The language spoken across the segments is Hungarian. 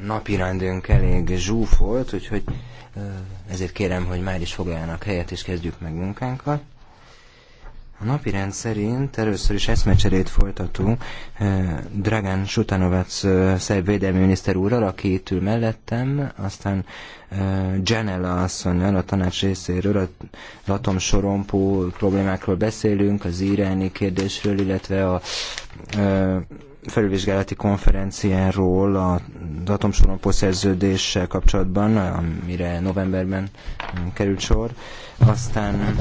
napirendünk elég zsúfolt, úgyhogy ezért kérem, hogy már is foglaljanak helyet, és kezdjük meg munkánkat. A napi rend szerint először is eszmecserét folytatunk Dragan Sutanovac szerb védelmi miniszter úrral, aki itt ül mellettem, aztán Janela asszonynal a tanács részéről, a Latom Sorompó problémákról beszélünk, az iráni kérdésről, illetve a felülvizsgálati konferenciáról az atomsorompó szerződéssel kapcsolatban, amire novemberben került sor. Aztán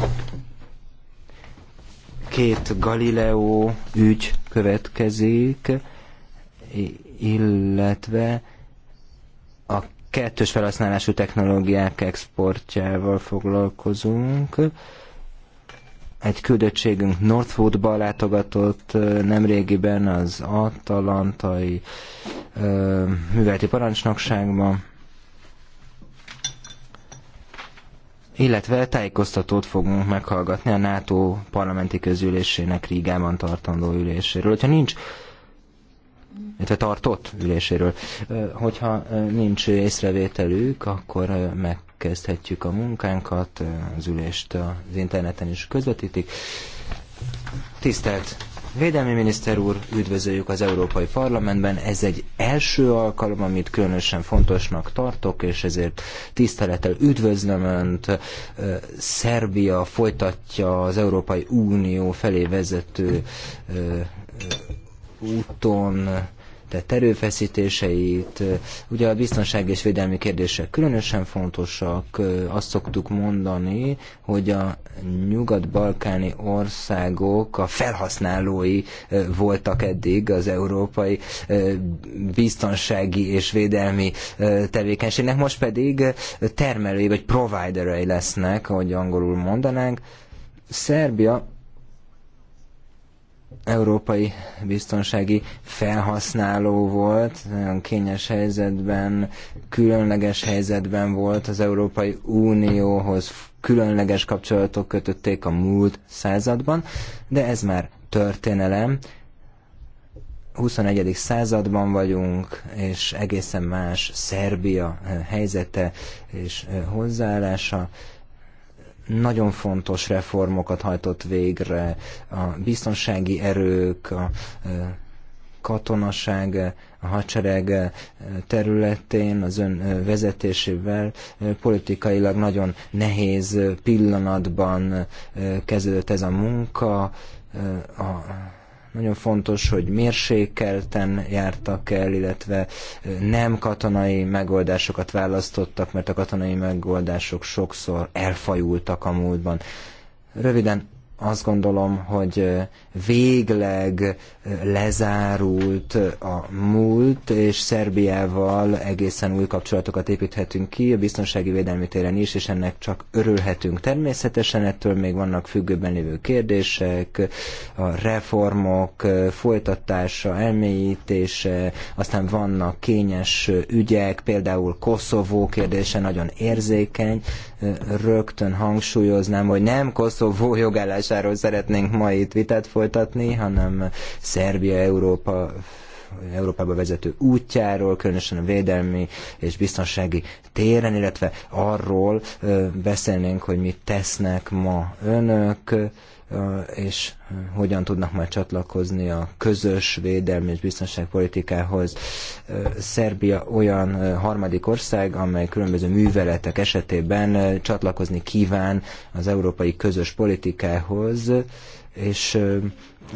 két Galileo ügy következik, illetve a kettős felhasználású technológiák exportjával foglalkozunk. Egy küldöttségünk Northwoodba látogatott nemrégiben az Atalantai műveleti parancsnokságba, illetve tájékoztatót fogunk meghallgatni a NATO parlamenti közülésének Rígában tartandó üléséről. Hogyha nincs illetve tartott üléséről. Hogyha nincs észrevételük, akkor meg megkezdhetjük a munkánkat, az ülést az interneten is közvetítik. Tisztelt Védelmi miniszter úr, üdvözöljük az Európai Parlamentben. Ez egy első alkalom, amit különösen fontosnak tartok, és ezért tisztelettel üdvözlöm Önt. Szerbia folytatja az Európai Unió felé vezető úton tett erőfeszítéseit. Ugye a biztonsági és védelmi kérdések különösen fontosak. Azt szoktuk mondani, hogy a nyugat-balkáni országok a felhasználói voltak eddig az európai biztonsági és védelmi tevékenységnek, most pedig termelői vagy providerei lesznek, ahogy angolul mondanánk. Szerbia európai biztonsági felhasználó volt, nagyon kényes helyzetben, különleges helyzetben volt az Európai Unióhoz, különleges kapcsolatok kötötték a múlt században, de ez már történelem. 21. században vagyunk, és egészen más Szerbia eh, helyzete és eh, hozzáállása nagyon fontos reformokat hajtott végre, a biztonsági erők, a katonaság, a hadsereg területén, az ön vezetésével politikailag nagyon nehéz pillanatban kezdődött ez a munka, a nagyon fontos, hogy mérsékelten jártak el, illetve nem katonai megoldásokat választottak, mert a katonai megoldások sokszor elfajultak a múltban. Röviden azt gondolom, hogy végleg lezárult a múlt, és Szerbiával egészen új kapcsolatokat építhetünk ki a biztonsági védelmi téren is, és ennek csak örülhetünk. Természetesen ettől még vannak függőben lévő kérdések, a reformok folytatása, elmélyítése, aztán vannak kényes ügyek, például Koszovó kérdése nagyon érzékeny, rögtön hangsúlyoznám, hogy nem Koszovó jogállásáról szeretnénk ma itt vitát folytatni, hanem Szerbia Európa Európába vezető útjáról, különösen a védelmi és biztonsági téren, illetve arról beszélnénk, hogy mit tesznek ma önök, és hogyan tudnak majd csatlakozni a közös védelmi és biztonságpolitikához. Szerbia olyan harmadik ország, amely különböző műveletek esetében csatlakozni kíván az európai közös politikához, és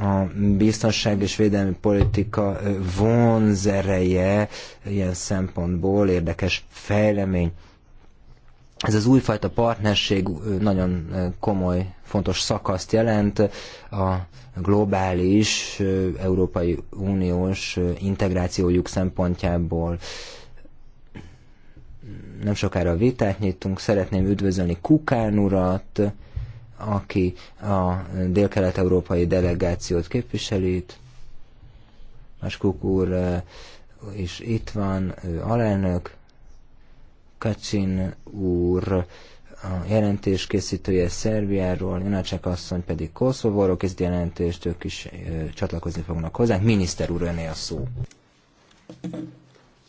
a biztonság és védelmi politika vonzereje ilyen szempontból érdekes fejlemény. Ez az újfajta partnerség nagyon komoly fontos szakaszt jelent a globális Európai Uniós integrációjuk szempontjából. Nem sokára vitát nyitunk, szeretném üdvözölni Kukán urat, aki a dél-kelet-európai delegációt képviseli más Máskuk úr is itt van, ő alelnök, Kacsin úr, a jelentés készítője Szerbiáról, Janácsák asszony pedig Koszovóról készít jelentést, ők is ö, csatlakozni fognak hozzánk. Miniszter úr, öné a szó.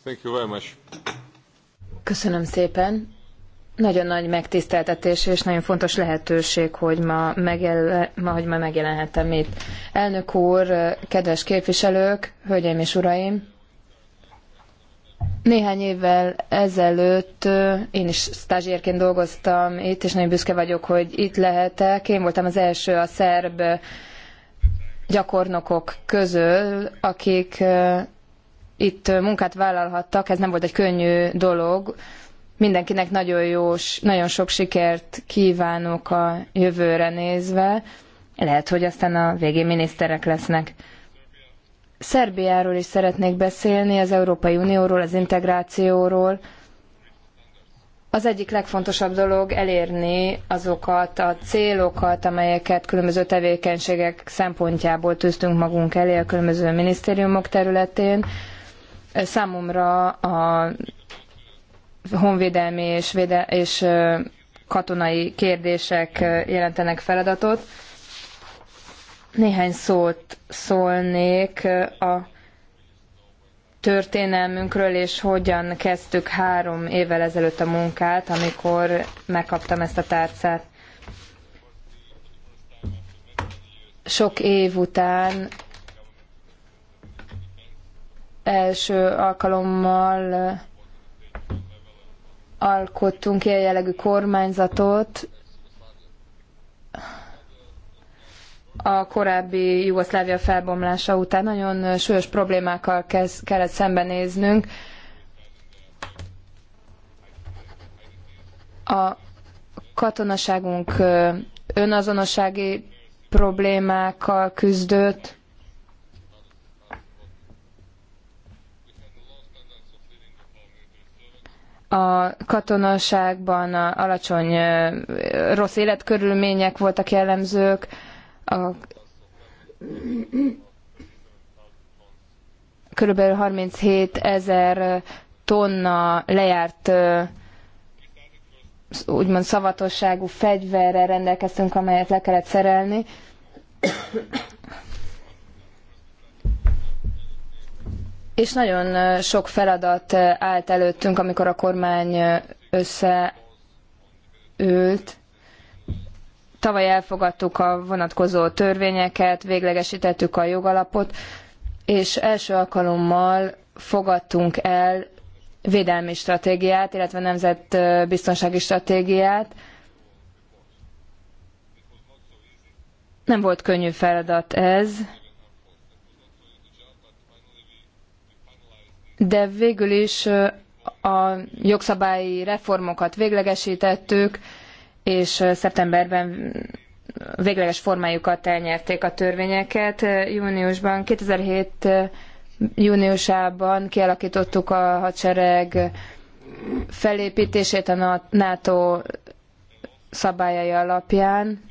Thank you very much. Köszönöm szépen. Nagyon nagy megtiszteltetés és nagyon fontos lehetőség, hogy ma, megjel, ma, hogy ma megjelenhetem itt. Elnök úr, kedves képviselők, hölgyeim és uraim! Néhány évvel ezelőtt én is stázsérként dolgoztam itt, és nagyon büszke vagyok, hogy itt lehetek. Én voltam az első a szerb gyakornokok közül, akik itt munkát vállalhattak. Ez nem volt egy könnyű dolog. Mindenkinek nagyon jó, nagyon sok sikert kívánok a jövőre nézve. Lehet, hogy aztán a végén miniszterek lesznek. Szerbiáról is szeretnék beszélni, az Európai Unióról, az integrációról. Az egyik legfontosabb dolog elérni azokat a célokat, amelyeket különböző tevékenységek szempontjából tűztünk magunk elé a különböző minisztériumok területén. Számomra a honvédelmi és, és katonai kérdések jelentenek feladatot néhány szót szólnék a történelmünkről, és hogyan kezdtük három évvel ezelőtt a munkát, amikor megkaptam ezt a tárcát. Sok év után első alkalommal alkottunk ilyen jellegű kormányzatot, a korábbi Jugoszlávia felbomlása után nagyon súlyos problémákkal kez, kellett szembenéznünk. A katonaságunk önazonossági problémákkal küzdött, a katonaságban alacsony, rossz életkörülmények voltak jellemzők, a kb. 37 ezer tonna lejárt úgymond szavatosságú fegyverre rendelkeztünk, amelyet le kellett szerelni. És nagyon sok feladat állt előttünk, amikor a kormány összeült. Tavaly elfogadtuk a vonatkozó törvényeket, véglegesítettük a jogalapot, és első alkalommal fogadtunk el védelmi stratégiát, illetve nemzetbiztonsági stratégiát. Nem volt könnyű feladat ez, de végül is a jogszabályi reformokat véglegesítettük, és szeptemberben végleges formájukat elnyerték a törvényeket. Júniusban, 2007 júniusában kialakítottuk a hadsereg felépítését a NATO szabályai alapján,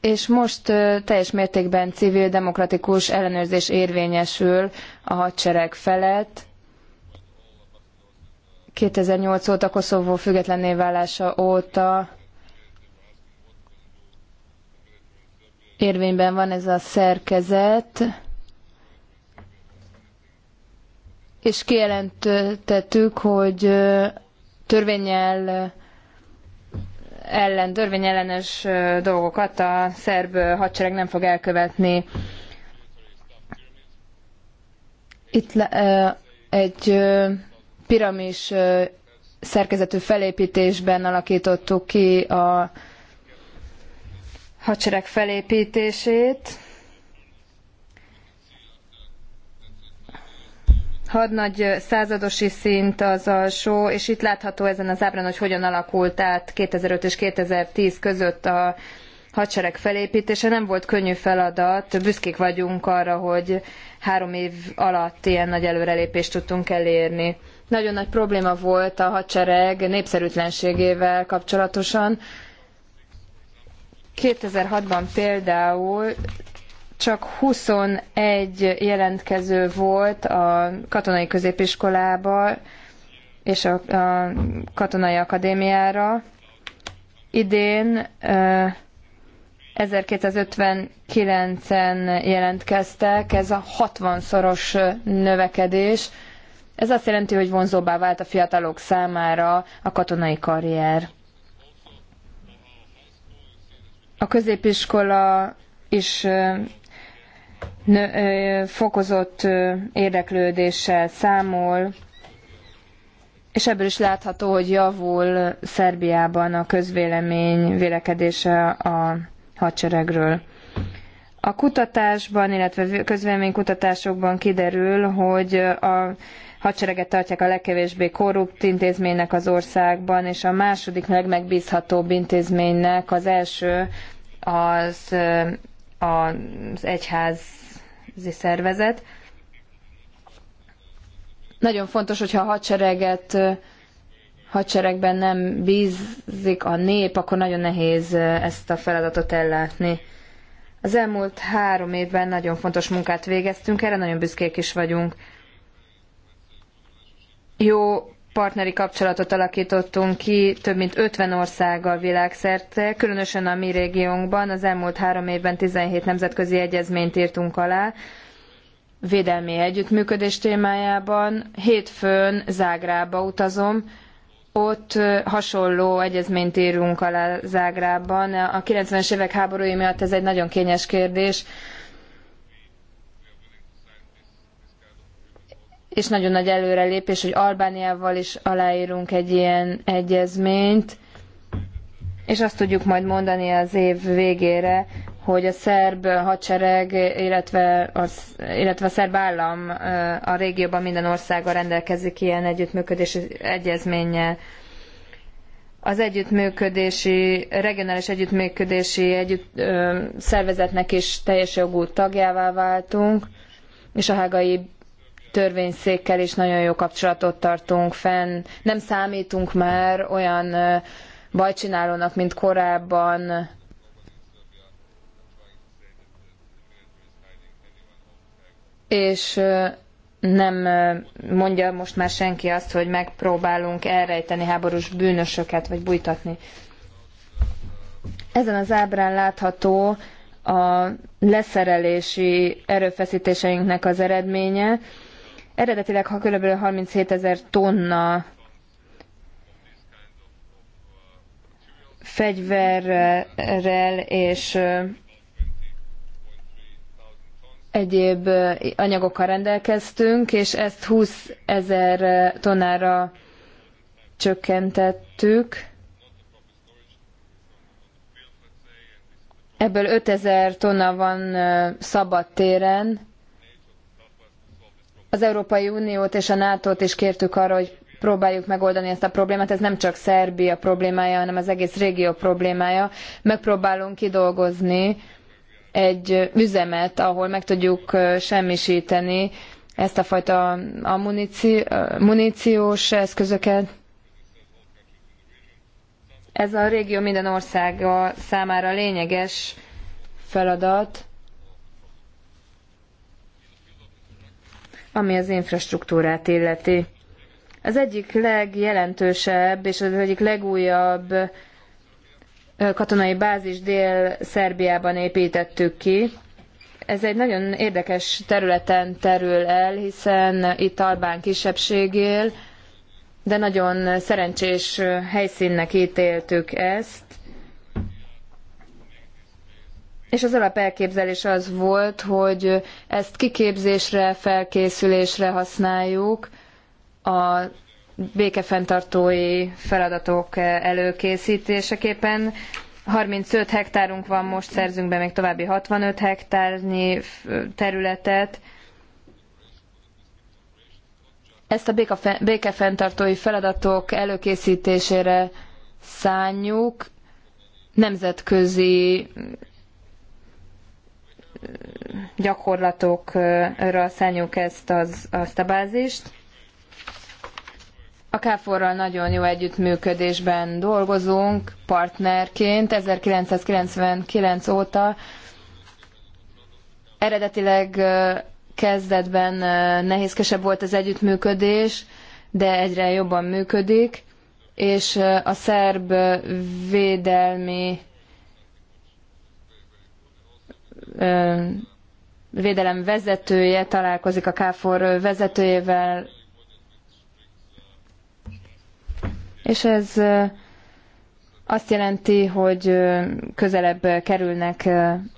és most teljes mértékben civil, demokratikus ellenőrzés érvényesül a hadsereg felett, 2008 óta, Koszovó függetlenné válása óta érvényben van ez a szerkezet, és kijelentettük, hogy törvényel ellen, törvényellenes dolgokat a szerb hadsereg nem fog elkövetni. Itt egy piramis szerkezetű felépítésben alakítottuk ki a hadsereg felépítését. hadnagy századosi szint az alsó, és itt látható ezen az ábrán, hogy hogyan alakult át 2005 és 2010 között a hadsereg felépítése. Nem volt könnyű feladat, büszkék vagyunk arra, hogy három év alatt ilyen nagy előrelépést tudtunk elérni. Nagyon nagy probléma volt a hadsereg népszerűtlenségével kapcsolatosan. 2006-ban például csak 21 jelentkező volt a katonai középiskolába és a, a katonai akadémiára. Idén 1259-en jelentkeztek, ez a 60-szoros növekedés. Ez azt jelenti, hogy vonzóbbá vált a fiatalok számára a katonai karrier. A középiskola is fokozott érdeklődéssel számol, és ebből is látható, hogy javul Szerbiában a közvélemény vélekedése a hadseregről. A kutatásban, illetve közvéleménykutatásokban kiderül, hogy a hadsereget tartják a legkevésbé korrupt intézménynek az országban, és a második legmegbízhatóbb intézménynek az első az, az egyházi szervezet. Nagyon fontos, hogyha a hadsereget hadseregben nem bízik a nép, akkor nagyon nehéz ezt a feladatot ellátni. Az elmúlt három évben nagyon fontos munkát végeztünk, erre nagyon büszkék is vagyunk. Jó partneri kapcsolatot alakítottunk ki több mint 50 országgal világszerte, különösen a mi régiónkban. Az elmúlt három évben 17 nemzetközi egyezményt írtunk alá, védelmi együttműködés témájában. Hétfőn Zágrába utazom, ott hasonló egyezményt írunk alá Zágrában. A 90-es évek háborúi miatt ez egy nagyon kényes kérdés. és nagyon nagy előrelépés, hogy Albániával is aláírunk egy ilyen egyezményt, és azt tudjuk majd mondani az év végére, hogy a szerb hadsereg, illetve, az, illetve a szerb állam a régióban minden országgal rendelkezik ilyen együttműködési egyezménnyel. Az együttműködési, regionális együttműködési együtt, ö, szervezetnek is teljes jogú tagjává váltunk, és a hágai törvényszékkel is nagyon jó kapcsolatot tartunk fenn. Nem számítunk már olyan bajcsinálónak, mint korábban. És nem mondja most már senki azt, hogy megpróbálunk elrejteni háborús bűnösöket, vagy bújtatni. Ezen az ábrán látható a leszerelési erőfeszítéseinknek az eredménye. Eredetileg ha kb. 37 ezer tonna fegyverrel és egyéb anyagokkal rendelkeztünk, és ezt 20 ezer tonnára csökkentettük. Ebből 5000 tonna van szabad téren, az Európai Uniót és a NATO-t is kértük arra, hogy próbáljuk megoldani ezt a problémát. Ez nem csak Szerbia problémája, hanem az egész régió problémája. Megpróbálunk kidolgozni egy üzemet, ahol meg tudjuk semmisíteni ezt a fajta a muníci, muníciós eszközöket. Ez a régió minden országa számára lényeges feladat. ami az infrastruktúrát illeti. Az egyik legjelentősebb és az egyik legújabb katonai bázis Dél-Szerbiában építettük ki. Ez egy nagyon érdekes területen terül el, hiszen itt albán kisebbség él, de nagyon szerencsés helyszínnek ítéltük ezt, és az elképzelés az volt, hogy ezt kiképzésre, felkészülésre használjuk a békefenntartói feladatok előkészítéseképpen. 35 hektárunk van, most szerzünk be még további 65 hektárnyi területet. Ezt a békefenntartói feladatok előkészítésére szánjuk, nemzetközi gyakorlatokra szálljuk ezt az, azt a bázist. A KFOR-ral nagyon jó együttműködésben dolgozunk, partnerként 1999 óta. Eredetileg kezdetben nehézkesebb volt az együttműködés, de egyre jobban működik, és a szerb védelmi védelem vezetője találkozik a KFOR vezetőjével, és ez azt jelenti, hogy közelebb kerülnek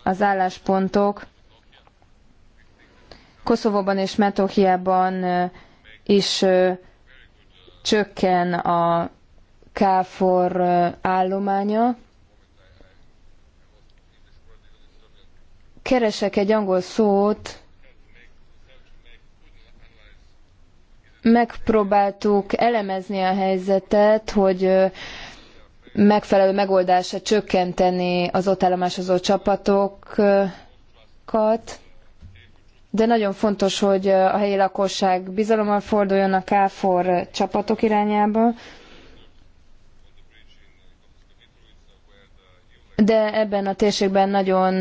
az álláspontok. Koszovóban és Metohiában is csökken a KFOR állománya. keresek egy angol szót, megpróbáltuk elemezni a helyzetet, hogy megfelelő megoldása csökkenteni az ott állomásozó csapatokat, de nagyon fontos, hogy a helyi lakosság bizalommal forduljon a KFOR csapatok irányába. De ebben a térségben nagyon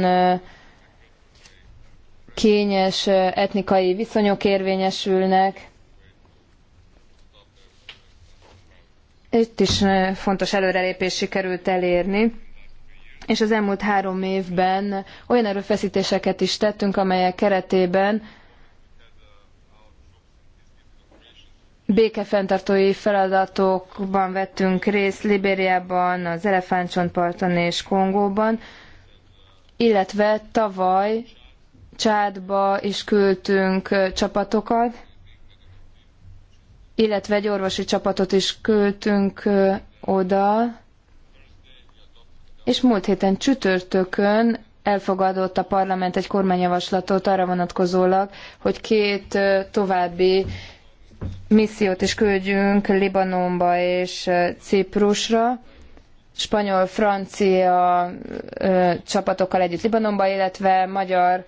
kényes etnikai viszonyok érvényesülnek. Itt is fontos előrelépés sikerült elérni, és az elmúlt három évben olyan erőfeszítéseket is tettünk, amelyek keretében békefenntartói feladatokban vettünk részt Libériában, az Elefántcsontparton és Kongóban, illetve tavaly Csádba is küldtünk csapatokat, illetve egy orvosi csapatot is küldtünk oda, és múlt héten csütörtökön elfogadott a parlament egy kormányjavaslatot arra vonatkozólag, hogy két további missziót is küldjünk Libanonba és Ciprusra, spanyol-francia csapatokkal együtt Libanonba, illetve magyar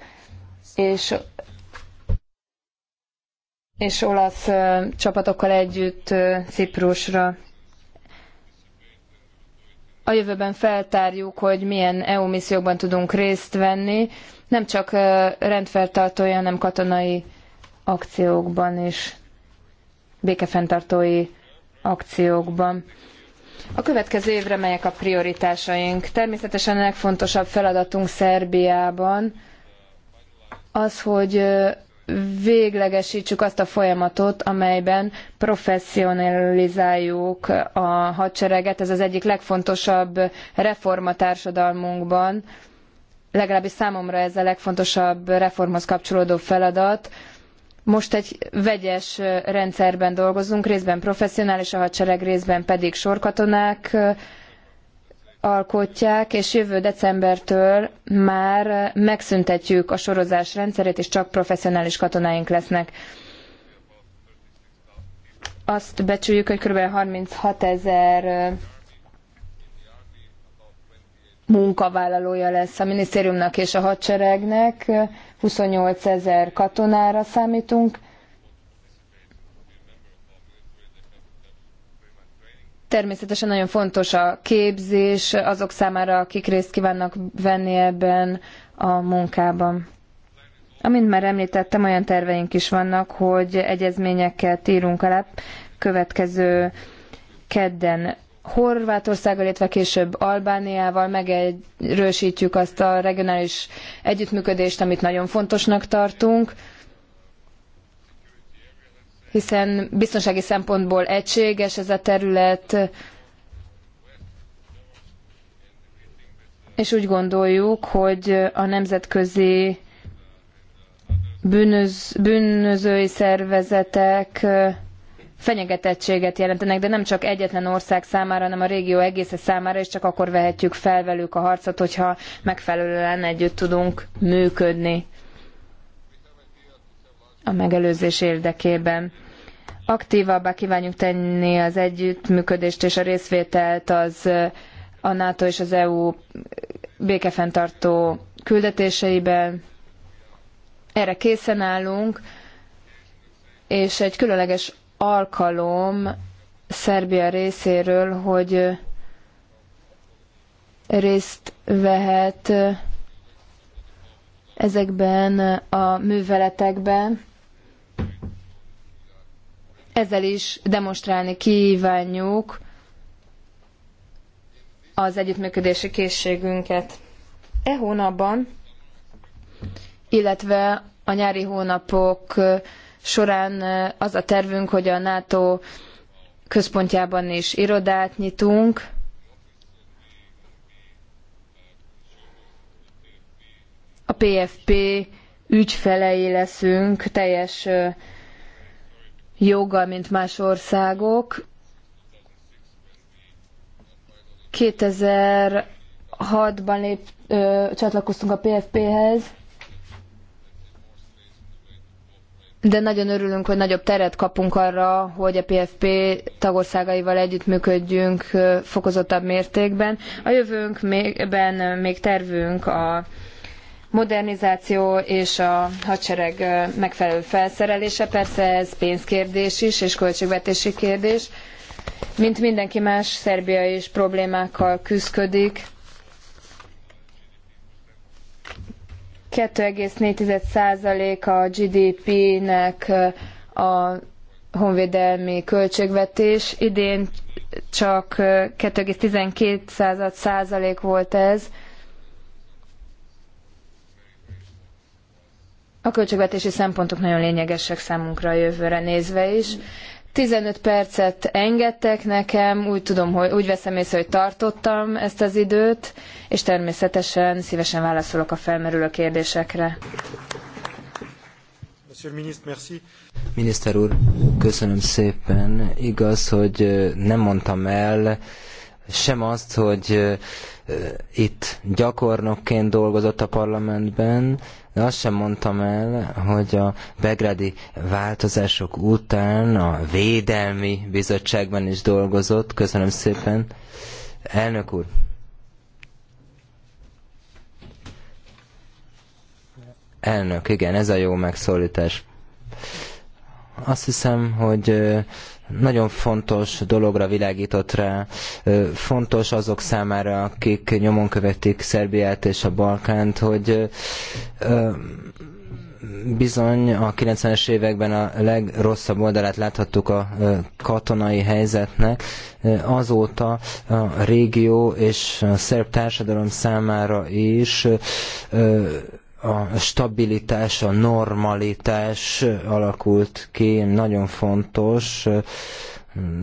és és olasz csapatokkal együtt Ciprusra. A jövőben feltárjuk, hogy milyen EU missziókban tudunk részt venni, nem csak rendfeltartói, hanem katonai akciókban is, békefenntartói akciókban. A következő évre melyek a prioritásaink? Természetesen a legfontosabb feladatunk Szerbiában, az, hogy véglegesítsük azt a folyamatot, amelyben professzionalizáljuk a hadsereget. Ez az egyik legfontosabb reform a társadalmunkban. Legalábbis számomra ez a legfontosabb reformhoz kapcsolódó feladat. Most egy vegyes rendszerben dolgozunk, részben professzionális a hadsereg, részben pedig sorkatonák alkotják, és jövő decembertől már megszüntetjük a sorozás rendszerét, és csak professzionális katonáink lesznek. Azt becsüljük, hogy kb. 36 ezer munkavállalója lesz a minisztériumnak és a hadseregnek, 28 ezer katonára számítunk, Természetesen nagyon fontos a képzés azok számára, akik részt kívánnak venni ebben a munkában. Amint már említettem, olyan terveink is vannak, hogy egyezményekkel írunk alá következő kedden Horvátországgal, illetve később Albániával megerősítjük azt a regionális együttműködést, amit nagyon fontosnak tartunk hiszen biztonsági szempontból egységes ez a terület, és úgy gondoljuk, hogy a nemzetközi bűnöz, bűnözői szervezetek fenyegetettséget jelentenek, de nem csak egyetlen ország számára, hanem a régió egésze számára, és csak akkor vehetjük fel velük a harcot, hogyha megfelelően együtt tudunk működni a megelőzés érdekében. Aktívabbá kívánjuk tenni az együttműködést és a részvételt az a NATO és az EU békefenntartó küldetéseiben. Erre készen állunk, és egy különleges alkalom Szerbia részéről, hogy részt vehet ezekben a műveletekben. Ezzel is demonstrálni kívánjuk az együttműködési készségünket. E hónapban, illetve a nyári hónapok során az a tervünk, hogy a NATO központjában is irodát nyitunk, a PFP ügyfelei leszünk teljes joggal, mint más országok. 2006-ban lép, ö, csatlakoztunk a PFP-hez, de nagyon örülünk, hogy nagyobb teret kapunk arra, hogy a PFP tagországaival együttműködjünk fokozottabb mértékben. A jövőnkben még tervünk a modernizáció és a hadsereg megfelelő felszerelése. Persze ez pénzkérdés is, és költségvetési kérdés. Mint mindenki más, Szerbia is problémákkal küzdködik. 2,4% a GDP-nek a honvédelmi költségvetés. Idén csak 2,12% volt ez A költségvetési szempontok nagyon lényegesek számunkra a jövőre nézve is. 15 percet engedtek nekem, úgy tudom, hogy úgy veszem észre, hogy tartottam ezt az időt, és természetesen szívesen válaszolok a felmerülő kérdésekre. Miniszter úr, köszönöm szépen. Igaz, hogy nem mondtam el sem azt, hogy itt gyakornokként dolgozott a parlamentben, de azt sem mondtam el, hogy a begrádi változások után a Védelmi Bizottságban is dolgozott. Köszönöm szépen. Elnök úr! Elnök, igen, ez a jó megszólítás. Azt hiszem, hogy nagyon fontos dologra világított rá. Fontos azok számára, akik nyomon követik Szerbiát és a Balkánt, hogy bizony a 90-es években a legrosszabb oldalát láthattuk a katonai helyzetnek. Azóta a régió és a szerb társadalom számára is a stabilitás, a normalitás alakult ki, nagyon fontos.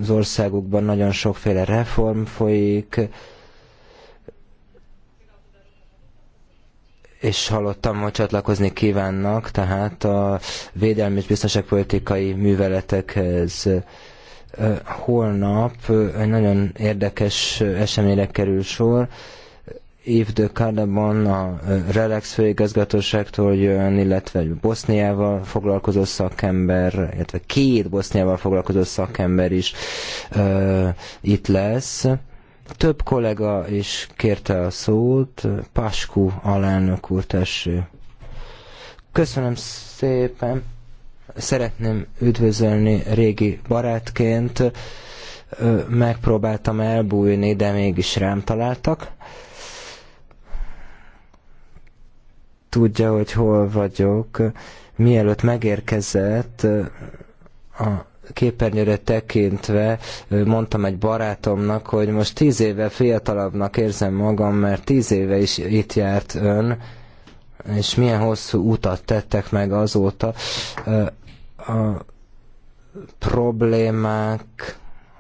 Az országokban nagyon sokféle reform folyik, és hallottam, hogy csatlakozni kívánnak, tehát a védelmi és biztonságpolitikai műveletekhez holnap egy nagyon érdekes eseményre kerül sor, Yves de Cardamon a Relax főigazgatóságtól jön, illetve egy Boszniával foglalkozó szakember, illetve két Boszniával foglalkozó szakember is uh, itt lesz. Több kollega is kérte a szót, Pasku alelnök úr, tessék. Köszönöm szépen, szeretném üdvözölni régi barátként, megpróbáltam elbújni, de mégis rám találtak tudja, hogy hol vagyok. Mielőtt megérkezett, a képernyőre tekintve mondtam egy barátomnak, hogy most tíz éve fiatalabbnak érzem magam, mert tíz éve is itt járt ön, és milyen hosszú utat tettek meg azóta. A problémák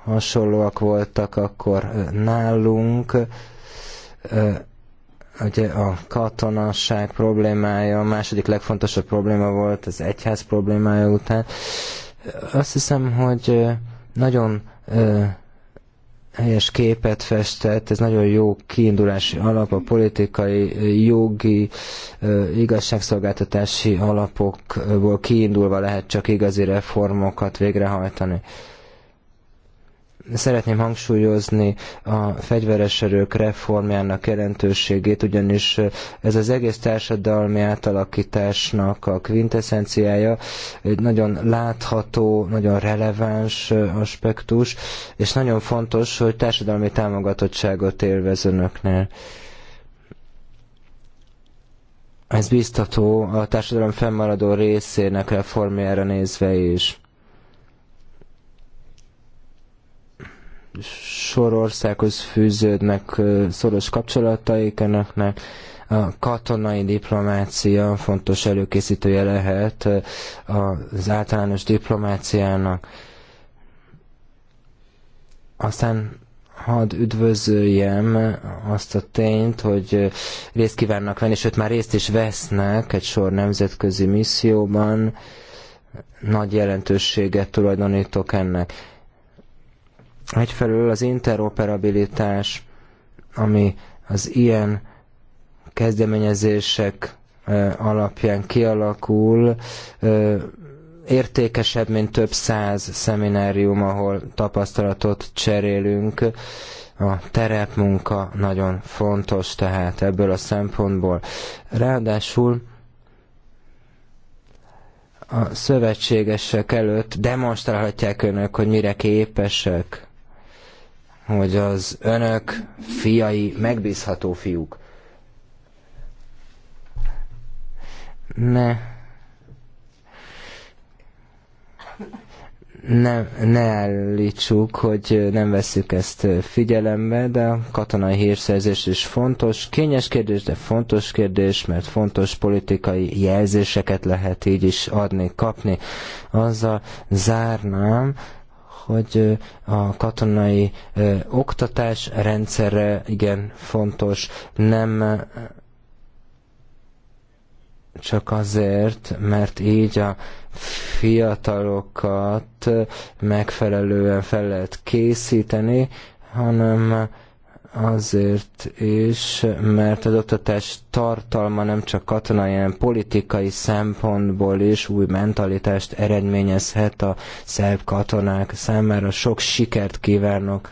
hasonlóak voltak akkor nálunk, Ugye a katonasság problémája a második legfontosabb probléma volt az egyház problémája után. Azt hiszem, hogy nagyon helyes képet festett, ez nagyon jó kiindulási alap a politikai, jogi, igazságszolgáltatási alapokból kiindulva lehet csak igazi reformokat végrehajtani. Szeretném hangsúlyozni a fegyveres erők reformjának jelentőségét, ugyanis ez az egész társadalmi átalakításnak a kvinteszenciája egy nagyon látható, nagyon releváns aspektus, és nagyon fontos, hogy társadalmi támogatottságot élvez önöknél ez biztató a társadalom fennmaradó részének reformjára nézve is. sorországhoz fűződnek szoros kapcsolataik, ennek a katonai diplomácia fontos előkészítője lehet az általános diplomáciának. Aztán hadd üdvözöljem azt a tényt, hogy részt kívánnak venni, sőt már részt is vesznek egy sor nemzetközi misszióban. Nagy jelentőséget tulajdonítok ennek Egyfelől az interoperabilitás, ami az ilyen kezdeményezések alapján kialakul, értékesebb, mint több száz szeminárium, ahol tapasztalatot cserélünk. A terepmunka nagyon fontos tehát ebből a szempontból. Ráadásul a szövetségesek előtt demonstrálhatják önök, hogy mire képesek hogy az önök fiai megbízható fiúk. Ne. Ne, ne állítsuk, hogy nem veszük ezt figyelembe, de a katonai hírszerzés is fontos. Kényes kérdés, de fontos kérdés, mert fontos politikai jelzéseket lehet így is adni, kapni. Azzal zárnám, hogy a katonai oktatás rendszere igen fontos. Nem csak azért, mert így a fiatalokat megfelelően fel lehet készíteni, hanem azért is, mert az oktatás tartalma nem csak katonai, hanem politikai szempontból is új mentalitást eredményezhet a szerb katonák számára. Sok sikert kívánok!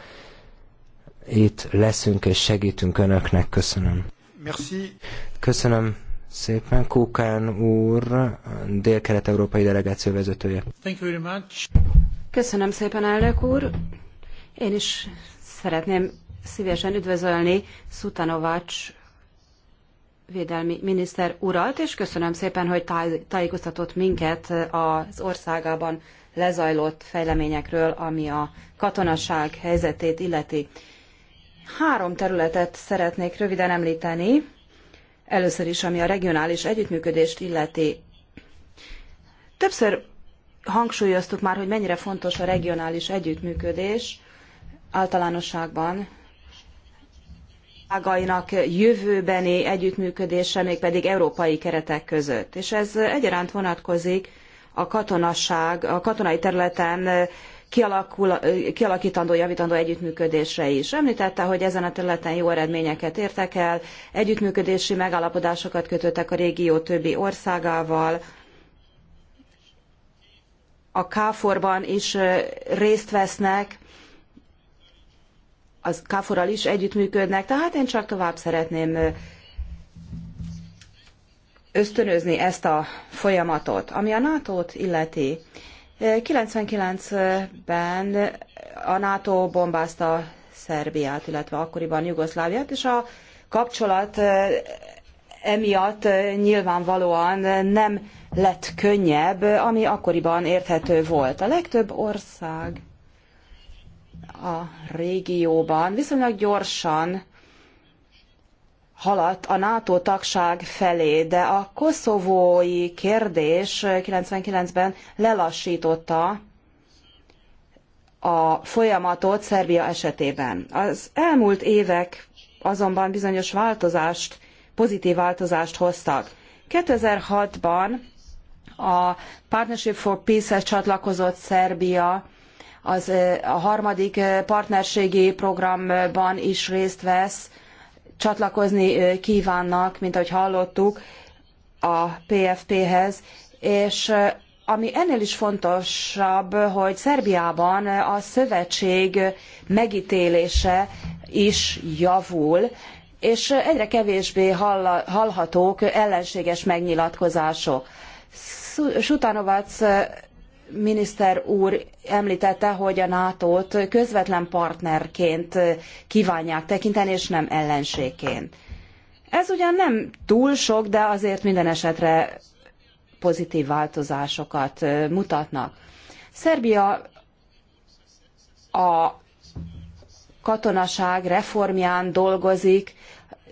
Itt leszünk és segítünk Önöknek. Köszönöm. Merci. Köszönöm szépen. Kukán úr, dél-kelet-európai delegáció vezetője. Thank you very much. Köszönöm szépen, elnök úr. Én is szeretném szívesen üdvözölni Szutanovács védelmi miniszter urat, és köszönöm szépen, hogy táj, tájékoztatott minket az országában lezajlott fejleményekről, ami a katonaság helyzetét illeti. Három területet szeretnék röviden említeni. Először is, ami a regionális együttműködést illeti. Többször hangsúlyoztuk már, hogy mennyire fontos a regionális együttműködés általánosságban országainak jövőbeni együttműködése, mégpedig európai keretek között. És ez egyaránt vonatkozik a katonaság, a katonai területen kialakul, kialakítandó, javítandó együttműködésre is. Említette, hogy ezen a területen jó eredményeket értek el, együttműködési megállapodásokat kötöttek a régió többi országával, a KFOR-ban is részt vesznek, az Káforral is együttműködnek, tehát én csak tovább szeretném ösztönözni ezt a folyamatot. Ami a NATO-t illeti, 99-ben a NATO bombázta Szerbiát, illetve akkoriban Jugoszláviát, és a kapcsolat emiatt nyilvánvalóan nem lett könnyebb, ami akkoriban érthető volt. A legtöbb ország a régióban viszonylag gyorsan haladt a NATO tagság felé, de a koszovói kérdés 99-ben lelassította a folyamatot Szerbia esetében. Az elmúlt évek azonban bizonyos változást, pozitív változást hoztak. 2006-ban a Partnership for Peace-hez csatlakozott Szerbia az, a harmadik partnerségi programban is részt vesz, csatlakozni kívánnak, mint ahogy hallottuk, a PFP-hez, és ami ennél is fontosabb, hogy Szerbiában a szövetség megítélése is javul, és egyre kevésbé hallhatók ellenséges megnyilatkozások. Sutanovac miniszter úr említette, hogy a NATO-t közvetlen partnerként kívánják tekinteni, és nem ellenségként. Ez ugyan nem túl sok, de azért minden esetre pozitív változásokat mutatnak. Szerbia a katonaság reformján dolgozik,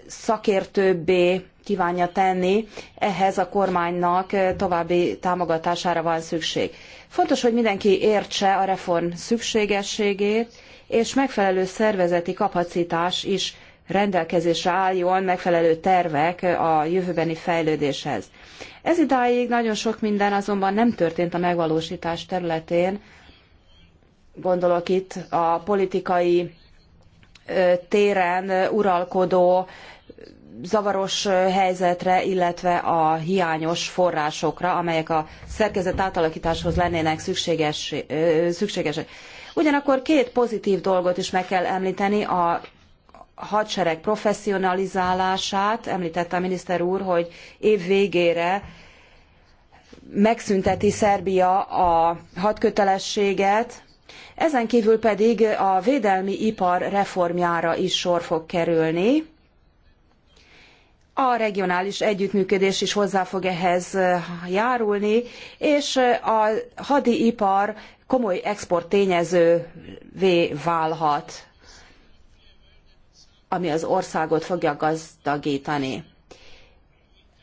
szakértőbbé kívánja tenni, ehhez a kormánynak további támogatására van szükség. Fontos, hogy mindenki értse a reform szükségességét, és megfelelő szervezeti kapacitás is rendelkezésre álljon megfelelő tervek a jövőbeni fejlődéshez. Ez idáig nagyon sok minden azonban nem történt a megvalósítás területén. Gondolok itt a politikai téren uralkodó zavaros helyzetre, illetve a hiányos forrásokra, amelyek a szerkezet átalakításhoz lennének szükséges, szükségesek. Ugyanakkor két pozitív dolgot is meg kell említeni, a hadsereg professzionalizálását, említette a miniszter úr, hogy év végére megszünteti Szerbia a hadkötelességet, ezen kívül pedig a védelmi ipar reformjára is sor fog kerülni, a regionális együttműködés is hozzá fog ehhez eh, járulni, és eh, a hadiipar komoly export tényezővé válhat, ami az országot fogja gazdagítani.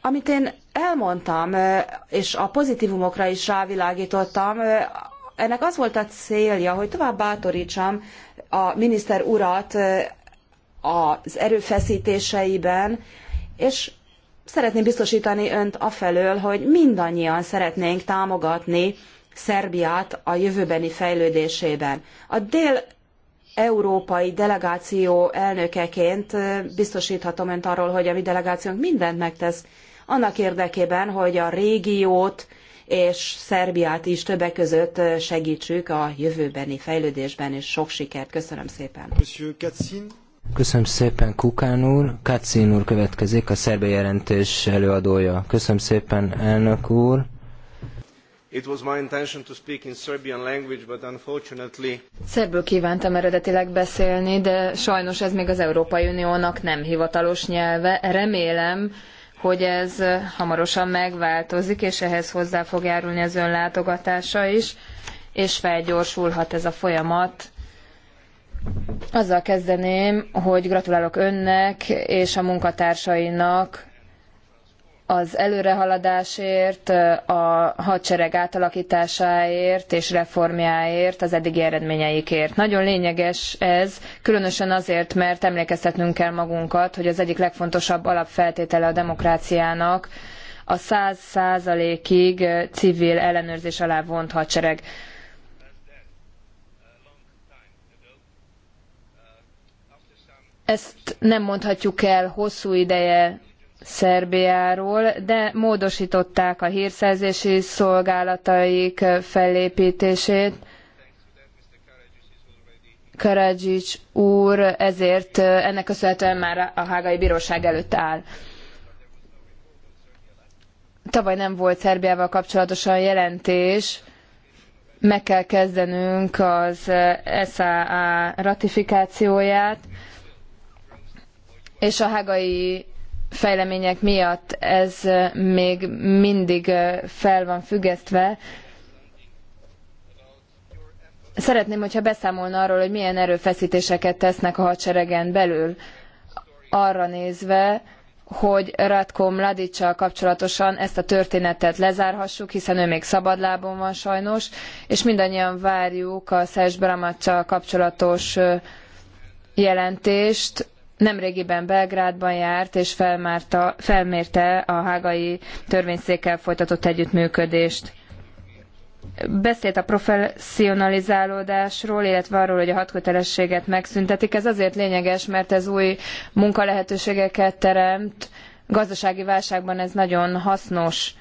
Amit én elmondtam, eh, és a pozitívumokra is rávilágítottam, ennek az volt a célja, hogy tovább bátorítsam a miniszter urat az erőfeszítéseiben, és szeretném biztosítani önt afelől, hogy mindannyian szeretnénk támogatni Szerbiát a jövőbeni fejlődésében. A dél európai delegáció elnökeként biztosíthatom önt arról, hogy a mi delegációnk mindent megtesz annak érdekében, hogy a régiót és Szerbiát is többek között segítsük a jövőbeni fejlődésben, és sok sikert. Köszönöm szépen. Köszönöm szépen Kukán úr. Kacin úr következik, a szerbe jelentés előadója. Köszönöm szépen elnök úr. It was my intention to speak in Serbian language, but unfortunately... Szerbül kívántam eredetileg beszélni, de sajnos ez még az Európai Uniónak nem hivatalos nyelve. Remélem, hogy ez hamarosan megváltozik, és ehhez hozzá fog járulni az ön látogatása is, és felgyorsulhat ez a folyamat azzal kezdeném, hogy gratulálok önnek és a munkatársainak az előrehaladásért, a hadsereg átalakításáért és reformjáért, az eddigi eredményeikért. Nagyon lényeges ez, különösen azért, mert emlékeztetnünk kell magunkat, hogy az egyik legfontosabb alapfeltétele a demokráciának a száz százalékig civil ellenőrzés alá vont hadsereg. Ezt nem mondhatjuk el hosszú ideje Szerbiáról, de módosították a hírszerzési szolgálataik fellépítését. Karadzsics úr ezért eh, ennek köszönhetően már a hágai bíróság előtt áll. Tavaly nem volt Szerbiával kapcsolatosan jelentés, meg kell kezdenünk az SAA ratifikációját és a hágai fejlemények miatt ez még mindig fel van függesztve. Szeretném, hogyha beszámolna arról, hogy milyen erőfeszítéseket tesznek a hadseregen belül, arra nézve, hogy Ratko Mladicsal kapcsolatosan ezt a történetet lezárhassuk, hiszen ő még szabadlábon van sajnos, és mindannyian várjuk a Szerzs Bramacsal kapcsolatos jelentést, nemrégiben Belgrádban járt és felmárta, felmérte a hágai törvényszékkel folytatott együttműködést. Beszélt a professzionalizálódásról, illetve arról, hogy a hatkötelességet megszüntetik. Ez azért lényeges, mert ez új munkalehetőségeket teremt. Gazdasági válságban ez nagyon hasznos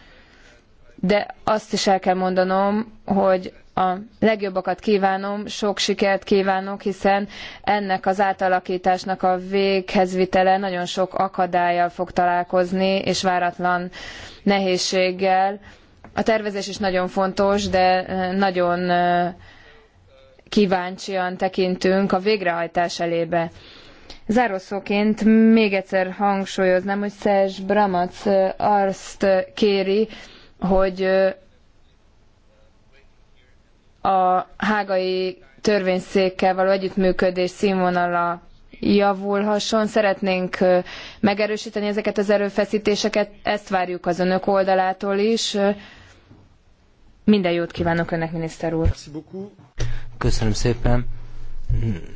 de azt is el kell mondanom, hogy a legjobbakat kívánom, sok sikert kívánok, hiszen ennek az átalakításnak a véghezvitele nagyon sok akadályjal fog találkozni, és váratlan nehézséggel. A tervezés is nagyon fontos, de eh, nagyon eh, kíváncsian tekintünk a végrehajtás elébe. Zárószóként még egyszer hangsúlyoznám, hogy Szerzs Bramac eh, azt kéri, hogy a hágai törvényszékkel való együttműködés színvonala javulhasson. Szeretnénk megerősíteni ezeket az erőfeszítéseket, ezt várjuk az önök oldalától is. Minden jót kívánok önnek, miniszter úr! Köszönöm szépen!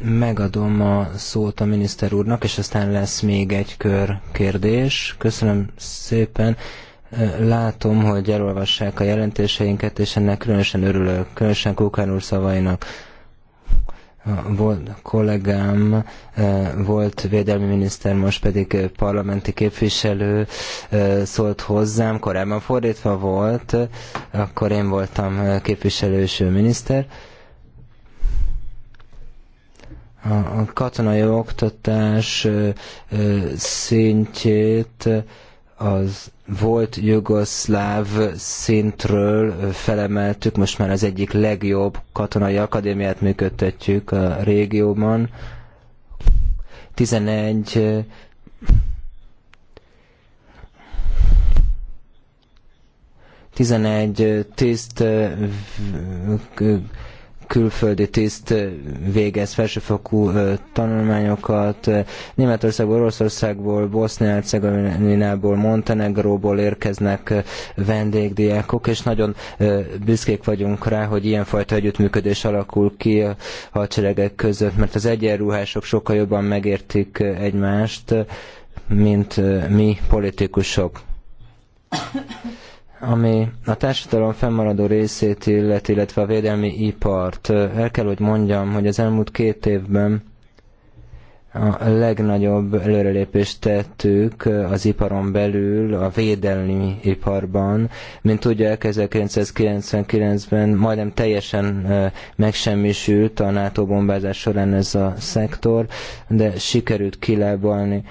Megadom a szót a miniszter úrnak, és aztán lesz még egy kör kérdés. Köszönöm szépen! Látom, hogy elolvassák a jelentéseinket, és ennek különösen örülök, különösen Kukán úr szavainak. A volt kollégám e, volt védelmi miniszter, most pedig parlamenti képviselő e, szólt hozzám, korábban fordítva volt, akkor én voltam képviselő és ő miniszter. A katonai oktatás e, szintjét az volt jugoszláv szintről felemeltük, most már az egyik legjobb katonai akadémiát működtetjük a régióban. 11 11 tiszt külföldi tiszt végez felsőfokú tanulmányokat. Németországból, Oroszországból, Bosznia-Hercegovinából, Montenegróból érkeznek vendégdiákok, és nagyon büszkék vagyunk rá, hogy ilyenfajta együttműködés alakul ki a hadseregek között, mert az egyenruhások sokkal jobban megértik egymást, mint mi politikusok. Ami a társadalom fennmaradó részét illet, illetve a védelmi ipart, el kell, hogy mondjam, hogy az elmúlt két évben a legnagyobb előrelépést tettük az iparon belül, a védelmi iparban. Mint tudja, 1999-ben majdnem teljesen megsemmisült a NATO bombázás során ez a szektor, de sikerült kilábalni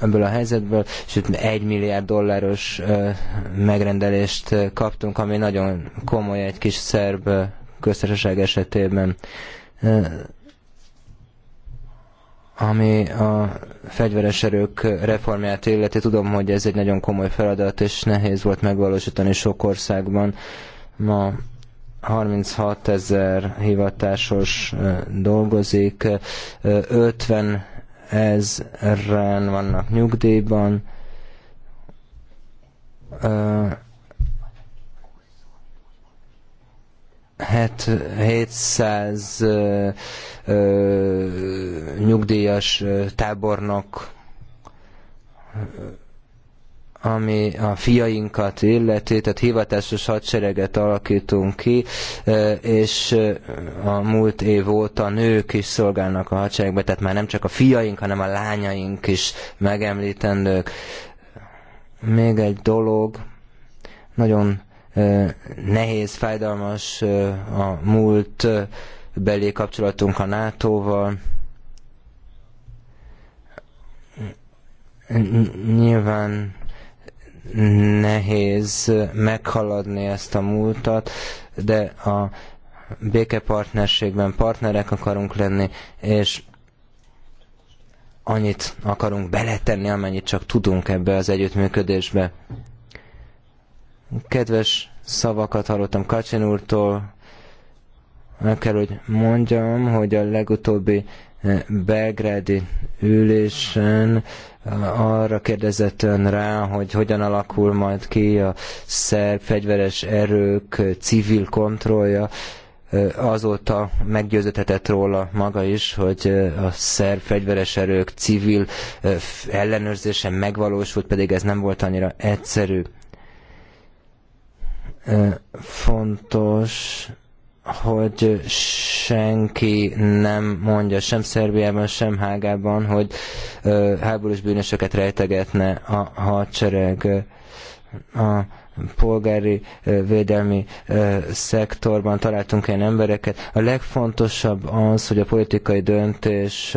ebből a helyzetből, és itt egy milliárd dolláros megrendelést kaptunk, ami nagyon komoly egy kis szerb köztársaság esetében ami a fegyveres erők reformját illeti. Tudom, hogy ez egy nagyon komoly feladat, és nehéz volt megvalósítani sok országban. Ma 36 ezer hivatásos dolgozik, 50 ezren vannak nyugdíjban, uh, 700 uh, uh, nyugdíjas tábornok ami a fiainkat illeti, tehát hivatásos hadsereget alakítunk ki, e, és e, a múlt év óta nők is szolgálnak a hadseregbe, tehát már nem csak a fiaink, hanem a lányaink is megemlítendők. Még egy dolog, nagyon e, nehéz, fájdalmas a múlt belé kapcsolatunk a NATO-val. Nyilván nehéz meghaladni ezt a múltat, de a békepartnerségben partnerek akarunk lenni, és annyit akarunk beletenni, amennyit csak tudunk ebbe az együttműködésbe. Kedves szavakat hallottam Kacsin úrtól, el kell, hogy mondjam, hogy a legutóbbi eh, belgrádi ülésen arra kérdezett ön rá, hogy hogyan alakul majd ki a szerb fegyveres erők civil kontrollja. Azóta meggyőződhetett róla maga is, hogy a szerb fegyveres erők civil ellenőrzése megvalósult, pedig ez nem volt annyira egyszerű. Fontos hogy senki nem mondja sem Szerbiában, sem Hágában, hogy háborús bűnösöket rejtegetne a hadsereg. A polgári védelmi szektorban találtunk ilyen embereket. A legfontosabb az, hogy a politikai döntés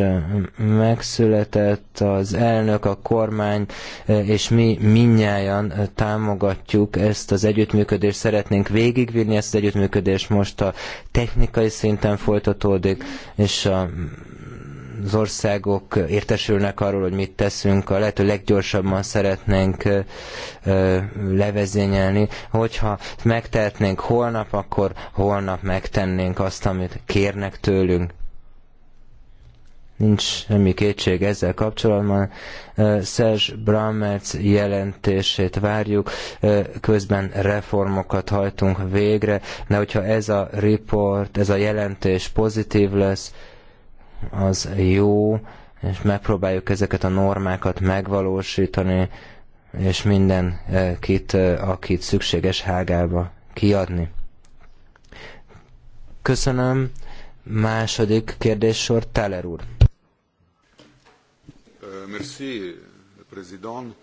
megszületett, az elnök, a kormány, és mi minnyáján támogatjuk ezt az együttműködést, szeretnénk végigvinni ezt az együttműködést, most a technikai szinten folytatódik, és a az országok értesülnek arról, hogy mit teszünk, a lehető leggyorsabban szeretnénk levezényelni. Hogyha megtehetnénk holnap, akkor holnap megtennénk azt, amit kérnek tőlünk. Nincs semmi kétség ezzel kapcsolatban. Szerzs Brammertz jelentését várjuk, közben reformokat hajtunk végre, de hogyha ez a report, ez a jelentés pozitív lesz, az jó, és megpróbáljuk ezeket a normákat megvalósítani, és mindenkit, eh, eh, akit szükséges hágába kiadni. Köszönöm. Második kérdéssor, Teller úr. Eh, merci, président.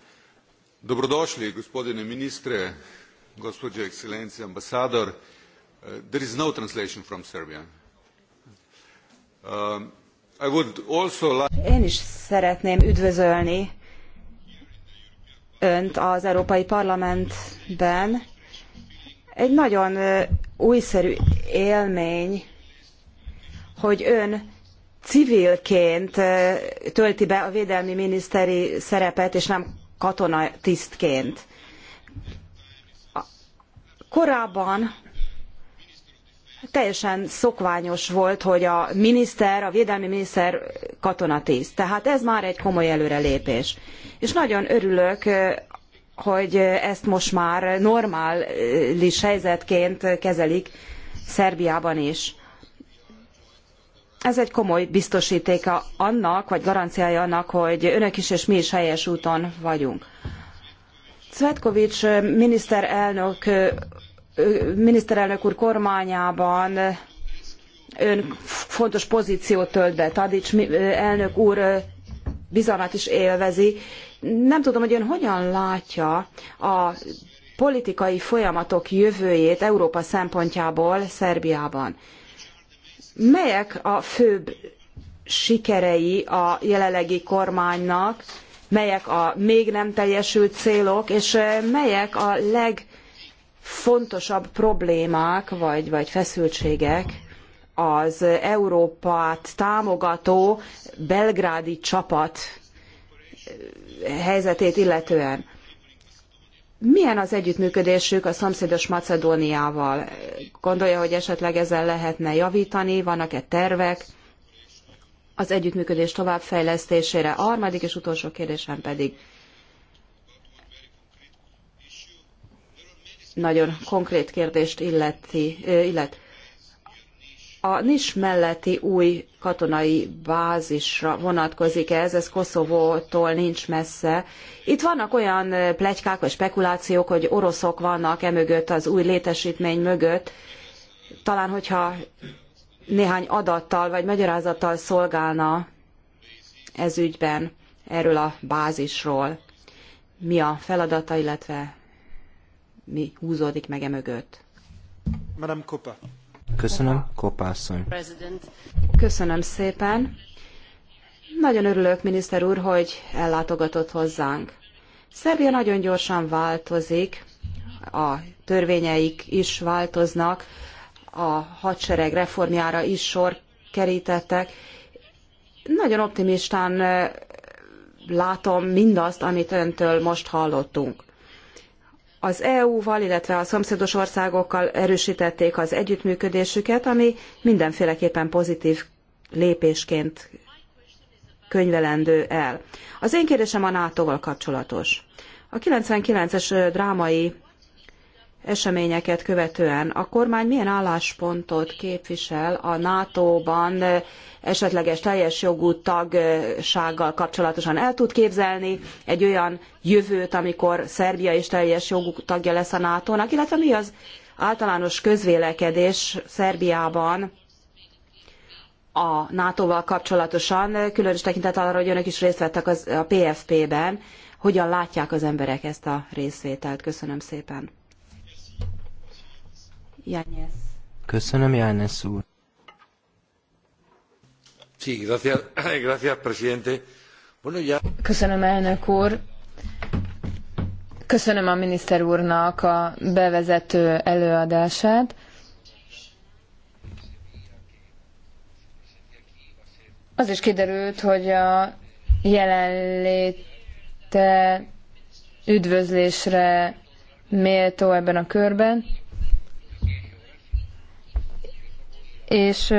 Dobrodošli, gospodine ministre, gospođo ekscelenci, ambasador. There is no translation from Serbian. Én is szeretném üdvözölni Önt az Európai Parlamentben. Egy nagyon újszerű élmény, hogy Ön civilként tölti be a védelmi miniszteri szerepet, és nem katonatisztként. Korábban teljesen szokványos volt, hogy a miniszter, a védelmi miniszter katonatiszt. Tehát ez már egy komoly előrelépés. És nagyon örülök, hogy ezt most már normális helyzetként kezelik Szerbiában is. Ez egy komoly biztosítéka annak, vagy garanciája annak, hogy önök is és mi is helyes úton vagyunk. Cvetkovics miniszterelnök miniszterelnök úr kormányában ön fontos pozíciót tölt be, Tadics elnök úr bizalmat is élvezi. Nem tudom, hogy ön hogyan látja a politikai folyamatok jövőjét Európa szempontjából Szerbiában. Melyek a főbb sikerei a jelenlegi kormánynak, melyek a még nem teljesült célok, és melyek a leg fontosabb problémák vagy, vagy feszültségek az Európát támogató belgrádi csapat eh, helyzetét illetően. Milyen az együttműködésük a szomszédos Macedóniával? Gondolja, hogy esetleg ezen lehetne javítani? Vannak-e tervek az együttműködés továbbfejlesztésére? A harmadik és utolsó kérdésem pedig nagyon konkrét kérdést illeti, illet. A NIS melletti új katonai bázisra vonatkozik ez, ez Koszovótól nincs messze. Itt vannak olyan plegykák vagy spekulációk, hogy oroszok vannak emögött, az új létesítmény mögött. Talán, hogyha néhány adattal vagy magyarázattal szolgálna ez ügyben erről a bázisról. Mi a feladata, illetve mi húzódik meg e mögött. Kopa. asszony. Köszönöm szépen. Nagyon örülök, miniszter úr, hogy ellátogatott hozzánk. Szerbia nagyon gyorsan változik, a törvényeik is változnak, a hadsereg reformjára is sor kerítettek. Nagyon optimistán látom mindazt, amit öntől most hallottunk az EU-val, illetve a szomszédos országokkal erősítették az együttműködésüket, ami mindenféleképpen pozitív lépésként könyvelendő el. Az én kérdésem a NATO-val kapcsolatos. A 99-es drámai eseményeket követően. A kormány milyen álláspontot képvisel a NATO-ban esetleges teljes jogú tagsággal kapcsolatosan? El tud képzelni egy olyan jövőt, amikor Szerbia is teljes jogú tagja lesz a NATO-nak, illetve mi az általános közvélekedés Szerbiában a NATO-val kapcsolatosan, különös tekintet arra, hogy önök is részt vettek az, a PFP-ben, hogyan látják az emberek ezt a részvételt. Köszönöm szépen. Köszönöm, Jánez úr. Sí, gracias, gracias, presidente. Bueno, ya... Köszönöm, elnök úr. Köszönöm a miniszter úrnak a bevezető előadását. Az is kiderült, hogy a jelenléte üdvözlésre méltó ebben a körben. és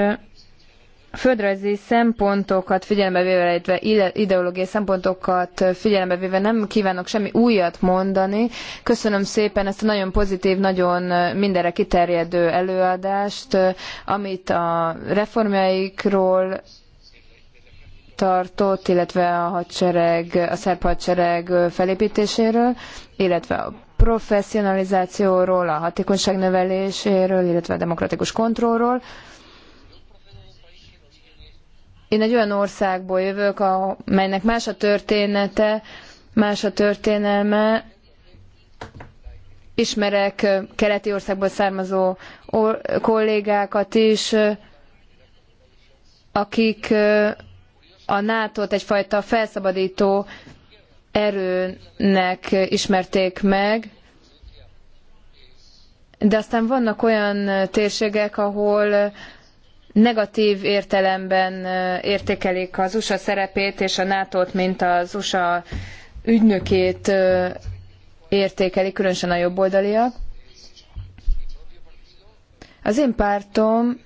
földrajzi szempontokat figyelembe véve, illetve ideológiai szempontokat figyelembe véve nem kívánok semmi újat mondani. Köszönöm szépen ezt a nagyon pozitív, nagyon mindenre kiterjedő előadást, amit a reformjaikról tartott, illetve a hadsereg, a szerb hadsereg felépítéséről, illetve a professzionalizációról, a hatékonyság növeléséről, illetve a demokratikus kontrollról. Én egy olyan országból jövök, amelynek más a története, más a történelme. Ismerek keleti országból származó kollégákat is, akik a NATO-t egyfajta felszabadító erőnek ismerték meg, de aztán vannak olyan térségek, ahol negatív értelemben értékelik az USA szerepét és a NATO-t, mint az USA ügynökét értékelik, különösen a jobboldaliak. Az én pártom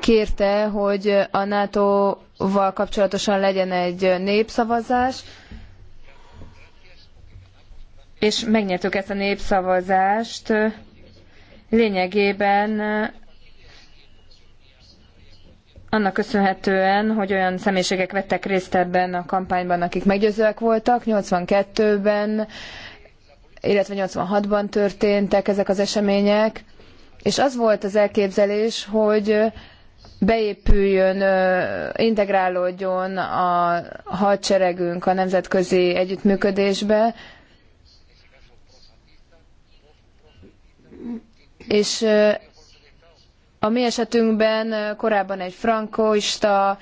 kérte, hogy a NATO-val kapcsolatosan legyen egy népszavazás, és megnyertük ezt a népszavazást. Lényegében eh, annak köszönhetően, hogy olyan személyiségek vettek részt ebben a kampányban, akik meggyőzőek voltak, 82-ben, illetve 86-ban történtek ezek az események, és az volt az elképzelés, hogy eh, beépüljön, eh, integrálódjon a hadseregünk a nemzetközi együttműködésbe, és a mi esetünkben korábban egy frankoista,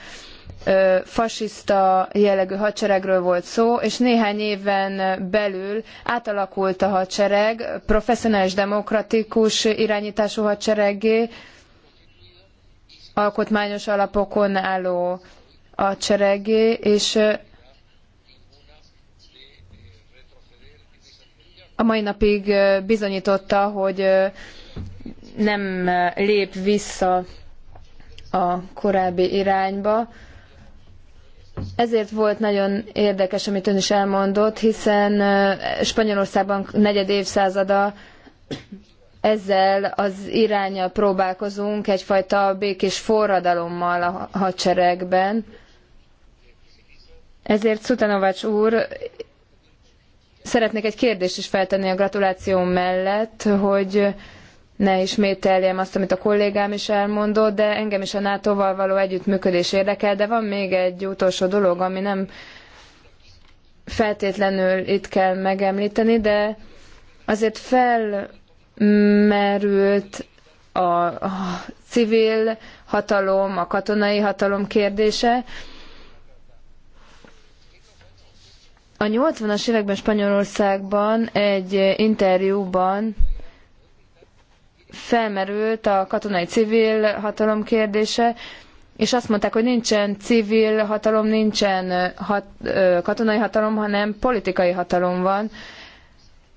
fasiszta jellegű hadseregről volt szó, és néhány éven belül átalakult a hadsereg professzionális demokratikus irányítású hadsereggé, alkotmányos alapokon álló hadseregé, és a mai napig bizonyította, hogy nem lép vissza a korábbi irányba. Ezért volt nagyon érdekes, amit ön is elmondott, hiszen Spanyolországban negyed évszázada ezzel az irányjal próbálkozunk, egyfajta békés forradalommal a hadseregben. Ezért Szutanovács úr, szeretnék egy kérdést is feltenni a gratuláció mellett, hogy ne ismételjem azt, amit a kollégám is elmondott, de engem is a NATO-val való együttműködés érdekel, de van még egy utolsó dolog, ami nem feltétlenül itt kell megemlíteni, de azért felmerült a, a civil hatalom, a katonai hatalom kérdése. A 80-as években Spanyolországban egy interjúban felmerült a katonai civil hatalom kérdése, és azt mondták, hogy nincsen civil hatalom, nincsen hat, katonai hatalom, hanem politikai hatalom van,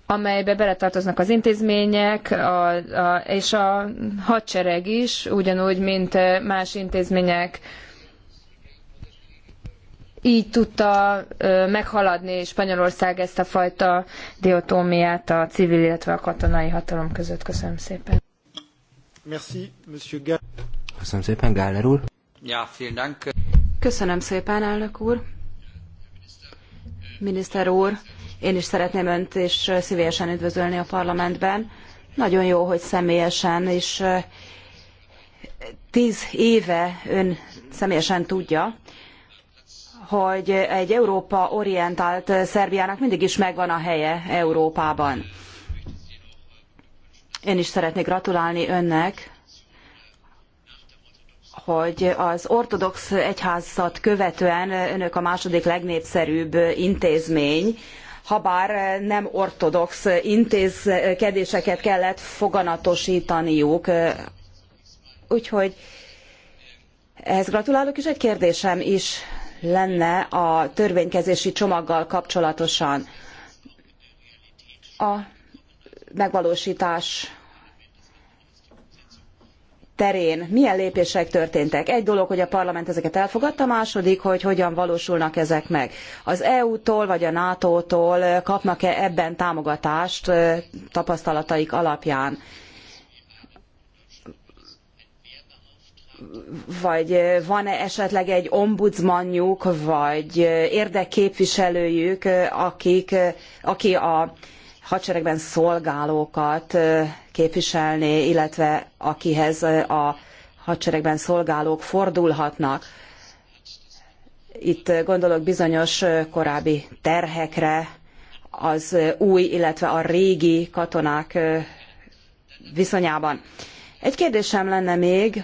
amelybe beletartoznak az intézmények a, a, és a hadsereg is, ugyanúgy, mint más intézmények. Így tudta meghaladni Spanyolország ezt a fajta diotómiát a civil, illetve a katonai hatalom között. Köszönöm szépen. Merci, Monsieur Gall. Köszönöm szépen, Gáller úr. Ja, vielen Dank. Köszönöm szépen, elnök úr. Miniszter úr, én is szeretném önt és szívesen üdvözölni a parlamentben. Nagyon jó, hogy személyesen és tíz éve ön személyesen tudja, hogy egy Európa orientált Szerbiának mindig is megvan a helye Európában. Én is szeretnék gratulálni önnek, hogy az ortodox egyházat követően önök a második legnépszerűbb intézmény, habár nem ortodox intézkedéseket kellett foganatosítaniuk. Úgyhogy ehhez gratulálok, és egy kérdésem is lenne a törvénykezési csomaggal kapcsolatosan. A megvalósítás terén milyen lépések történtek. Egy dolog, hogy a parlament ezeket elfogadta, második, hogy hogyan valósulnak ezek meg. Az EU-tól vagy a NATO-tól kapnak-e ebben támogatást tapasztalataik alapján? Vagy van-e esetleg egy ombudsmanjuk, vagy érdekképviselőjük, akik, aki a hadseregben szolgálókat képviselni, illetve akihez a hadseregben szolgálók fordulhatnak. Itt gondolok bizonyos korábbi terhekre, az új, illetve a régi katonák viszonyában. Egy kérdésem lenne még.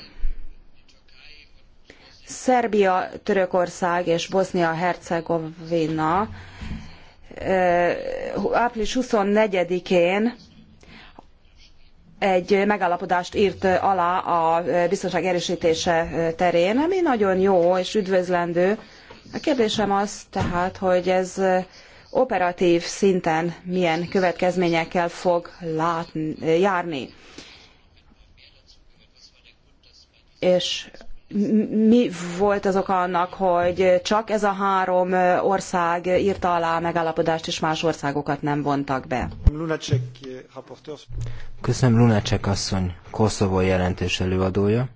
Szerbia, Törökország és Bosznia-Hercegovina április four én egy megállapodást írt alá a biztonság erőstése terén, ami nagyon jó és üdvözlendő. A kérdésem az tehát, hogy ez operatív szinten milyen következményekkel fog látni, járni. És mi volt az oka annak, hogy csak ez a három ország írta alá a megállapodást, és más országokat nem vontak be? Köszönöm Lunacek asszony, Koszovó jelentős előadója.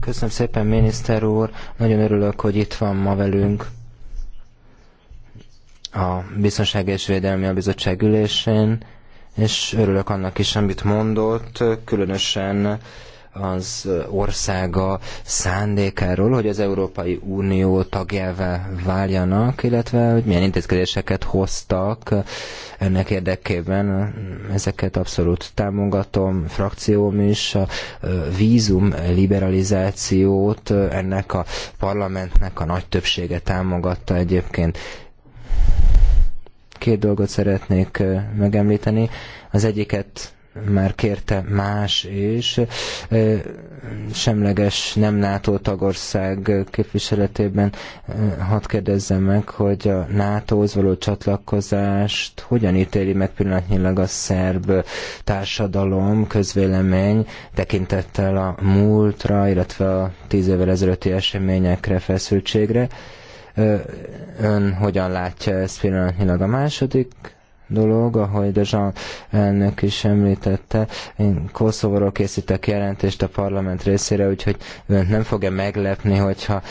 Köszönöm szépen, miniszter úr. Nagyon örülök, hogy itt van ma velünk a Biztonsági és Védelmi Bizottság ülésén és örülök annak is, amit mondott, különösen az országa szándékáról, hogy az Európai Unió tagjává váljanak, illetve hogy milyen intézkedéseket hoztak ennek érdekében. Ezeket abszolút támogatom, frakcióm is, a vízum liberalizációt ennek a parlamentnek a nagy többsége támogatta egyébként. Két dolgot szeretnék megemlíteni. Az egyiket már kérte más és semleges nem NATO tagország képviseletében hadd kérdezzem meg, hogy a NATO-hoz való csatlakozást hogyan ítéli meg pillanatnyilag a szerb társadalom, közvélemény tekintettel a múltra, illetve a tíz évvel ezelőtti eseményekre, feszültségre. Ön hogyan látja ezt pillanatnyilag? A második dolog, ahogy de Jean elnök is említette, én Koszovóról készítek jelentést a parlament részére, úgyhogy önt nem fogja meglepni, hogyha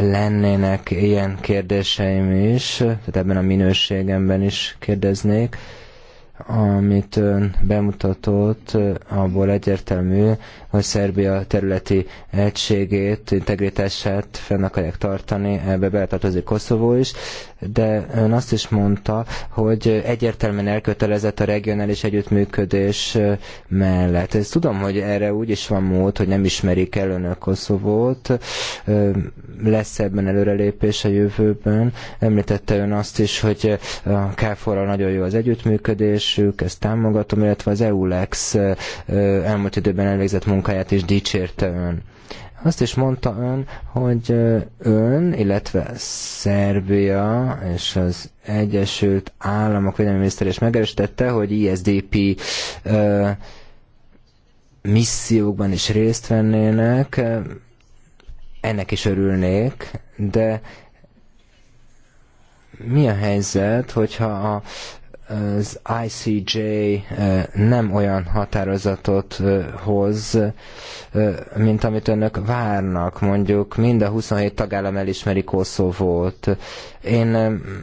lennének ilyen kérdéseim is, tehát ebben a minőségemben is kérdeznék, amit ön bemutatott, abból egyértelmű, hogy Szerbia területi egységét, integritását fenn akarják tartani, ebbe beletartozik Koszovó is, de ön azt is mondta, hogy egyértelműen elkötelezett a regionális együttműködés mellett. Ezt tudom, hogy erre úgy is van mód, hogy nem ismerik el önök Koszovót, lesz ebben előrelépés a jövőben. Említette ön azt is, hogy a KFOR-ral nagyon jó az együttműködésük, ezt támogatom, illetve az EULEX elmúlt időben elvégzett munkáját munkáját is dicsérte ön. Azt is mondta ön, hogy ön, illetve Szerbia és az Egyesült Államok védelmi miniszter is megerősítette, hogy ISDP ö, missziókban is részt vennének. Ennek is örülnék, de mi a helyzet, hogyha a az ICJ eh, nem olyan határozatot eh, hoz, eh, mint amit önök várnak. Mondjuk mind a 27 tagállam elismeri Koszovót. Én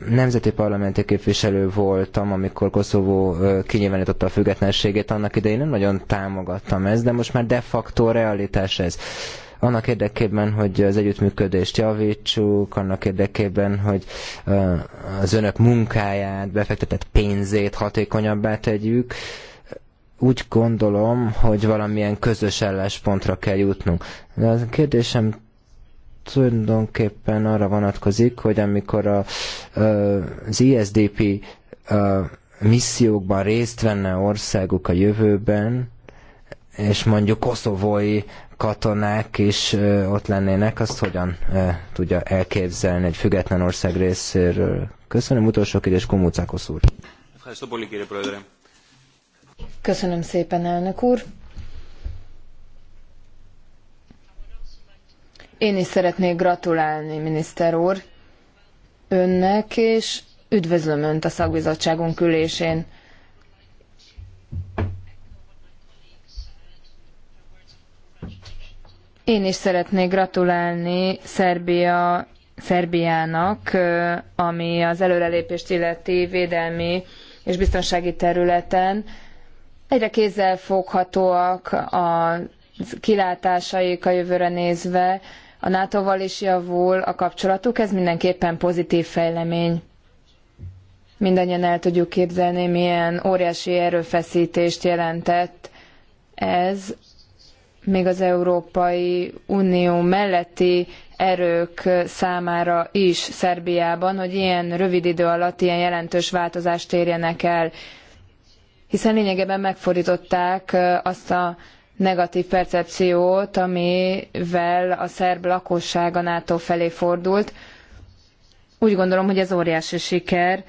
nemzeti parlamenti képviselő voltam, amikor Koszovó kinyilvánította a függetlenségét. Annak idején nem nagyon támogattam ezt, de most már de facto realitás ez annak érdekében, hogy az együttműködést javítsuk, annak érdekében, hogy az önök munkáját, befektetett pénzét hatékonyabbá tegyük, úgy gondolom, hogy valamilyen közös álláspontra kell jutnunk. De a kérdésem tulajdonképpen arra vonatkozik, hogy amikor a, az ISDP a missziókban részt venne országuk a jövőben, és mondjuk koszovói katonák is ott lennének, azt hogyan tudja elképzelni egy független ország részéről? Köszönöm, utolsó kérdés Komucákos úr. Köszönöm szépen, elnök úr. Én is szeretnék gratulálni, miniszter úr, önnek, és üdvözlöm önt a szakbizottságunk ülésén. Én is szeretnék gratulálni Szerbia, Szerbiának, ami az előrelépést illeti védelmi és biztonsági területen. Egyre kézzelfoghatóak a kilátásaik a jövőre nézve, a NATO-val is javul a kapcsolatuk, ez mindenképpen pozitív fejlemény. Mindannyian el tudjuk képzelni, milyen óriási erőfeszítést jelentett ez még az Európai Unió melletti erők számára is Szerbiában, hogy ilyen rövid idő alatt ilyen jelentős változást érjenek el. Hiszen lényegében megfordították azt a negatív percepciót, amivel a szerb lakosság a NATO felé fordult. Úgy gondolom, hogy ez óriási siker,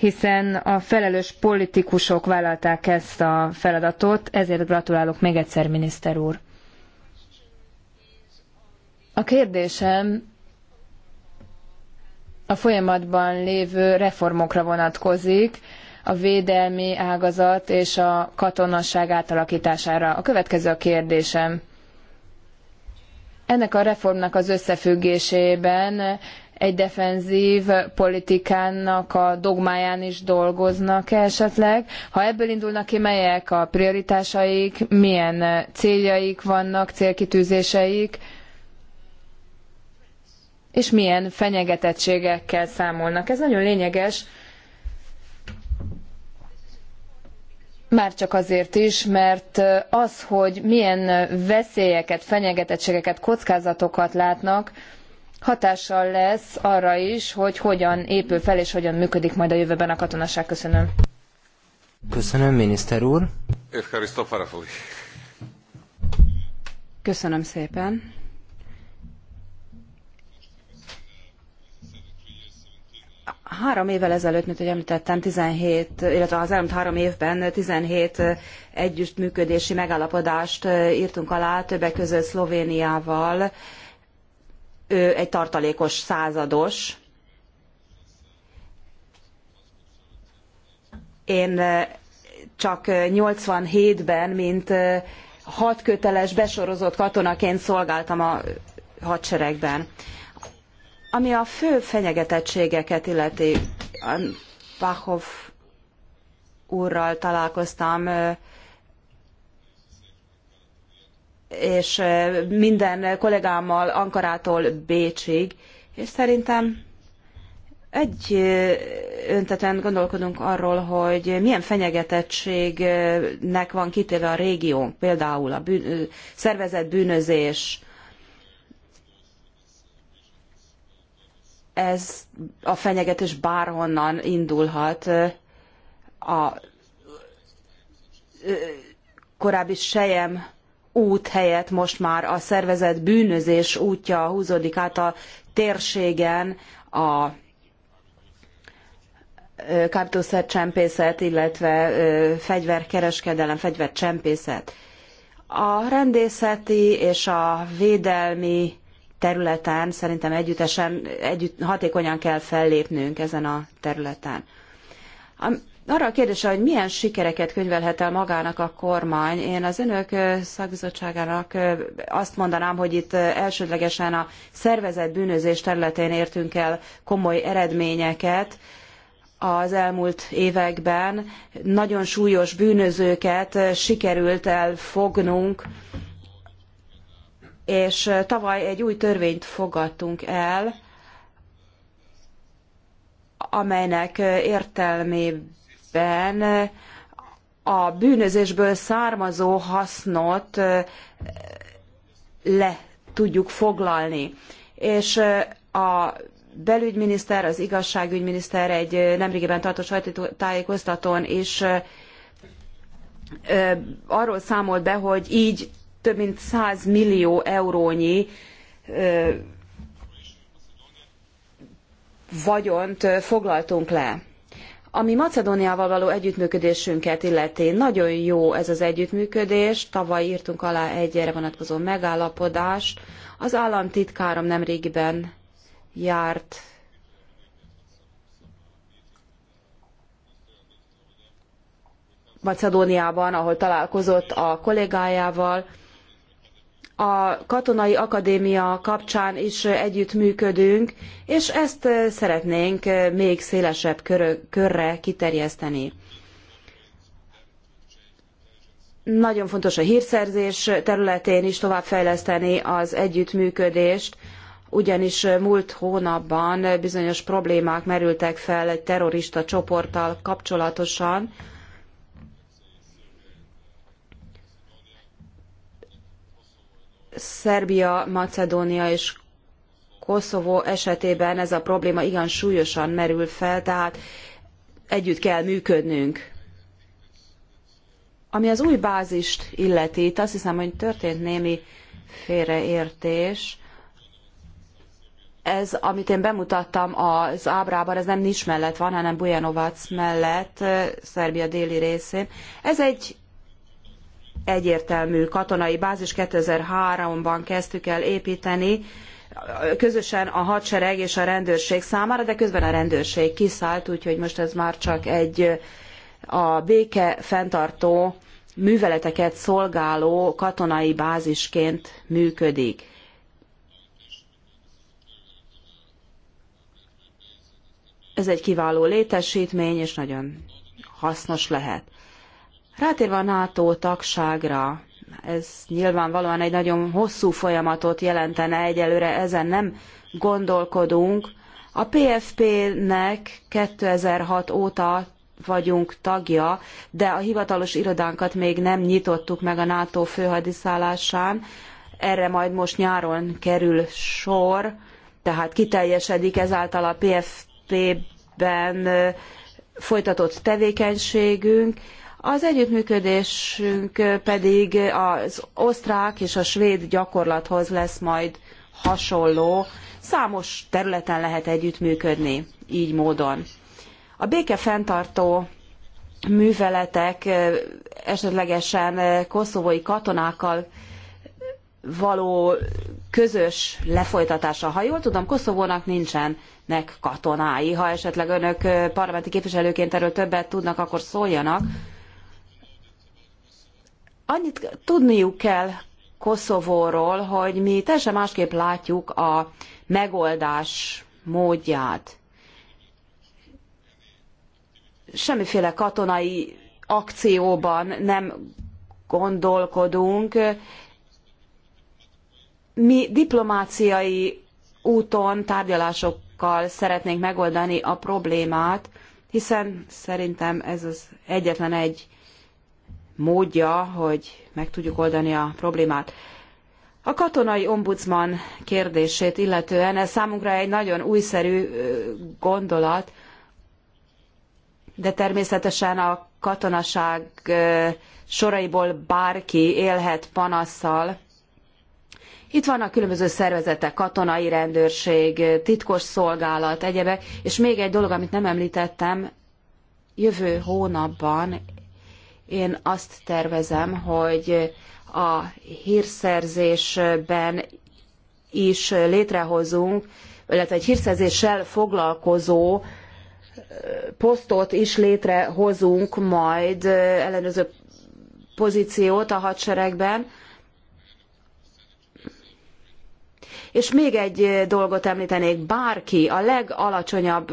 hiszen a felelős politikusok vállalták ezt a feladatot, ezért gratulálok még egyszer, miniszter úr. A kérdésem a folyamatban lévő reformokra vonatkozik, a védelmi ágazat és a katonasság átalakítására. A következő a kérdésem. Ennek a reformnak az összefüggésében egy defenzív politikának a dogmáján is dolgoznak -e esetleg. Ha ebből indulnak ki, melyek a prioritásaik, milyen céljaik vannak, célkitűzéseik, és milyen fenyegetettségekkel számolnak. Ez nagyon lényeges, már csak azért is, mert az, hogy milyen veszélyeket, fenyegetettségeket, kockázatokat látnak, hatással lesz arra is, hogy hogyan épül fel és hogyan működik majd a jövőben a katonaság. Köszönöm. Köszönöm, miniszter úr. Köszönöm szépen. Három évvel ezelőtt, mint ahogy említettem, 17, illetve az elmúlt három évben 17 együttműködési megállapodást írtunk alá, többek között Szlovéniával, egy tartalékos százados. Én csak 87-ben, mint hadköteles besorozott katonaként szolgáltam a hadseregben. Ami a fő fenyegetettségeket illeti, Pachov úrral találkoztam, és eh, minden kollégámmal Ankarától Bécsig, és szerintem egy eh, öntetlen gondolkodunk arról, hogy milyen fenyegetettségnek van kitéve a régiónk, például a bűn, eh, szervezett bűnözés, ez a fenyegetés bárhonnan indulhat. A korábbi sejem út helyett most már a szervezett bűnözés útja húzódik át a térségen a kábítószercsempészet, illetve fegyverkereskedelem, fegyvercsempészet. A rendészeti és a védelmi területen szerintem együttesen, együtt, hatékonyan kell fellépnünk ezen a területen. Arra a kérdésre, hogy milyen sikereket könyvelhet el magának a kormány, én az önök szakbizottságának azt mondanám, hogy itt elsődlegesen a szervezett bűnözés területén értünk el komoly eredményeket az elmúlt években. Nagyon súlyos bűnözőket sikerült elfognunk, és tavaly egy új törvényt fogadtunk el, amelynek értelmében évben a bűnözésből származó hasznot le tudjuk foglalni. És a belügyminiszter, az igazságügyminiszter egy nemrégiben tartott sajtótájékoztatón is arról számolt be, hogy így több mint 100 millió eurónyi vagyont foglaltunk le. Ami Macedóniával való együttműködésünket illeti, nagyon jó ez az együttműködés. Tavaly írtunk alá egy erre vonatkozó megállapodást. Az államtitkárom nemrégiben járt Macedóniában, ahol találkozott a kollégájával, a Katonai Akadémia kapcsán is együttműködünk, és ezt szeretnénk még szélesebb körre kiterjeszteni. Nagyon fontos a hírszerzés területén is továbbfejleszteni az együttműködést, ugyanis múlt hónapban bizonyos problémák merültek fel egy terrorista csoporttal kapcsolatosan, Szerbia, Macedónia és Koszovó esetében ez a probléma igen súlyosan merül fel, tehát együtt kell működnünk. Ami az új bázist illeti, itt azt hiszem, hogy történt némi félreértés. Ez, amit én bemutattam az ábrában, ez nem Nis mellett van, hanem Bujanovac mellett, Szerbia déli részén. Ez egy egyértelmű katonai bázis 2003-ban kezdtük el építeni, közösen a hadsereg és a rendőrség számára, de közben a rendőrség kiszállt, úgyhogy most ez már csak egy a béke fenntartó műveleteket szolgáló katonai bázisként működik. Ez egy kiváló létesítmény, és nagyon hasznos lehet. Rátérve a NATO tagságra, ez nyilvánvalóan egy nagyon hosszú folyamatot jelentene, egyelőre ezen nem gondolkodunk. A PFP-nek 2006 óta vagyunk tagja, de a hivatalos irodánkat még nem nyitottuk meg a NATO főhadiszállásán. Erre majd most nyáron kerül sor, tehát kiteljesedik ezáltal a PFP-ben folytatott tevékenységünk. Az együttműködésünk pedig az osztrák és a svéd gyakorlathoz lesz majd hasonló. Számos területen lehet együttműködni így módon. A béke fenntartó műveletek esetlegesen koszovói katonákkal való közös lefolytatása. Ha jól tudom, Koszovónak nincsenek katonái. Ha esetleg önök parlamenti képviselőként erről többet tudnak, akkor szóljanak annyit tudniuk kell Koszovóról, hogy mi teljesen másképp látjuk a megoldás módját. Semmiféle katonai akcióban nem gondolkodunk. Mi diplomáciai úton, tárgyalásokkal szeretnénk megoldani a problémát, hiszen szerintem ez az egyetlen egy módja, hogy meg tudjuk oldani a problémát. A katonai ombudsman kérdését illetően ez számunkra egy nagyon újszerű gondolat, de természetesen a katonaság soraiból bárki élhet panasszal. Itt vannak különböző szervezetek, katonai rendőrség, titkos szolgálat, egyebek, és még egy dolog, amit nem említettem, jövő hónapban én azt tervezem, hogy a hírszerzésben is létrehozunk, illetve egy hírszerzéssel foglalkozó posztot is létrehozunk majd ellenőrző pozíciót a hadseregben. És még egy dolgot említenék, bárki a legalacsonyabb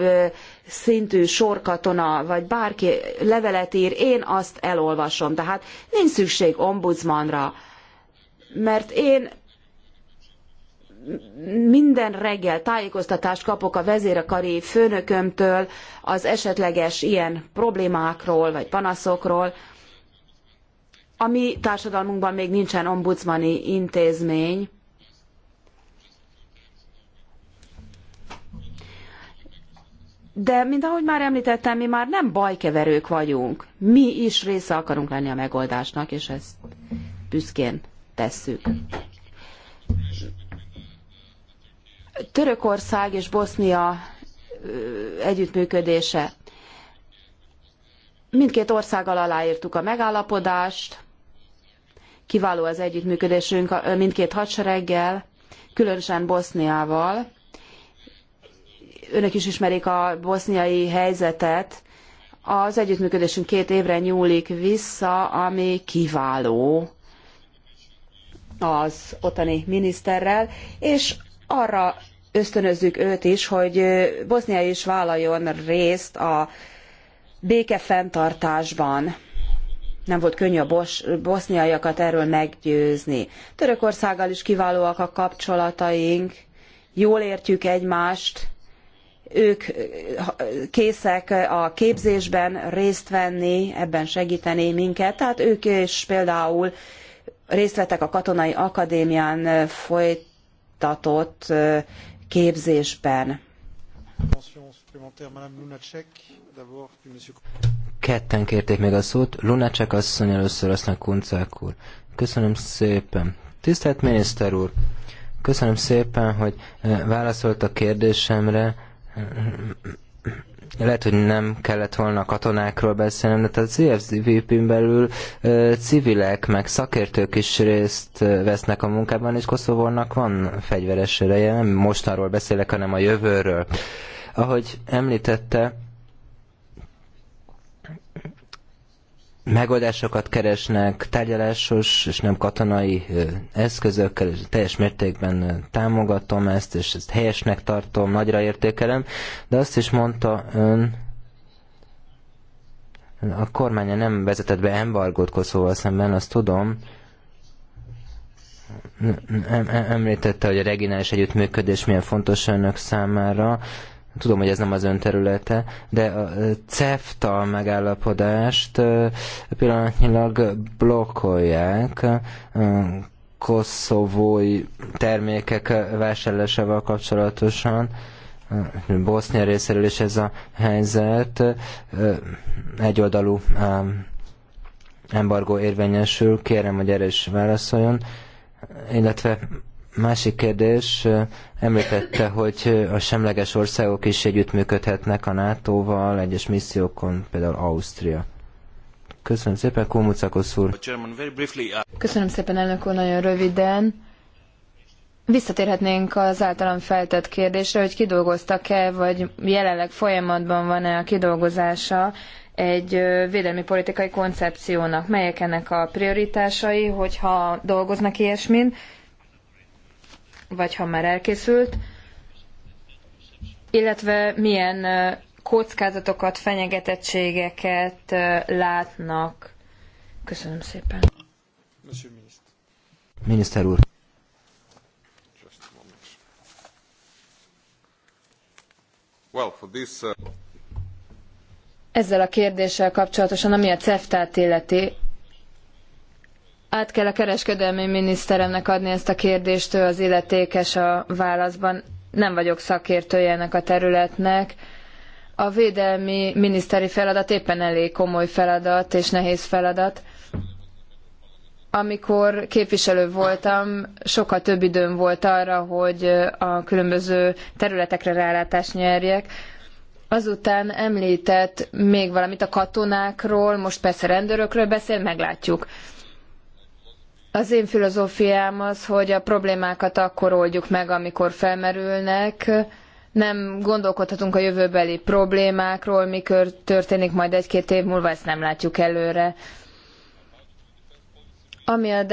szintű sorkatona, vagy bárki levelet ír, én azt elolvasom. Tehát nincs szükség ombudsmanra, mert én minden reggel tájékoztatást kapok a vezérekari főnökömtől az esetleges ilyen problémákról, vagy panaszokról. A mi társadalmunkban még nincsen ombudsmani intézmény, De, mint ahogy már említettem, mi már nem bajkeverők vagyunk. Mi is része akarunk lenni a megoldásnak, és ezt büszkén tesszük. Törökország és Bosznia együttműködése. Mindkét országgal aláírtuk a megállapodást, kiváló az együttműködésünk mindkét hadsereggel, különösen Boszniával önök is ismerik a boszniai helyzetet. Az együttműködésünk két évre nyúlik vissza, ami kiváló az ottani miniszterrel, és arra ösztönözzük őt is, hogy Bosznia is vállaljon részt a békefenntartásban. Nem volt könnyű a bos- boszniaiakat erről meggyőzni. Törökországgal is kiválóak a kapcsolataink, jól értjük egymást, ők eh, eh, készek eh, a képzésben részt venni, ebben segíteni minket. Tehát ők is például részt vettek a Katonai Akadémián folytatott képzésben. Ketten kérték meg a szót. Lunacek asszony először, aztán Kuncák úr. Köszönöm szépen. Tisztelt miniszter úr, köszönöm szépen, hogy válaszolt a kérdésemre lehet, hogy nem kellett volna katonákról beszélnem, de a az n belül civilek, meg szakértők is részt vesznek a munkában, és Koszovónak van fegyveres ereje, nem mostanról beszélek, hanem a jövőről. Ahogy említette, megoldásokat keresnek, tárgyalásos és nem katonai eszközökkel, és teljes mértékben támogatom ezt, és ezt helyesnek tartom, nagyra értékelem, de azt is mondta ön, a kormánya nem vezetett be embargót Koszóval szemben, azt tudom, említette, hogy a regionális együttműködés milyen fontos önök számára, Tudom, hogy ez nem az ön területe, de a CEFTA megállapodást pillanatnyilag blokkolják koszovói termékek vásárlásával kapcsolatosan. Bosznia részéről is ez a helyzet. Egyoldalú embargó érvényesül. Kérem, hogy erre is válaszoljon. Illetve Másik kérdés, említette, hogy a semleges országok is együttműködhetnek a NATO-val egyes missziókon, például Ausztria. Köszönöm szépen, Kómucakos úr. Uh, Köszönöm szépen, elnök úr, nagyon röviden. Visszatérhetnénk az általam feltett kérdésre, hogy kidolgoztak-e, vagy jelenleg folyamatban van-e a kidolgozása egy védelmi politikai koncepciónak. Melyek ennek a prioritásai, hogyha dolgoznak ilyesmin? vagy ha már elkészült, illetve milyen kockázatokat, fenyegetettségeket látnak. Köszönöm szépen. Miniszter úr. Uh, Ezzel a kérdéssel kapcsolatosan, ami a CEFTA-t illeti, át kell a kereskedelmi miniszteremnek adni ezt a kérdést, ő az illetékes a válaszban. Nem vagyok szakértője ennek a területnek. A védelmi miniszteri feladat éppen elég komoly feladat és nehéz feladat. Amikor képviselő voltam, sokkal több időm volt arra, hogy a különböző területekre rálátást nyerjek. Azután említett még valamit a katonákról, most persze rendőrökről beszél, meglátjuk. Az én filozófiám az, hogy a problémákat akkor oldjuk meg, amikor felmerülnek, nem gondolkodhatunk a jövőbeli problémákról, mikor történik majd egy-két év múlva, ezt nem látjuk előre. Ami a,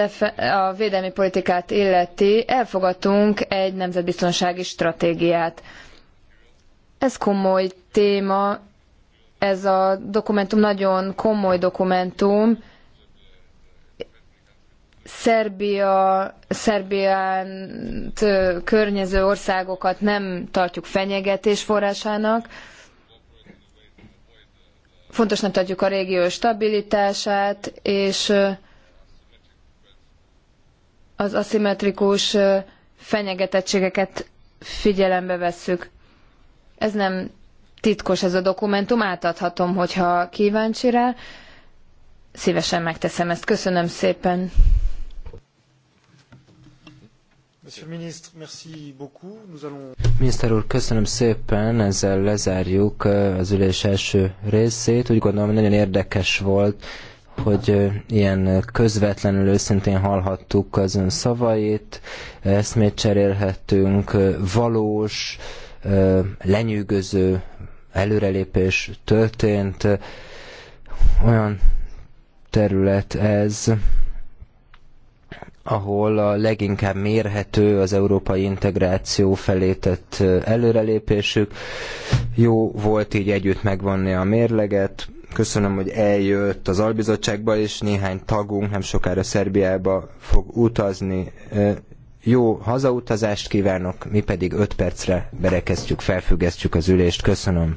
a védelmi politikát illeti, elfogadtunk egy nemzetbiztonsági stratégiát. Ez komoly téma, ez a dokumentum nagyon komoly dokumentum, Szerbia, Szerbiánt környező országokat nem tartjuk fenyegetés forrásának. Fontosnak tartjuk a régió stabilitását, és az aszimmetrikus fenyegetettségeket figyelembe vesszük. Ez nem titkos ez a dokumentum, átadhatom, hogyha kíváncsi rá. Szívesen megteszem ezt. Köszönöm szépen. Miniszter úr, köszönöm szépen, ezzel lezárjuk eh, az ülés első részét. Úgy gondolom, hogy nagyon érdekes volt, hogy eh, ilyen közvetlenül őszintén hallhattuk az ön szavait, eszmét cserélhettünk, eh, valós, lenyűgöző előrelépés történt, olyan terület ez, ahol a leginkább mérhető az európai integráció felé tett előrelépésük. Jó volt így együtt megvonni a mérleget. Köszönöm, hogy eljött az albizottságba, és néhány tagunk nem sokára Szerbiába fog utazni. Jó hazautazást kívánok, mi pedig 5 percre berekeztjük, felfüggesztjük az ülést. Köszönöm.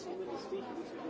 ist immer das Wichtigste, dass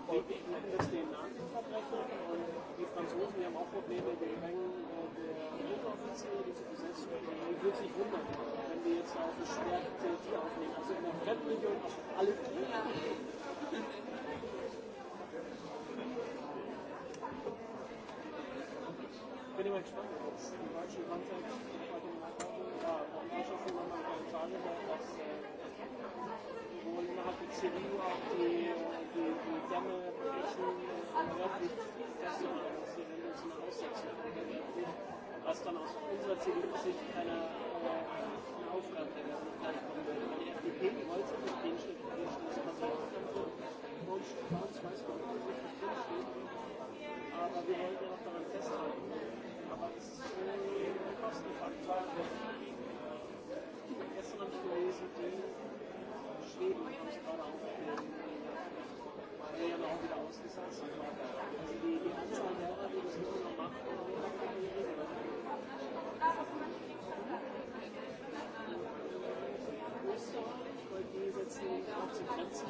Nachfolgegner bestehen Nachkriegsverbrechen und die Franzosen, die haben auch Probleme in den Rängen äh, der Militäroffiziere, die zu besetzen Man würde sich wundern, wenn wir jetzt auch verstärkt die aufnehmen. Also in der Fremdenlegion auf alle Fälle. Ja. bin immer gespannt, ob es deutschen Kontext bei dem Mannschaften nochmal einen kleinen Schaden hat, dass äh, wohl innerhalb der CDU auch die äh, die, die Jammerbrechen nördlich des Sauerlands, die werden uns eine Aussetzung was dann aus unserer CDU-Sicht keine, äh, eine Aufgabe der ganzen Partei kommen würde. Weil die FDP wollte mit den Schritten, die Schlüssel verfolgt haben, so bei uns weiß man nicht, was drinsteht. Aber wir wollten ja auch daran festhalten. Aber es ist ein Kostenfaktor. Gestern habe ich gelesen, die Schweden, ich glaube auch, Grenzen, auch zu Grenzen.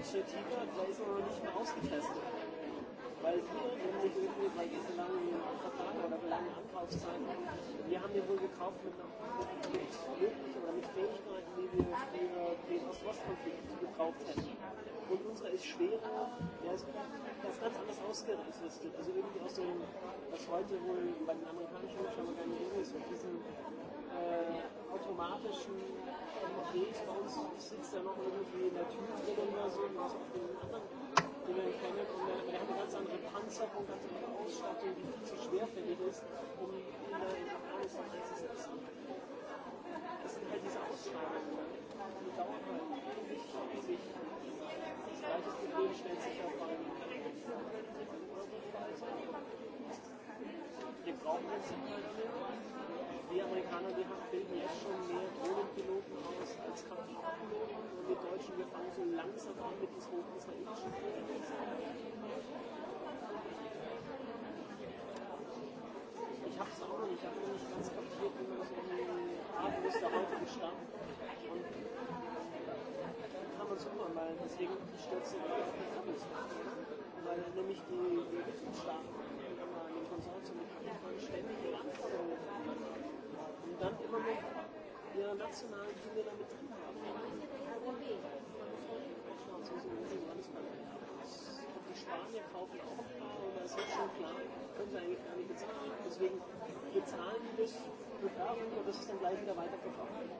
deutsche Tiger, der ist aber noch nicht mehr ausgetestet. Weil hier, wenn sich irgendwie, weil diese langen Verfahren oder langen Ankaufszeiten, wir haben den wohl gekauft mit, mit, mit möglichen oder mit Fähigkeiten, die wir für den Ost-Ost-Konflikt gebraucht hätten. Und unserer ist schwerer, der ist, der ist ganz anders ausgerüstet. Also irgendwie aus dem, was heute wohl bei den amerikanischen Schauern gar nicht ist, mit diesen äh, automatischen Ideen. Bei uns sitzt da noch irgendwie in der Tür drin oder so, was auf den anderen, den wir kennen. Und der, der hat eine ganz andere Panzerung, ganz andere Ausstattung, die viel zu schwerfällig ist, um in der Afghanistan einzusetzen. Das sind halt diese Ausschreibungen, die dauern halt ewig, ewig. Das gleiche Problem stellt sich auch bei wir brauchen jetzt die Amerikaner, die bilden jetzt schon mehr Drohnenpiloten aus als Kampfpiloten und die Deutschen, wir fangen so langsam an mit diesem hoch-israelischen Ich habe es auch noch nicht, ich habe noch nicht ganz kapiert, wie man das irgendwie, ah, wo der heutige Stand? Und kann man es weil deswegen stürzt sich auf die Kabels. Weil nämlich die Mitgliedstaaten, die Konsortium, die ständig die Anforderungen dann immer noch ihre nationalen Dinge damit drin haben. Also so sehen wir das mal. Die Spanier kaufen auch ein paar und da ist jetzt schon klar, können sie eigentlich gar nicht bezahlen. Deswegen bezahlen die das, bewerben und das ist dann gleich wieder weiterverkauft.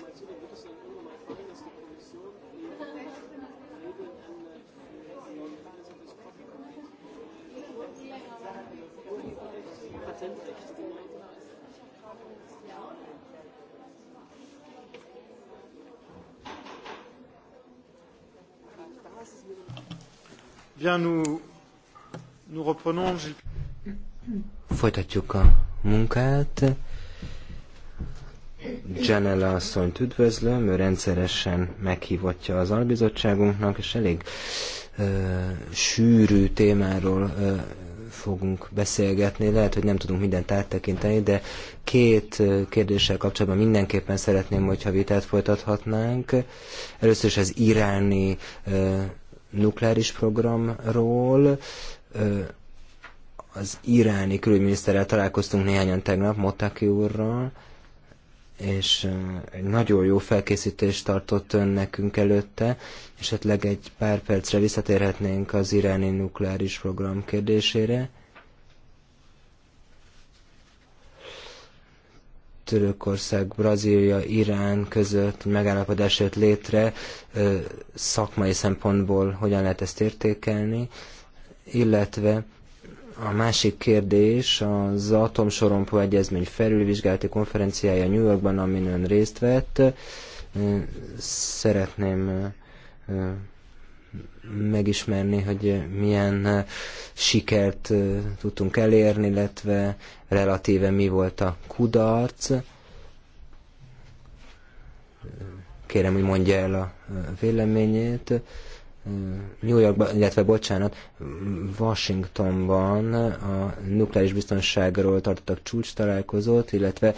mal zu, dann wird es dann mal fallen, dass die Kommission Regeln ändert für das Bien, nous, nous reprenons. Folytatjuk a munkát. Janella asszonyt üdvözlöm, ő rendszeresen meghívottja az albizottságunknak, és elég ö, sűrű témáról ö, fogunk beszélgetni. Lehet, hogy nem tudunk mindent áttekinteni, de két kérdéssel kapcsolatban mindenképpen szeretném, hogyha vitát folytathatnánk. Először is az iráni ö, nukleáris programról. Ö, az iráni külügyminiszterrel találkoztunk néhányan tegnap, Motaki úrral és egy nagyon jó felkészítést tartott ön nekünk előtte. Esetleg egy pár percre visszatérhetnénk az iráni nukleáris program kérdésére. Törökország, Brazília, Irán között megállapodás jött létre, szakmai szempontból hogyan lehet ezt értékelni, illetve a másik kérdés az atomsorompó egyezmény felülvizsgálati konferenciája New Yorkban, amin ön részt vett. Szeretném megismerni, hogy milyen sikert tudtunk elérni, illetve relatíve mi volt a kudarc. Kérem, hogy mondja el a véleményét. New Yorkban, illetve bocsánat, Washingtonban a nukleáris biztonságról tartottak csúcs találkozót, illetve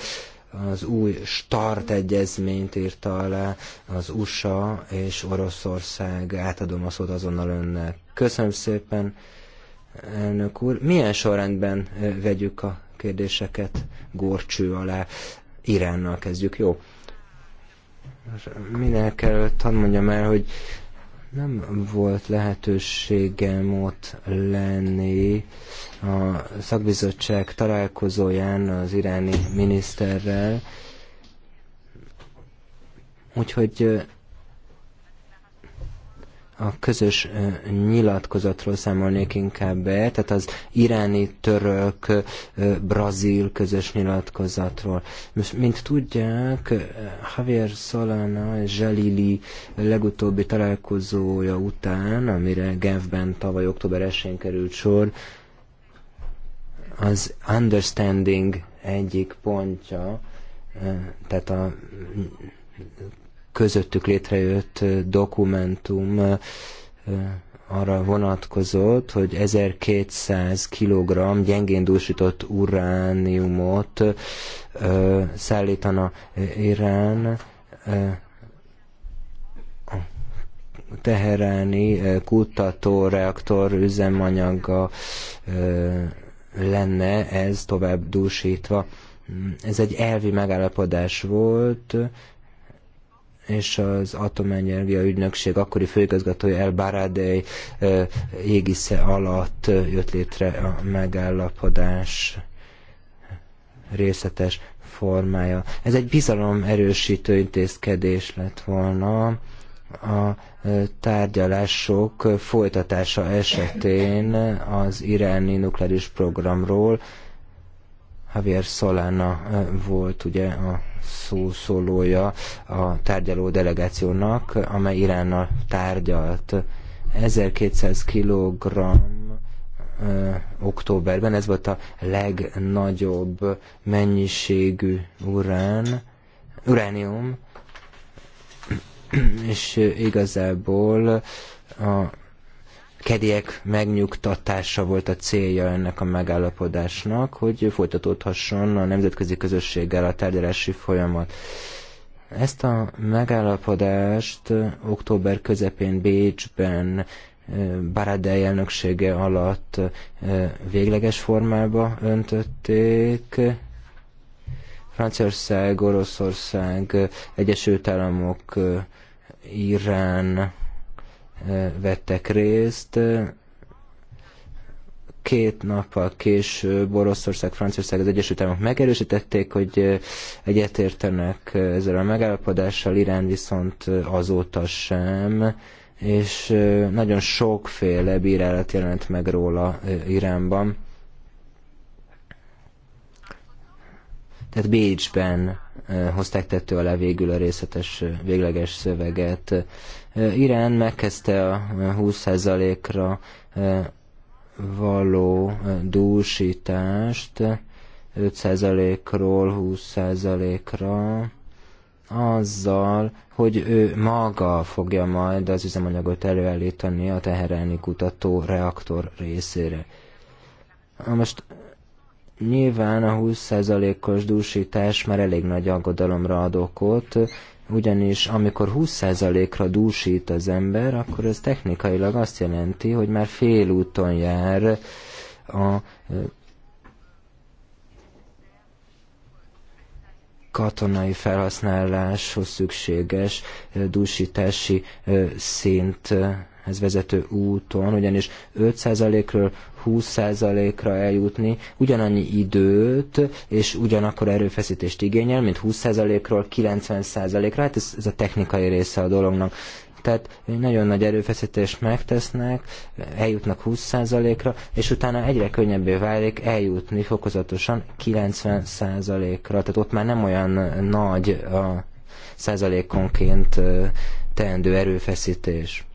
az új START egyezményt írta alá az USA és Oroszország. Átadom a szót azonnal önnek. Köszönöm szépen, elnök úr. Milyen sorrendben vegyük a kérdéseket górcső alá? Iránnal kezdjük, jó? Minél kell hadd mondjam el, hogy nem volt lehetőségem ott lenni a szakbizottság találkozóján az iráni miniszterrel, úgyhogy a közös nyilatkozatról számolnék inkább be, tehát az iráni, török, brazil közös nyilatkozatról. Most, mint tudják, Javier Solana és Zsalili legutóbbi találkozója után, amire Genfben tavaly október esén került sor, az understanding egyik pontja, tehát a közöttük létrejött dokumentum arra vonatkozott, hogy 1200 kg gyengén dúsított urániumot szállítana Irán a teheráni kutatóreaktor üzemanyaga lenne ez tovább dúsítva. Ez egy elvi megállapodás volt, és az Atomenergia Ügynökség akkori főigazgatója El Baradei égisze alatt jött létre a megállapodás részletes formája. Ez egy bizalom erősítő intézkedés lett volna a tárgyalások folytatása esetén az iráni nukleáris programról, Javier Solana eh, volt ugye a szószólója a tárgyaló delegációnak, amely Iránnal tárgyalt. 1200 kg eh, októberben, ez volt a legnagyobb mennyiségű urán, uránium, és igazából a kedélyek megnyugtatása volt a célja ennek a megállapodásnak, hogy folytatódhasson a nemzetközi közösséggel a tárgyalási folyamat. Ezt a megállapodást október közepén Bécsben Baradei elnöksége alatt végleges formába öntötték. Franciaország, Oroszország, Egyesült Államok, Irán, vettek részt. Két nappal később Oroszország, Franciaország, az Egyesült Államok megerősítették, hogy egyetértenek ezzel a megállapodással, Irán viszont azóta sem, és nagyon sokféle bírálat jelent meg róla Iránban. tehát Bécsben hozták tető alá végül a részletes, végleges szöveget. Irán megkezdte a 20%-ra való dúsítást 5%-ról 20%-ra azzal, hogy ő maga fogja majd az üzemanyagot előállítani a teherelni kutató reaktor részére. Most nyilván a 20%-os dúsítás már elég nagy aggodalomra ad okot, ugyanis amikor 20%-ra dúsít az ember, akkor ez technikailag azt jelenti, hogy már félúton jár a katonai felhasználáshoz szükséges dúsítási szint ez vezető úton, ugyanis 5%-ről 20%-ra eljutni ugyanannyi időt és ugyanakkor erőfeszítést igényel, mint 20%-ról 90%-ra, hát ez, ez a technikai része a dolognak tehát nagyon nagy erőfeszítést megtesznek, eljutnak 20%-ra, és utána egyre könnyebbé válik eljutni fokozatosan 90%-ra, tehát ott már nem olyan nagy a százalékonként teendő erőfeszítés.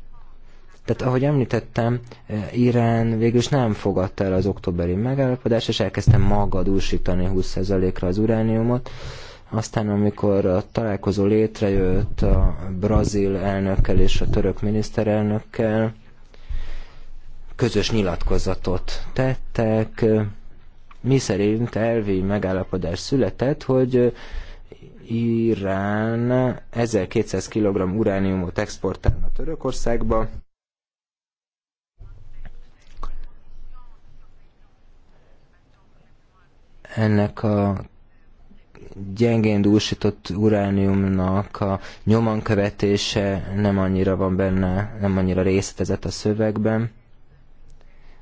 Tehát ahogy említettem, eh, Irán végülis nem fogadta el az októberi megállapodást, és elkezdte magadúsítani 20%-ra az urániumot. Aztán, amikor a találkozó létrejött a brazil elnökkel és a török miniszterelnökkel, közös nyilatkozatot tettek, mi szerint elvi megállapodás született, hogy Irán 1200 kg urániumot exportálna Törökországba, ennek a gyengén dúsított urániumnak a nyoman követése nem annyira van benne, nem annyira részletezett a szövegben.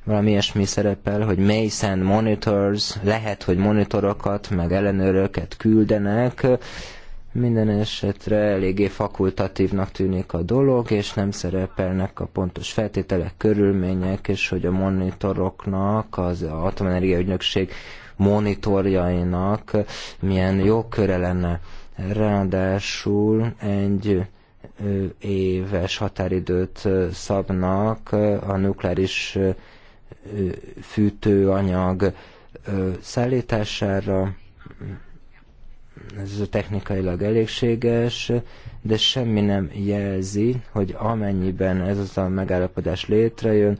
Valami ilyesmi szerepel, hogy Mason monitors, lehet, hogy monitorokat, meg ellenőröket küldenek, minden esetre eléggé fakultatívnak tűnik a dolog, és nem szerepelnek a pontos feltételek, körülmények, és hogy a monitoroknak, az Atomenergia Ügynökség monitorjainak milyen köre lenne. Ráadásul egy éves határidőt szabnak a nukleáris fűtőanyag szállítására, ez technikailag elégséges, de semmi nem jelzi, hogy amennyiben ez az a megállapodás létrejön,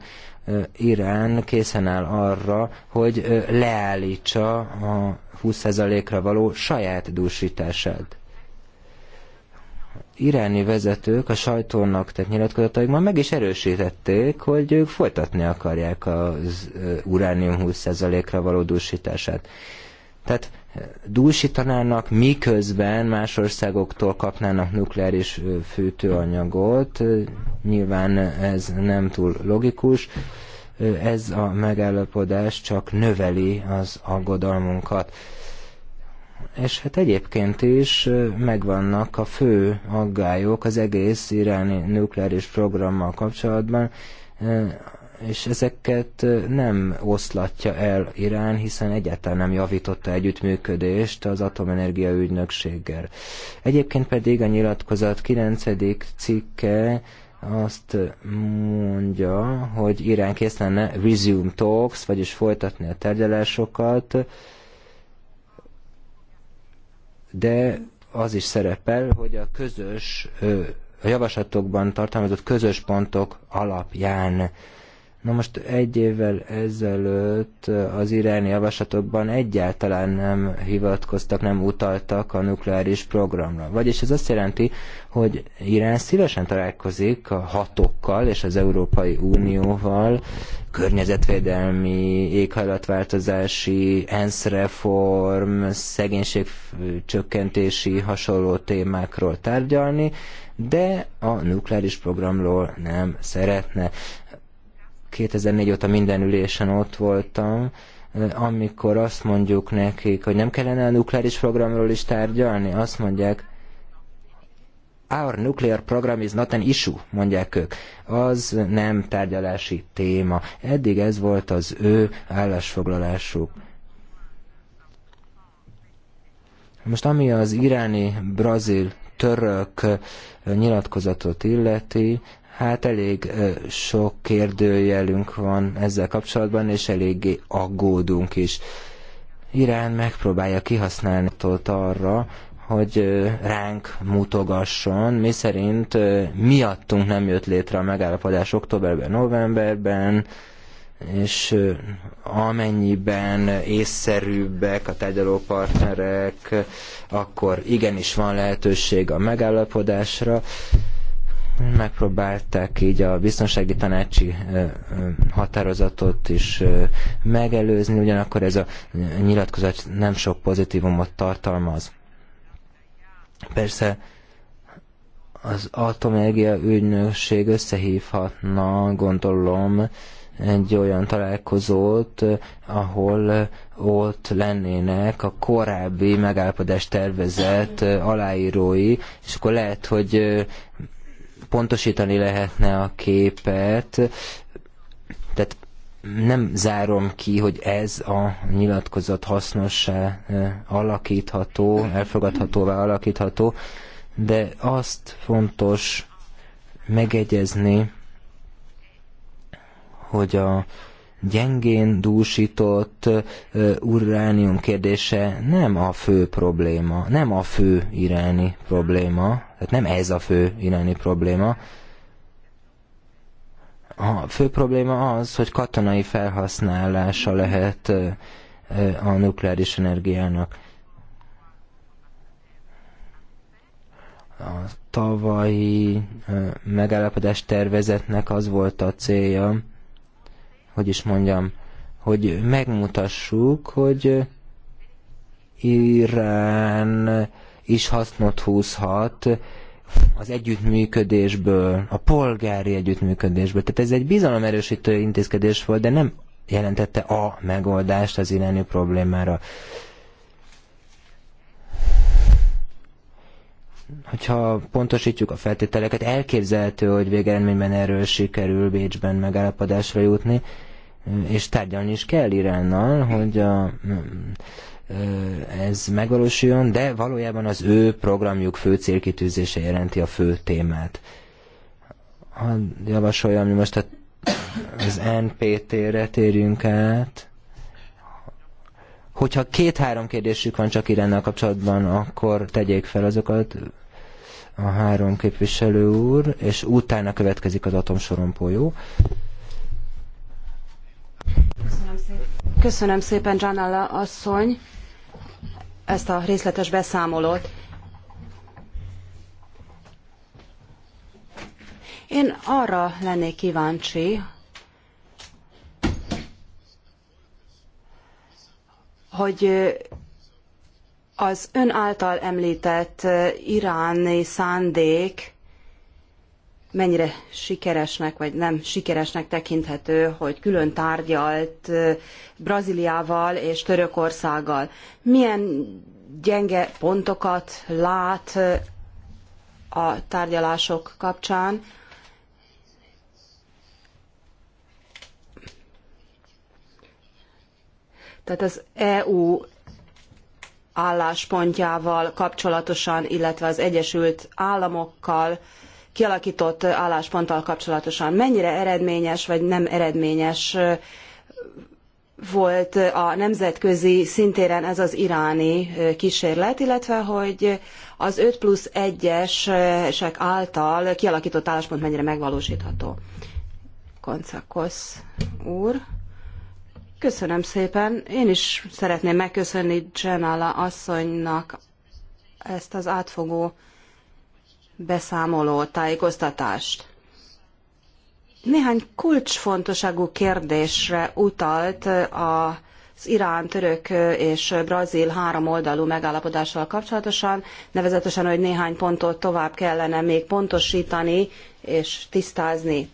Irán készen áll arra, hogy leállítsa a 20%-ra való saját dúsítását. Iráni vezetők a sajtónak tett nyilatkozataikban meg is erősítették, hogy ők folytatni akarják az uránium 20%-ra való dúsítását. Tehát dúsítanának, miközben más országoktól kapnának nukleáris fűtőanyagot. Nyilván ez nem túl logikus. Ez a megállapodás csak növeli az aggodalmunkat. És hát egyébként is megvannak a fő aggályok az egész iráni nukleáris programmal kapcsolatban, és ezeket nem oszlatja el Irán, hiszen egyáltalán nem javította együttműködést az atomenergia ügynökséggel. Egyébként pedig a nyilatkozat 9. cikke azt mondja, hogy Irán kész lenne resume talks, vagyis folytatni a tárgyalásokat, de az is szerepel, hogy a közös, a javaslatokban tartalmazott közös pontok alapján Na most egy évvel ezelőtt eh, az iráni javaslatokban egyáltalán nem hivatkoztak, nem utaltak a nukleáris programra. Vagyis ez azt jelenti, hogy Irán szívesen találkozik a hatokkal és az Európai Unióval, környezetvédelmi, éghajlatváltozási, ENSZ reform, szegénységcsökkentési csökkentési hasonló témákról tárgyalni, de a nukleáris programról nem szeretne. 2004 óta minden ülésen ott voltam, amikor azt mondjuk nekik, hogy nem kellene a nukleáris programról is tárgyalni, azt mondják, our nuclear program is not an issue, mondják ők. Az nem tárgyalási téma. Eddig ez volt az ő állásfoglalásuk. Most ami az iráni, brazil, török nyilatkozatot illeti, Hát elég sok kérdőjelünk van ezzel kapcsolatban, és eléggé aggódunk is. Irán megpróbálja kihasználni tot arra, hogy ránk mutogasson, mi szerint miattunk nem jött létre a megállapodás októberben, novemberben, és amennyiben észszerűbbek a tárgyalópartnerek, akkor igenis van lehetőség a megállapodásra megpróbálták így a biztonsági tanácsi határozatot is megelőzni, ugyanakkor ez a nyilatkozat nem sok pozitívumot tartalmaz. Persze az atomenergia ügynökség összehívhatna, gondolom, egy olyan találkozót, ahol ott lennének a korábbi megállapodást tervezett aláírói, és akkor lehet, hogy pontosítani lehetne a képet. Tehát nem zárom ki, hogy ez a nyilatkozat hasznossá alakítható, elfogadhatóvá alakítható, de azt fontos megegyezni, hogy a gyengén dúsított uránium kérdése nem a fő probléma, nem a fő iráni probléma, tehát nem ez a fő iráni probléma. A fő probléma az, hogy katonai felhasználása lehet a nukleáris energiának. A tavalyi megállapodás tervezetnek az volt a célja, hogy is mondjam, hogy megmutassuk, hogy Irán is hasznot húzhat az együttműködésből, a polgári együttműködésből. Tehát ez egy bizalomerősítő intézkedés volt, de nem jelentette a megoldást az iráni problémára. hogyha pontosítjuk a feltételeket, elképzelhető, hogy végeredményben erről sikerül Bécsben megállapodásra jutni, és tárgyalni is kell Iránnal, hogy a, ez megvalósuljon, de valójában az ő programjuk fő célkitűzése jelenti a fő témát. Ha javasoljam, hogy most az NPT-re térjünk át. Hogyha két-három kérdésük van csak Iránnal kapcsolatban, akkor tegyék fel azokat, a három képviselő úr, és utána következik az atomsorompó, jó? Köszönöm szépen, Köszönöm szépen Janella asszony, ezt a részletes beszámolót. Én arra lennék kíváncsi, hogy az ön által említett iráni szándék mennyire sikeresnek vagy nem sikeresnek tekinthető, hogy külön tárgyalt Brazíliával és Törökországgal. Milyen gyenge pontokat lát a tárgyalások kapcsán? Tehát az EU álláspontjával kapcsolatosan, illetve az Egyesült Államokkal kialakított állásponttal kapcsolatosan. Mennyire eredményes vagy nem eredményes volt a nemzetközi szintéren ez az iráni kísérlet, illetve hogy az 5 plusz 1-esek által kialakított álláspont mennyire megvalósítható. Koncakosz úr. Köszönöm szépen. Én is szeretném megköszönni Jenala asszonynak ezt az átfogó beszámoló tájékoztatást. Néhány kulcsfontosságú kérdésre utalt az Irán, török és brazil háromoldalú megállapodással kapcsolatosan, nevezetesen, hogy néhány pontot tovább kellene még pontosítani és tisztázni.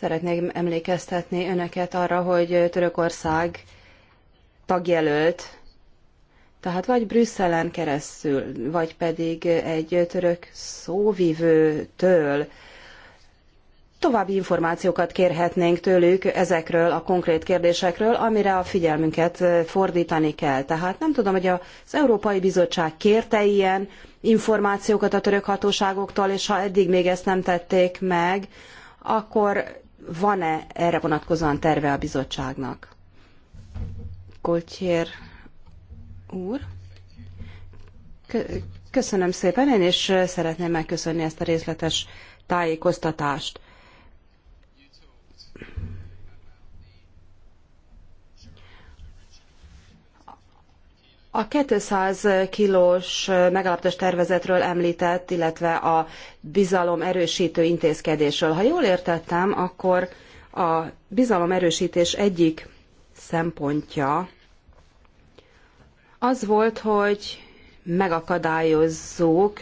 Szeretném emlékeztetni önöket arra, hogy Törökország tagjelölt, tehát vagy Brüsszelen keresztül, vagy pedig egy török szóvivőtől további információkat kérhetnénk tőlük ezekről a konkrét kérdésekről, amire a figyelmünket fordítani kell. Tehát nem tudom, hogy az Európai Bizottság kérte ilyen információkat a török hatóságoktól, és ha eddig még ezt nem tették meg, akkor van-e erre vonatkozóan terve a bizottságnak? Koltyér úr. Köszönöm szépen, én is szeretném megköszönni ezt a részletes tájékoztatást. A 200 kilós megállapodás tervezetről említett, illetve a bizalom erősítő intézkedésről. Ha jól értettem, akkor a bizalom erősítés egyik szempontja az volt, hogy megakadályozzuk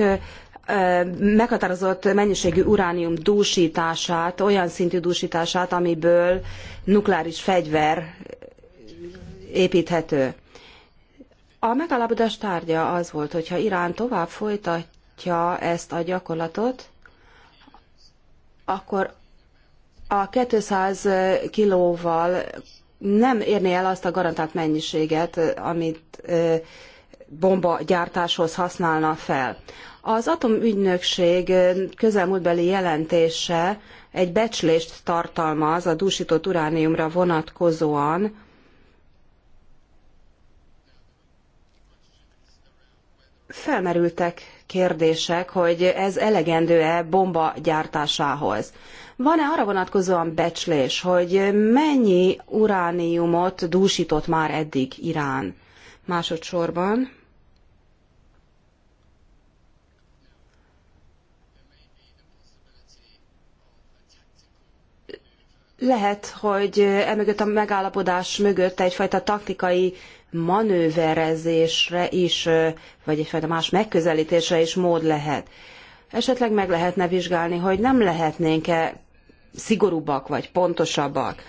meghatározott mennyiségű uránium dúsítását, olyan szintű dúsítását, amiből nukleáris fegyver építhető. A megállapodás tárgya az volt, hogyha Irán tovább folytatja ezt a gyakorlatot, akkor a 200 kilóval nem érné el azt a garantált mennyiséget, amit bombagyártáshoz használna fel. Az atomügynökség közelmúltbeli jelentése egy becslést tartalmaz a dúsított urániumra vonatkozóan, felmerültek kérdések, hogy ez elegendő-e bomba gyártásához. Van-e arra vonatkozóan becslés, hogy mennyi urániumot dúsított már eddig Irán? Másodszorban lehet, hogy emögött a megállapodás mögött egyfajta taktikai manőverezésre is, vagy egyfajta más megközelítésre is mód lehet. Esetleg meg lehetne vizsgálni, hogy nem lehetnénk-e szigorúbbak vagy pontosabbak.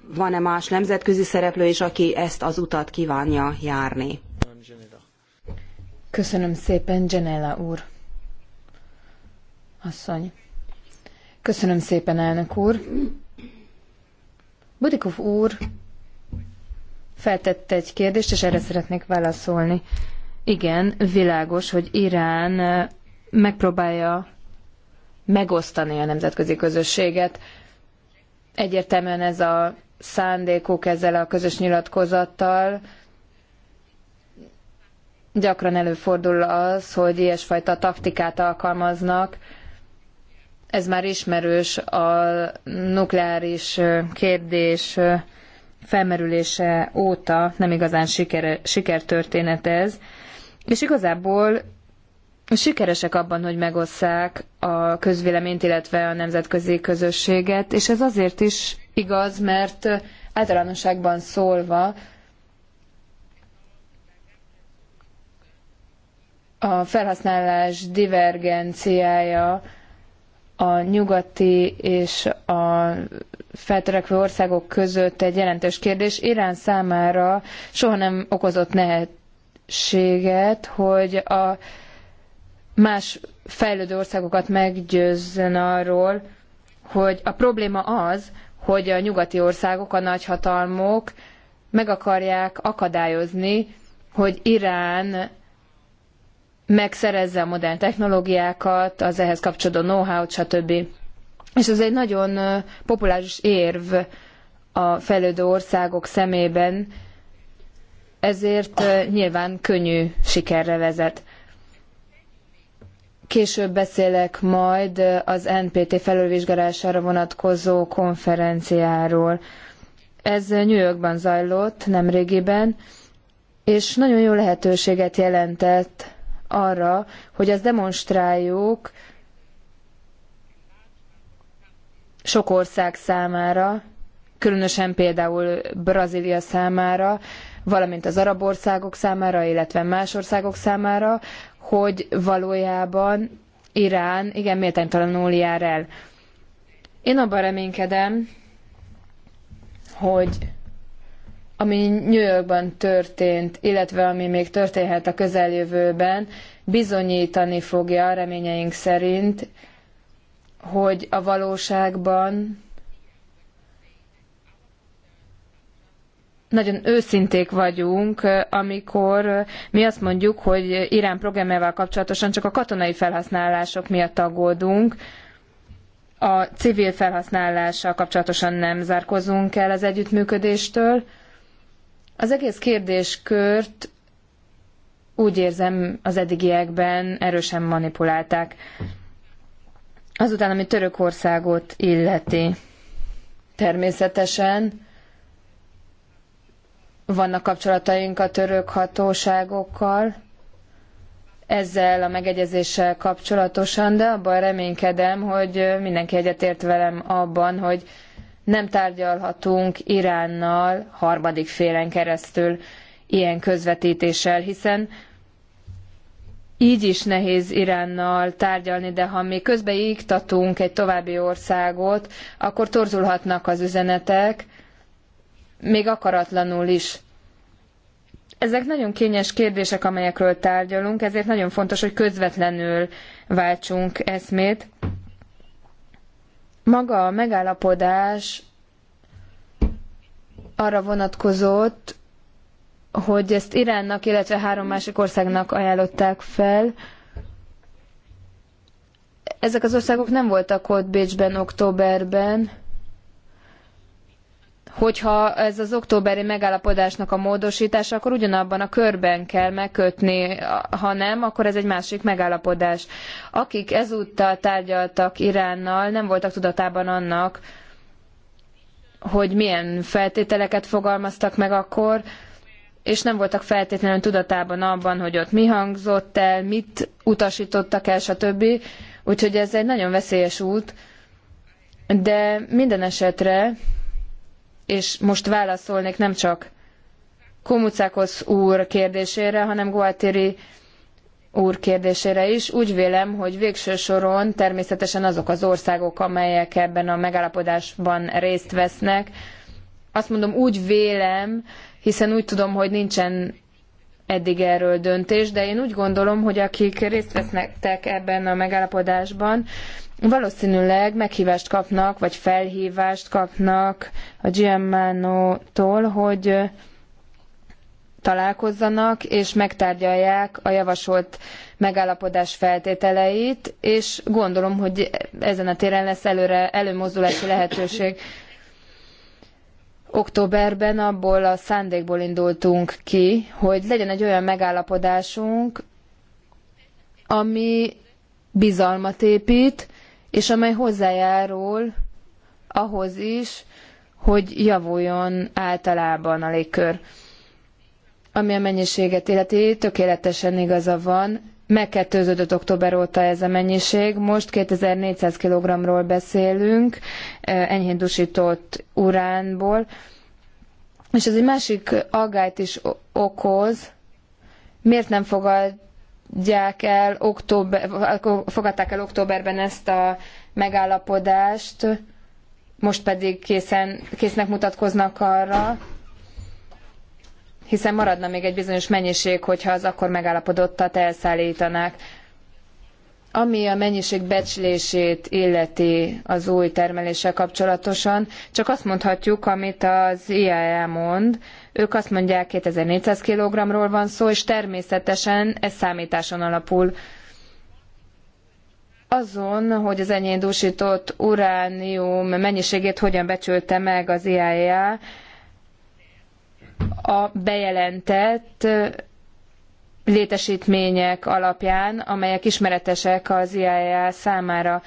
Van-e más nemzetközi szereplő is, aki ezt az utat kívánja járni? Köszönöm szépen, Genella úr. Asszony. Köszönöm szépen, elnök úr. Budikov úr feltette egy kérdést, és erre szeretnék válaszolni. Igen, világos, hogy Irán megpróbálja megosztani a nemzetközi közösséget. Egyértelműen ez a szándékuk ezzel a közös nyilatkozattal. Gyakran előfordul az, hogy ilyesfajta taktikát alkalmaznak, ez már ismerős a nukleáris kérdés felmerülése óta, nem igazán siker, sikertörténet ez, és igazából sikeresek abban, hogy megosszák a közvéleményt, illetve a nemzetközi közösséget, és ez azért is igaz, mert általánosságban szólva a felhasználás divergenciája a nyugati és a feltörekvő országok között egy jelentős kérdés. Irán számára soha nem okozott nehézséget, hogy a más fejlődő országokat meggyőzzen arról, hogy a probléma az, hogy a nyugati országok, a nagyhatalmok meg akarják akadályozni, hogy Irán megszerezze a modern technológiákat, az ehhez kapcsolódó know-how-t, stb. És ez egy nagyon populáris érv a fejlődő országok szemében, ezért nyilván könnyű sikerre vezet. Később beszélek majd az NPT felülvizsgálására vonatkozó konferenciáról. Ez New Yorkban zajlott nemrégiben, és nagyon jó lehetőséget jelentett arra, hogy azt demonstráljuk sok ország számára, különösen például Brazília számára, valamint az arab országok számára, illetve más országok számára, hogy valójában Irán igen méltánytalanul jár el. Én abban reménykedem, hogy ami New Yorkban történt, illetve ami még történhet a közeljövőben, bizonyítani fogja reményeink szerint, hogy a valóságban nagyon őszinték vagyunk, amikor mi azt mondjuk, hogy Irán programjával kapcsolatosan csak a katonai felhasználások miatt aggódunk, a civil felhasználással kapcsolatosan nem zárkozunk el az együttműködéstől, az egész kérdéskört úgy érzem az eddigiekben erősen manipulálták. Azután, ami Törökországot illeti. Természetesen vannak kapcsolataink a török hatóságokkal, ezzel a megegyezéssel kapcsolatosan, de abban reménykedem, hogy mindenki egyetért velem abban, hogy nem tárgyalhatunk Iránnal harmadik félen keresztül ilyen közvetítéssel, hiszen így is nehéz Iránnal tárgyalni, de ha mi közbe iktatunk egy további országot, akkor torzulhatnak az üzenetek, még akaratlanul is. Ezek nagyon kényes kérdések, amelyekről tárgyalunk, ezért nagyon fontos, hogy közvetlenül váltsunk eszmét maga a megállapodás arra vonatkozott, hogy ezt Iránnak, illetve három másik országnak ajánlották fel. Ezek az országok nem voltak ott Bécsben, októberben hogyha ez az októberi megállapodásnak a módosítása, akkor ugyanabban a körben kell megkötni, ha nem, akkor ez egy másik megállapodás. Akik ezúttal tárgyaltak Iránnal, nem voltak tudatában annak, hogy milyen feltételeket fogalmaztak meg akkor, és nem voltak feltétlenül tudatában abban, hogy ott mi hangzott el, mit utasítottak el, stb. Úgyhogy ez egy nagyon veszélyes út, de minden esetre és most válaszolnék nem csak Komucákos úr kérdésére, hanem Gualtieri úr kérdésére is. Úgy vélem, hogy végső soron természetesen azok az országok, amelyek ebben a megállapodásban részt vesznek. Azt mondom, úgy vélem, hiszen úgy tudom, hogy nincsen eddig erről döntés, de én úgy gondolom, hogy akik részt vesznek ebben a megállapodásban, valószínűleg meghívást kapnak, vagy felhívást kapnak a Giammano-tól, hogy találkozzanak és megtárgyalják a javasolt megállapodás feltételeit, és gondolom, hogy ezen a téren lesz előre előmozdulási lehetőség. Októberben abból a szándékból indultunk ki, hogy legyen egy olyan megállapodásunk, ami bizalmat épít, és amely hozzájárul ahhoz is, hogy javuljon általában a légkör. Ami a mennyiséget illeti, tökéletesen igaza van, megkettőződött október óta ez a mennyiség, most 2400 kg-ról beszélünk, eh, enyhén dusított uránból, és ez egy másik aggályt is okoz, miért nem fogad fogadják el, október, fogadták el októberben ezt a megállapodást, most pedig készen, késznek mutatkoznak arra, hiszen maradna még egy bizonyos mennyiség, hogyha az akkor megállapodottat elszállítanák. Ami a mennyiség becslését illeti az új termeléssel kapcsolatosan, csak azt mondhatjuk, amit az IAEA e mond, ők azt mondják, 2400 kg-ról van szó, és természetesen ez számításon alapul azon, hogy az enyém dúsított uránium mennyiségét hogyan becsülte meg az IAEA, e a bejelentett létesítmények alapján, amelyek ismeretesek az IAEA e számára.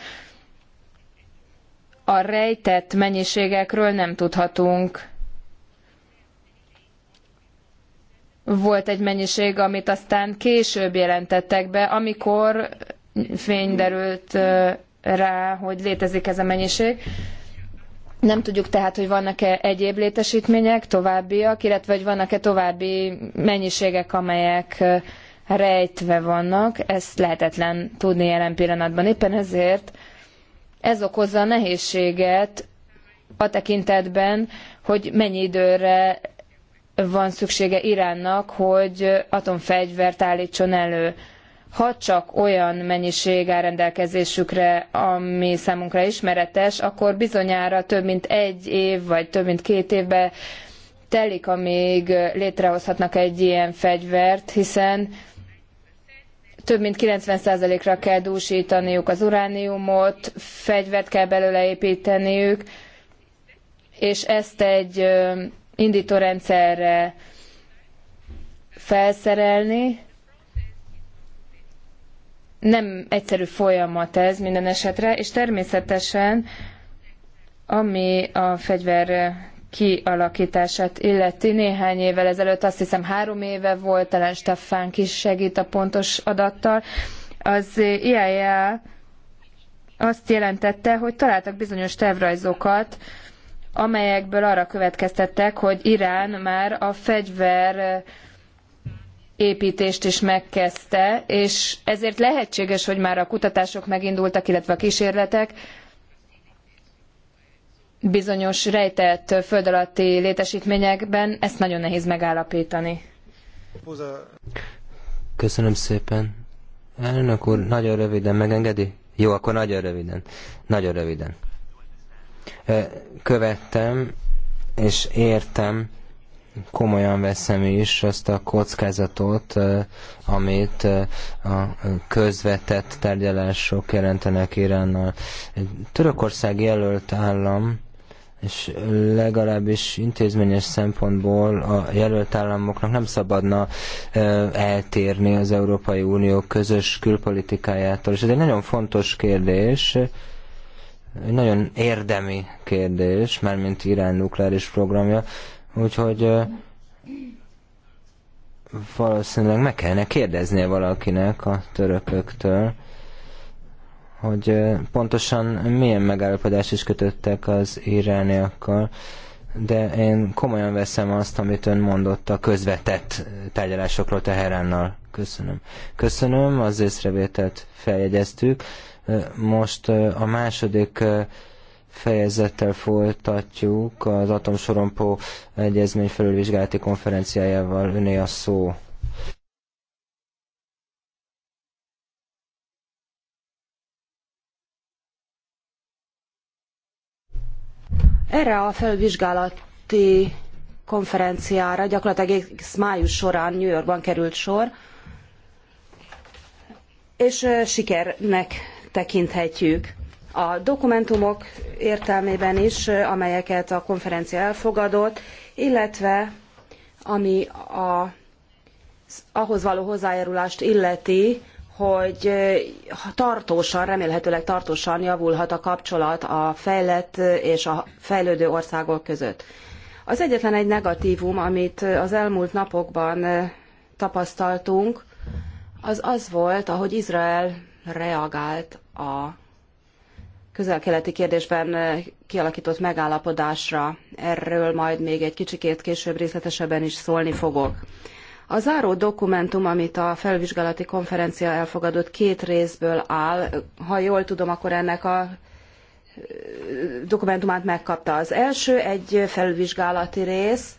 A rejtett mennyiségekről nem tudhatunk. volt egy mennyiség, amit aztán később jelentettek be, amikor fény derült rá, hogy létezik ez a mennyiség. Nem tudjuk tehát, hogy vannak-e egyéb létesítmények, továbbiak, illetve hogy vannak-e további mennyiségek, amelyek rejtve vannak. Ezt lehetetlen tudni jelen pillanatban. Éppen ezért ez okozza a nehézséget a tekintetben, hogy mennyi időre van szüksége Iránnak, hogy atomfegyvert állítson elő. Ha csak olyan mennyiség áll rendelkezésükre, ami számunkra ismeretes, akkor bizonyára több mint egy év, vagy több mint két évbe telik, amíg létrehozhatnak egy ilyen fegyvert, hiszen több mint 90%-ra kell dúsítaniuk az urániumot, fegyvert kell belőle építeniük, és ezt egy indítórendszerre felszerelni. Nem egyszerű folyamat ez minden esetre, és természetesen ami a fegyver kialakítását illeti. Néhány évvel ezelőtt, azt hiszem három éve volt, talán Stefán is segít a pontos adattal, az IAEA e azt jelentette, hogy találtak bizonyos tervrajzokat, amelyekből arra következtettek, hogy Irán már a fegyver építést is megkezdte, és ezért lehetséges, hogy már a kutatások megindultak, illetve a kísérletek bizonyos rejtett föld alatti létesítményekben, ezt nagyon nehéz megállapítani. Köszönöm szépen. Elnök úr, nagyon röviden megengedi? Jó, akkor nagyon röviden. Nagyon röviden követtem és értem, komolyan veszem is azt a kockázatot, amit a közvetett tárgyalások jelentenek Iránnal. Törökország jelölt állam, és legalábbis intézményes szempontból a jelölt államoknak nem szabadna eltérni az Európai Unió közös külpolitikájától. És ez egy nagyon fontos kérdés, egy nagyon érdemi kérdés, mert mint Irán nukleáris programja, úgyhogy valószínűleg meg kellene kérdeznie valakinek a törököktől, hogy pontosan milyen megállapodást is kötöttek az irániakkal, de én komolyan veszem azt, amit ön mondott a közvetett tárgyalásokról Teheránnal. Köszönöm. Köszönöm, az észrevételt feljegyeztük. Most a második fejezettel folytatjuk az Atomsorompó Egyezmény felülvizsgálati konferenciájával. Öné a szó. Erre a felvizsgálati konferenciára gyakorlatilag egész május során New Yorkban került sor, és sikernek tekinthetjük. A dokumentumok értelmében is, amelyeket a konferencia elfogadott, illetve ami a, ahhoz való hozzájárulást illeti, hogy tartósan, remélhetőleg tartósan javulhat a kapcsolat a fejlett és a fejlődő országok között. Az egyetlen egy negatívum, amit az elmúlt napokban tapasztaltunk, az az volt, ahogy Izrael reagált a közel-keleti kérdésben eh, kialakított megállapodásra. Erről majd még egy kicsikét később részletesebben is szólni fogok. A záró dokumentum, amit a felvizsgálati konferencia elfogadott, két részből áll. Ha jól tudom, akkor ennek a eh, dokumentumát megkapta. Az első egy felvizsgálati rész,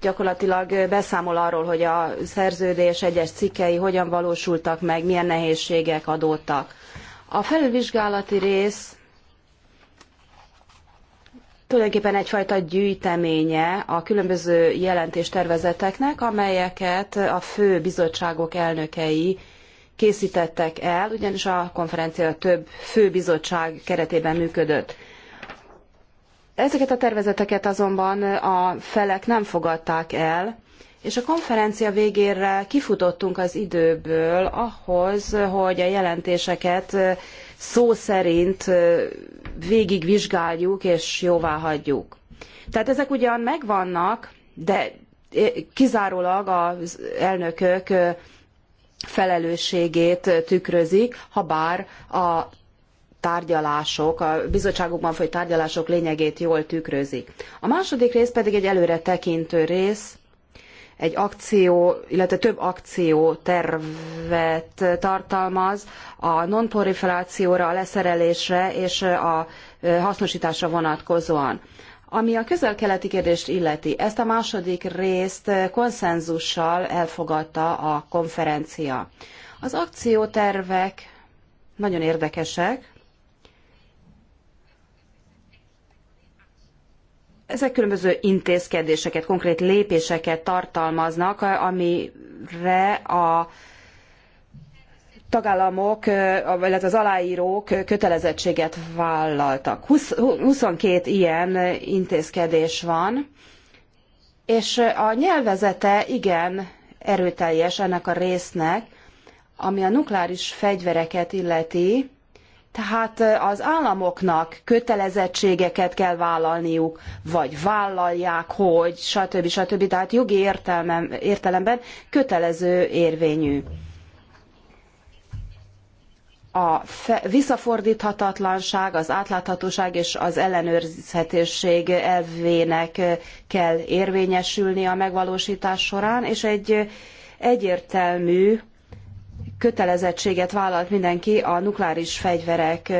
gyakorlatilag beszámol arról, hogy a szerződés egyes cikkei hogyan valósultak meg, milyen nehézségek adódtak. A felülvizsgálati rész tulajdonképpen egyfajta gyűjteménye a különböző jelentéstervezeteknek, amelyeket a fő bizottságok elnökei készítettek el, ugyanis a konferencia több fő bizottság keretében működött. Ezeket a tervezeteket azonban a felek nem fogadták el, és a konferencia végére kifutottunk az időből ahhoz, hogy a jelentéseket szó szerint végigvizsgáljuk és jóváhagyjuk. Tehát ezek ugyan megvannak, de kizárólag az elnökök felelősségét tükrözik, ha bár a tárgyalások, a bizottságokban folyó tárgyalások lényegét jól tükrözik. A második rész pedig egy előre tekintő rész, egy akció, illetve több akció tervet tartalmaz a nonproliferációra, a leszerelésre és a hasznosításra vonatkozóan. Ami a közel-keleti kérdést illeti, ezt a második részt konszenzussal elfogadta a konferencia. Az akciótervek nagyon érdekesek, Ezek különböző intézkedéseket, konkrét lépéseket tartalmaznak, amire a tagállamok, illetve az aláírók kötelezettséget vállaltak. 20, 22 ilyen intézkedés van, és a nyelvezete igen erőteljes ennek a résznek, ami a nukleáris fegyvereket illeti, tehát az államoknak kötelezettségeket kell vállalniuk, vagy vállalják, hogy, stb. stb. Tehát jogi értelmem, értelemben kötelező érvényű. A fe, visszafordíthatatlanság, az átláthatóság és az ellenőrizhetőség elvének kell érvényesülni a megvalósítás során, és egy egyértelmű kötelezettséget vállalt mindenki a nukleáris fegyverek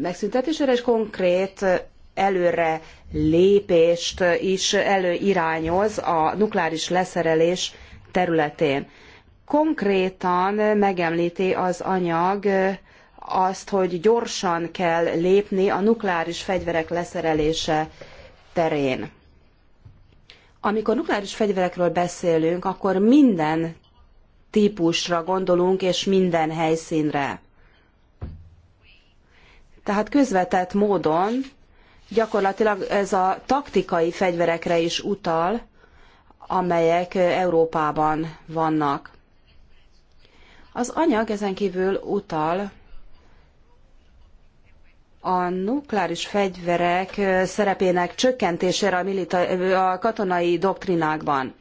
megszüntetésére, és konkrét előre lépést is előirányoz a nukleáris leszerelés területén. Konkrétan megemlíti az anyag azt, hogy gyorsan kell lépni a nukleáris fegyverek leszerelése terén. Amikor nukleáris fegyverekről beszélünk, akkor minden típusra gondolunk, és minden helyszínre. Tehát közvetett módon gyakorlatilag ez a taktikai fegyverekre is utal, amelyek Európában vannak. Az anyag ezen kívül utal a nukleáris fegyverek szerepének csökkentésére a, a katonai doktrinákban.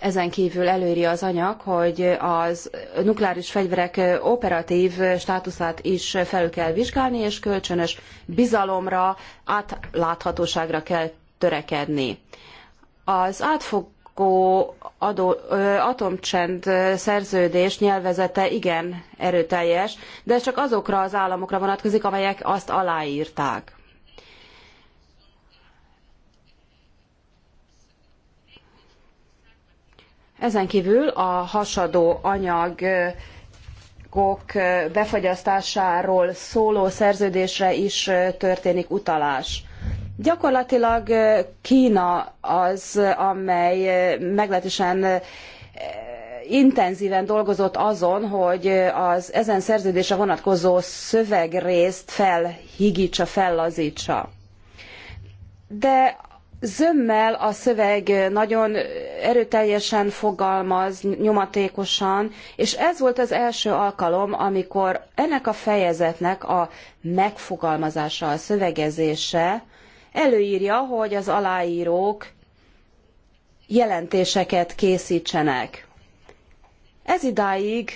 Ezen kívül előírja az anyag, hogy az nukleáris fegyverek operatív státuszát is felül kell vizsgálni, és kölcsönös bizalomra, átláthatóságra kell törekedni. Az átfogó adó, atomcsend szerződés nyelvezete igen erőteljes, de ez csak azokra az államokra vonatkozik, amelyek azt aláírták. Ezen kívül a hasadó anyagok befagyasztásáról szóló szerződésre is történik utalás. Gyakorlatilag Kína az, amely meglehetősen intenzíven dolgozott azon, hogy az ezen szerződésre vonatkozó szövegrészt felhigítsa, fellazítsa. De zömmel a szöveg nagyon erőteljesen fogalmaz, nyomatékosan, és ez volt az első alkalom, amikor ennek a fejezetnek a megfogalmazása, a szövegezése előírja, hogy az aláírók jelentéseket készítsenek. Ez idáig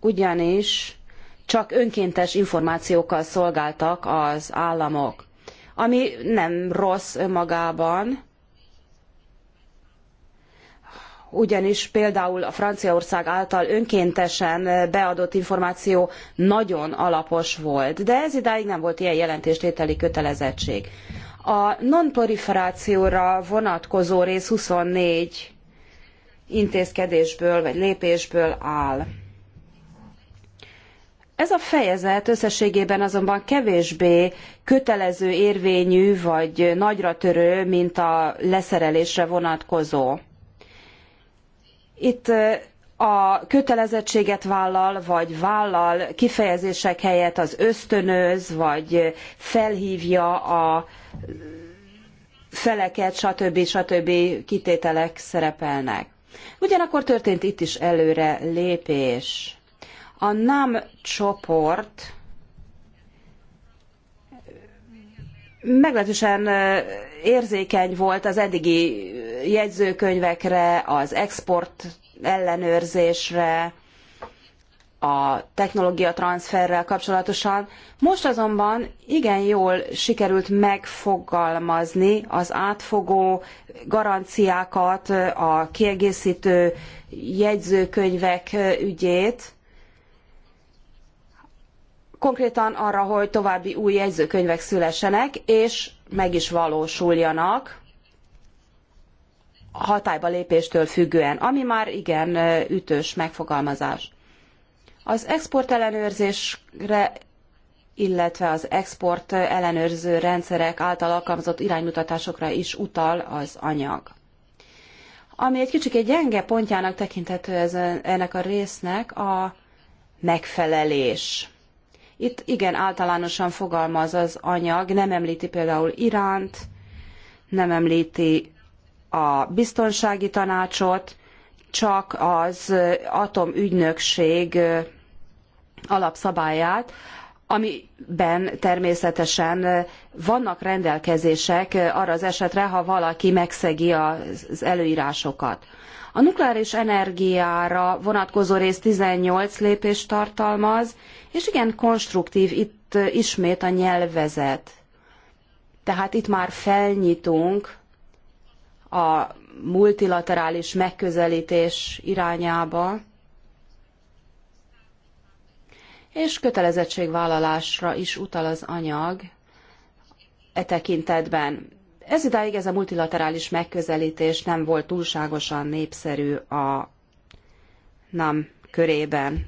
ugyanis csak önkéntes információkkal szolgáltak az államok ami nem rossz önmagában, ugyanis például a Franciaország által önkéntesen beadott információ nagyon alapos volt, de ez idáig nem volt ilyen jelentéstételi kötelezettség. A nonproliferációra vonatkozó rész 24 intézkedésből vagy lépésből áll. Ez a fejezet összességében azonban kevésbé kötelező érvényű vagy nagyra törő, mint a leszerelésre vonatkozó. Itt a kötelezettséget vállal, vagy vállal kifejezések helyett az ösztönöz, vagy felhívja a feleket, stb. stb. kitételek szerepelnek. Ugyanakkor történt itt is előre lépés. A NAM csoport meglehetősen érzékeny volt az eddigi jegyzőkönyvekre, az export ellenőrzésre, a technológia transferrel kapcsolatosan. Most azonban igen jól sikerült megfogalmazni az átfogó garanciákat, a kiegészítő jegyzőkönyvek ügyét, konkrétan arra, hogy további új jegyzőkönyvek szülessenek, és meg is valósuljanak hatályba lépéstől függően, ami már igen ütős megfogalmazás. Az exportellenőrzésre, illetve az export ellenőrző rendszerek által alkalmazott iránymutatásokra is utal az anyag. Ami egy kicsit gyenge pontjának tekinthető ennek a résznek a megfelelés itt igen általánosan fogalmaz az anyag, nem említi például Iránt, nem említi a biztonsági tanácsot, csak az atomügynökség alapszabályát, amiben természetesen vannak rendelkezések arra az esetre, ha valaki megszegi az előírásokat. A nukleáris energiára vonatkozó rész 18 lépést tartalmaz, és igen, konstruktív itt ismét a nyelvezet. Tehát itt már felnyitunk a multilaterális megközelítés irányába, és kötelezettségvállalásra is utal az anyag e tekintetben. Ez idáig ez a multilaterális megközelítés nem volt túlságosan népszerű a nem körében.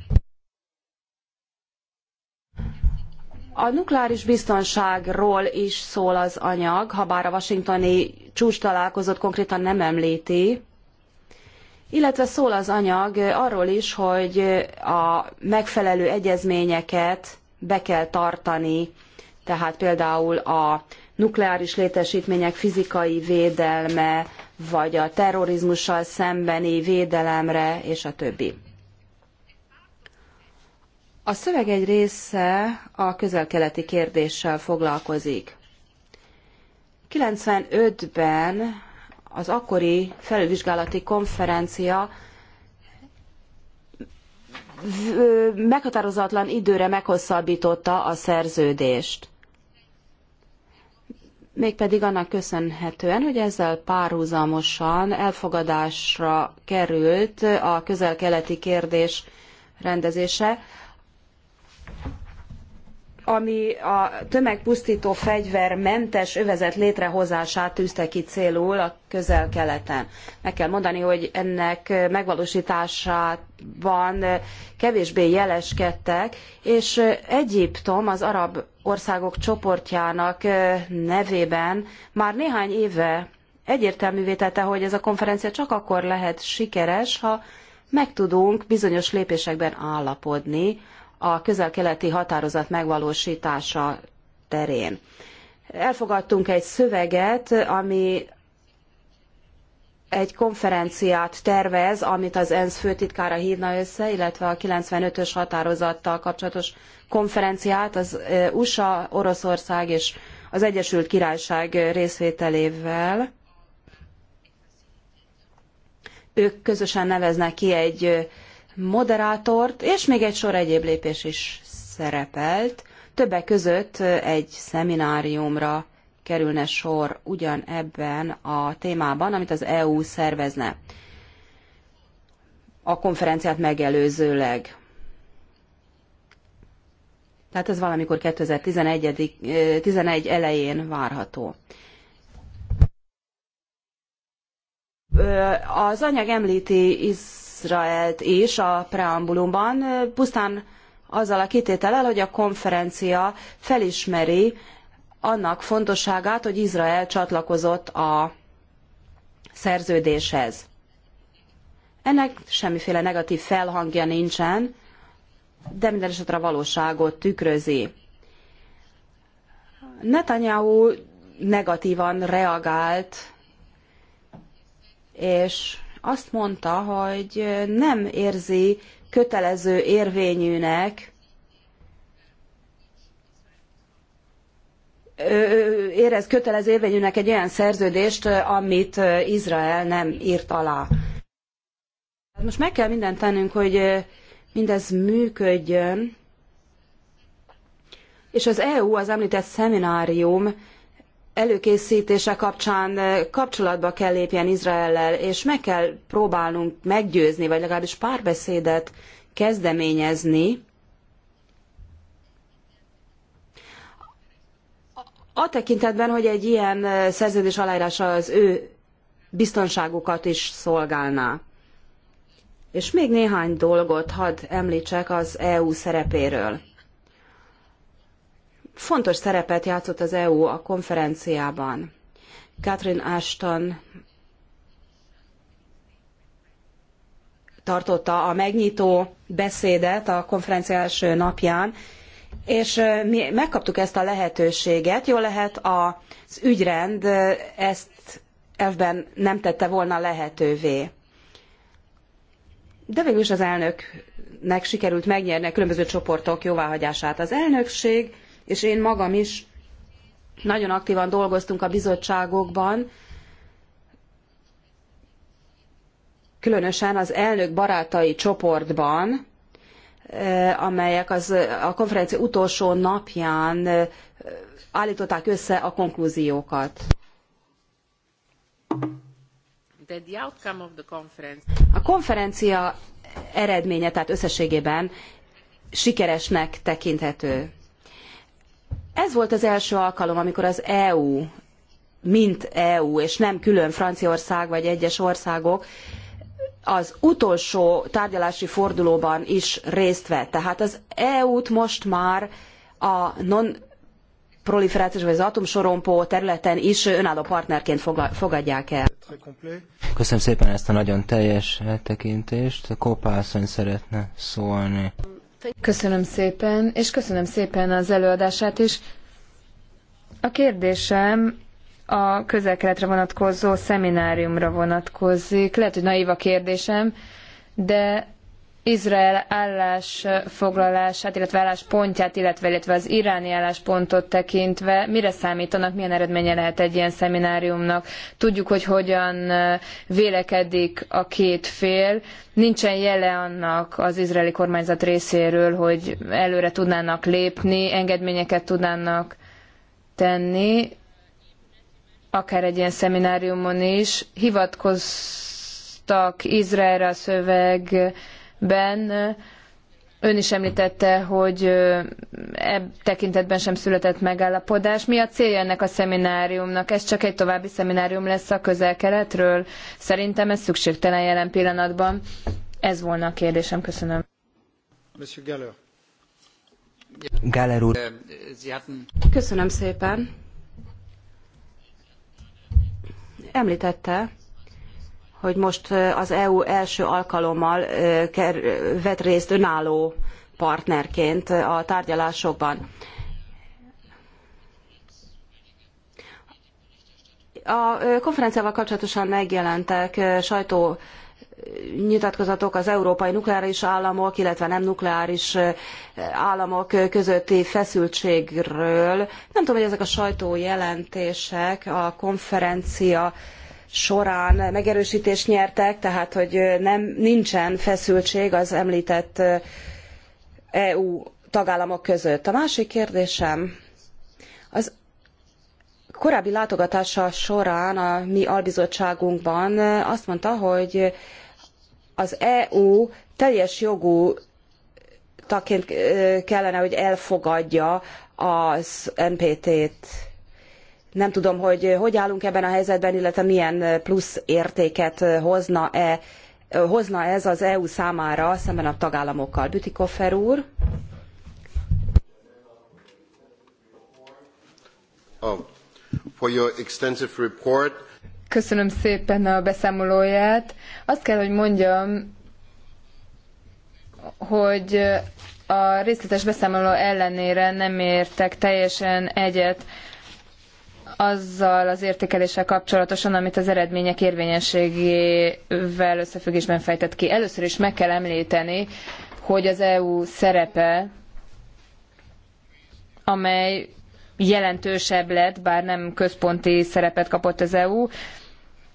A nukleáris biztonságról is szól az anyag, habár a washingtoni csúcs konkrétan nem említi, illetve szól az anyag arról is, hogy a megfelelő egyezményeket be kell tartani, tehát például a nukleáris létesítmények fizikai védelme, vagy a terrorizmussal szembeni védelemre, és a többi. A szöveg egy része a közelkeleti kérdéssel foglalkozik. 95-ben az akkori felülvizsgálati konferencia meghatározatlan időre meghosszabbította a szerződést. Mégpedig annak köszönhetően, hogy ezzel párhuzamosan elfogadásra került a közel-keleti kérdés rendezése, ami a tömegpusztító mentes övezet létrehozását tűzte ki célul a közel-keleten. Meg kell mondani, hogy ennek megvalósításában kevésbé jeleskedtek, és Egyiptom az arab országok csoportjának nevében már néhány éve egyértelművé tette, hogy ez a konferencia csak akkor lehet sikeres, ha meg tudunk bizonyos lépésekben állapodni, a közel-keleti határozat megvalósítása terén. Elfogadtunk egy szöveget, ami egy konferenciát tervez, amit az ENSZ főtitkára hívna össze, illetve a 95-ös határozattal kapcsolatos konferenciát az USA, Oroszország és az Egyesült Királyság részvételével. Ők közösen neveznek ki egy moderátort, és még egy sor egyéb lépés is szerepelt. Többek között egy szemináriumra kerülne sor ugyan ebben a témában, amit az EU szervezne a konferenciát megelőzőleg. Tehát ez valamikor 2011 11 elején várható. Az anyag említi is Izraelt is a preambulumban, pusztán azzal a kitétellel, hogy a konferencia felismeri annak fontosságát, hogy Izrael csatlakozott a szerződéshez. Ennek semmiféle negatív felhangja nincsen, de minden esetre a valóságot tükrözi. Netanyahu negatívan reagált, és azt mondta, hogy nem érzi kötelező érvényűnek érez kötelező érvényűnek egy olyan szerződést, amit Izrael nem írt alá. Hát most meg kell mindent tennünk, hogy mindez működjön, és az EU, az említett szeminárium előkészítése kapcsán kapcsolatba kell lépjen Izraellel, és meg kell próbálnunk meggyőzni, vagy legalábbis párbeszédet kezdeményezni, a tekintetben, hogy egy ilyen szerződés aláírása az ő biztonságukat is szolgálná. És még néhány dolgot hadd említsek az EU szerepéről fontos szerepet játszott az EU a konferenciában. Catherine Ashton tartotta a megnyitó beszédet a konferencia első napján, és mi megkaptuk ezt a lehetőséget. Jó lehet az ügyrend ezt elvben nem tette volna lehetővé. De végül is az elnöknek sikerült megnyerni a különböző csoportok jóváhagyását. Az elnökség és én magam is nagyon aktívan dolgoztunk a bizottságokban, különösen az elnök barátai csoportban, eh, amelyek az, a konferencia utolsó napján eh, állították össze a konklúziókat. A konferencia eredménye, tehát összességében sikeresnek tekinthető. Ez volt az első alkalom, amikor az EU, mint EU, és nem külön Franciaország vagy egyes országok, az utolsó tárgyalási fordulóban is részt vett. Tehát az EU-t most már a non proliferációs vagy az atomsorompó területen is önálló partnerként fogadják el. Köszönöm szépen ezt a nagyon teljes tekintést. Kópa szeretne szólni. Köszönöm szépen, és köszönöm szépen az előadását is. A kérdésem a közelkeletre vonatkozó szemináriumra vonatkozik. Lehet, hogy naív a kérdésem, de Izrael állásfoglalását, illetve álláspontját, illetve, illetve az iráni álláspontot tekintve, mire számítanak, milyen eredménye lehet egy ilyen szemináriumnak? Tudjuk, hogy hogyan vélekedik a két fél. Nincsen jele annak az izraeli kormányzat részéről, hogy előre tudnának lépni, engedményeket tudnának tenni, akár egy ilyen szemináriumon is. Hivatkoztak Izraelre a szöveg ben Ön is említette, hogy e tekintetben sem született megállapodás. Mi a célja ennek a szemináriumnak? Ez csak egy további szeminárium lesz a közel-keletről? Szerintem ez szükségtelen jelen pillanatban. Ez volna a kérdésem. Köszönöm. Monsieur Galler. Galler úr. Köszönöm szépen. Említette, hogy most az EU első alkalommal vett részt önálló partnerként a tárgyalásokban. A konferenciával kapcsolatosan megjelentek sajtó nyitatkozatok az európai nukleáris államok, illetve nem nukleáris államok közötti feszültségről. Nem tudom, hogy ezek a sajtójelentések a konferencia során megerősítést nyertek, tehát hogy nem, nincsen feszültség az említett EU tagállamok között. A másik kérdésem az korábbi látogatása során a mi albizottságunkban azt mondta, hogy az EU teljes jogú tagként kellene, hogy elfogadja az NPT-t. Nem tudom, hogy eh, hogy állunk ebben a helyzetben, illetve milyen eh, plusz értéket eh, hozna-e hozna ez az EU számára szemben a tagállamokkal. Bütikofer úr. Oh, for your extensive report. Köszönöm szépen a beszámolóját. Azt kell, hogy mondjam, hogy a részletes beszámoló ellenére nem értek teljesen egyet azzal az értékeléssel kapcsolatosan, amit az eredmények érvényességével összefüggésben fejtett ki. Először is meg kell említeni, hogy az EU szerepe, amely jelentősebb lett, bár nem központi szerepet kapott az EU,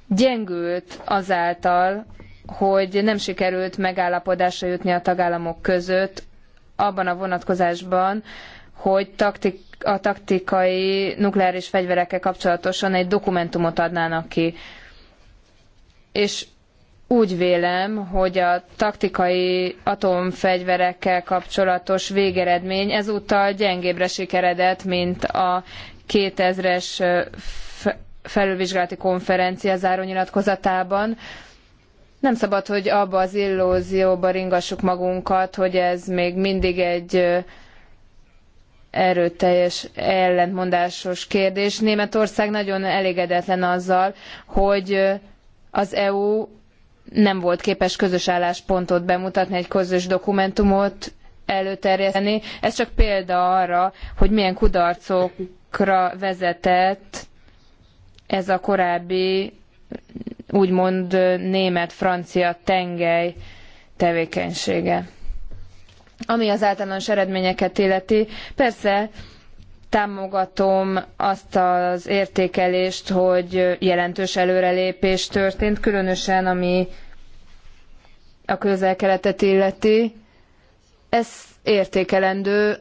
gyengült azáltal, hogy nem sikerült megállapodásra jutni a tagállamok között abban a vonatkozásban, hogy taktik, a taktikai nukleáris fegyverekkel kapcsolatosan egy dokumentumot adnának ki. És úgy vélem, hogy a taktikai atomfegyverekkel kapcsolatos végeredmény ezúttal gyengébbre sikeredett, mint a 2000-es felülvizsgálati konferencia zárónyilatkozatában. Nem szabad, hogy abba az illúzióba ringassuk magunkat, hogy ez még mindig egy erőteljes ellentmondásos kérdés. Németország nagyon elégedetlen azzal, hogy az EU nem volt képes közös álláspontot bemutatni, egy közös dokumentumot előterjeszteni. Ez csak példa arra, hogy milyen kudarcokra vezetett ez a korábbi úgymond német-francia tengely tevékenysége. Ami az általános eredményeket illeti, persze támogatom azt az értékelést, hogy jelentős előrelépés történt, különösen ami a közel-keletet illeti. Ez értékelendő,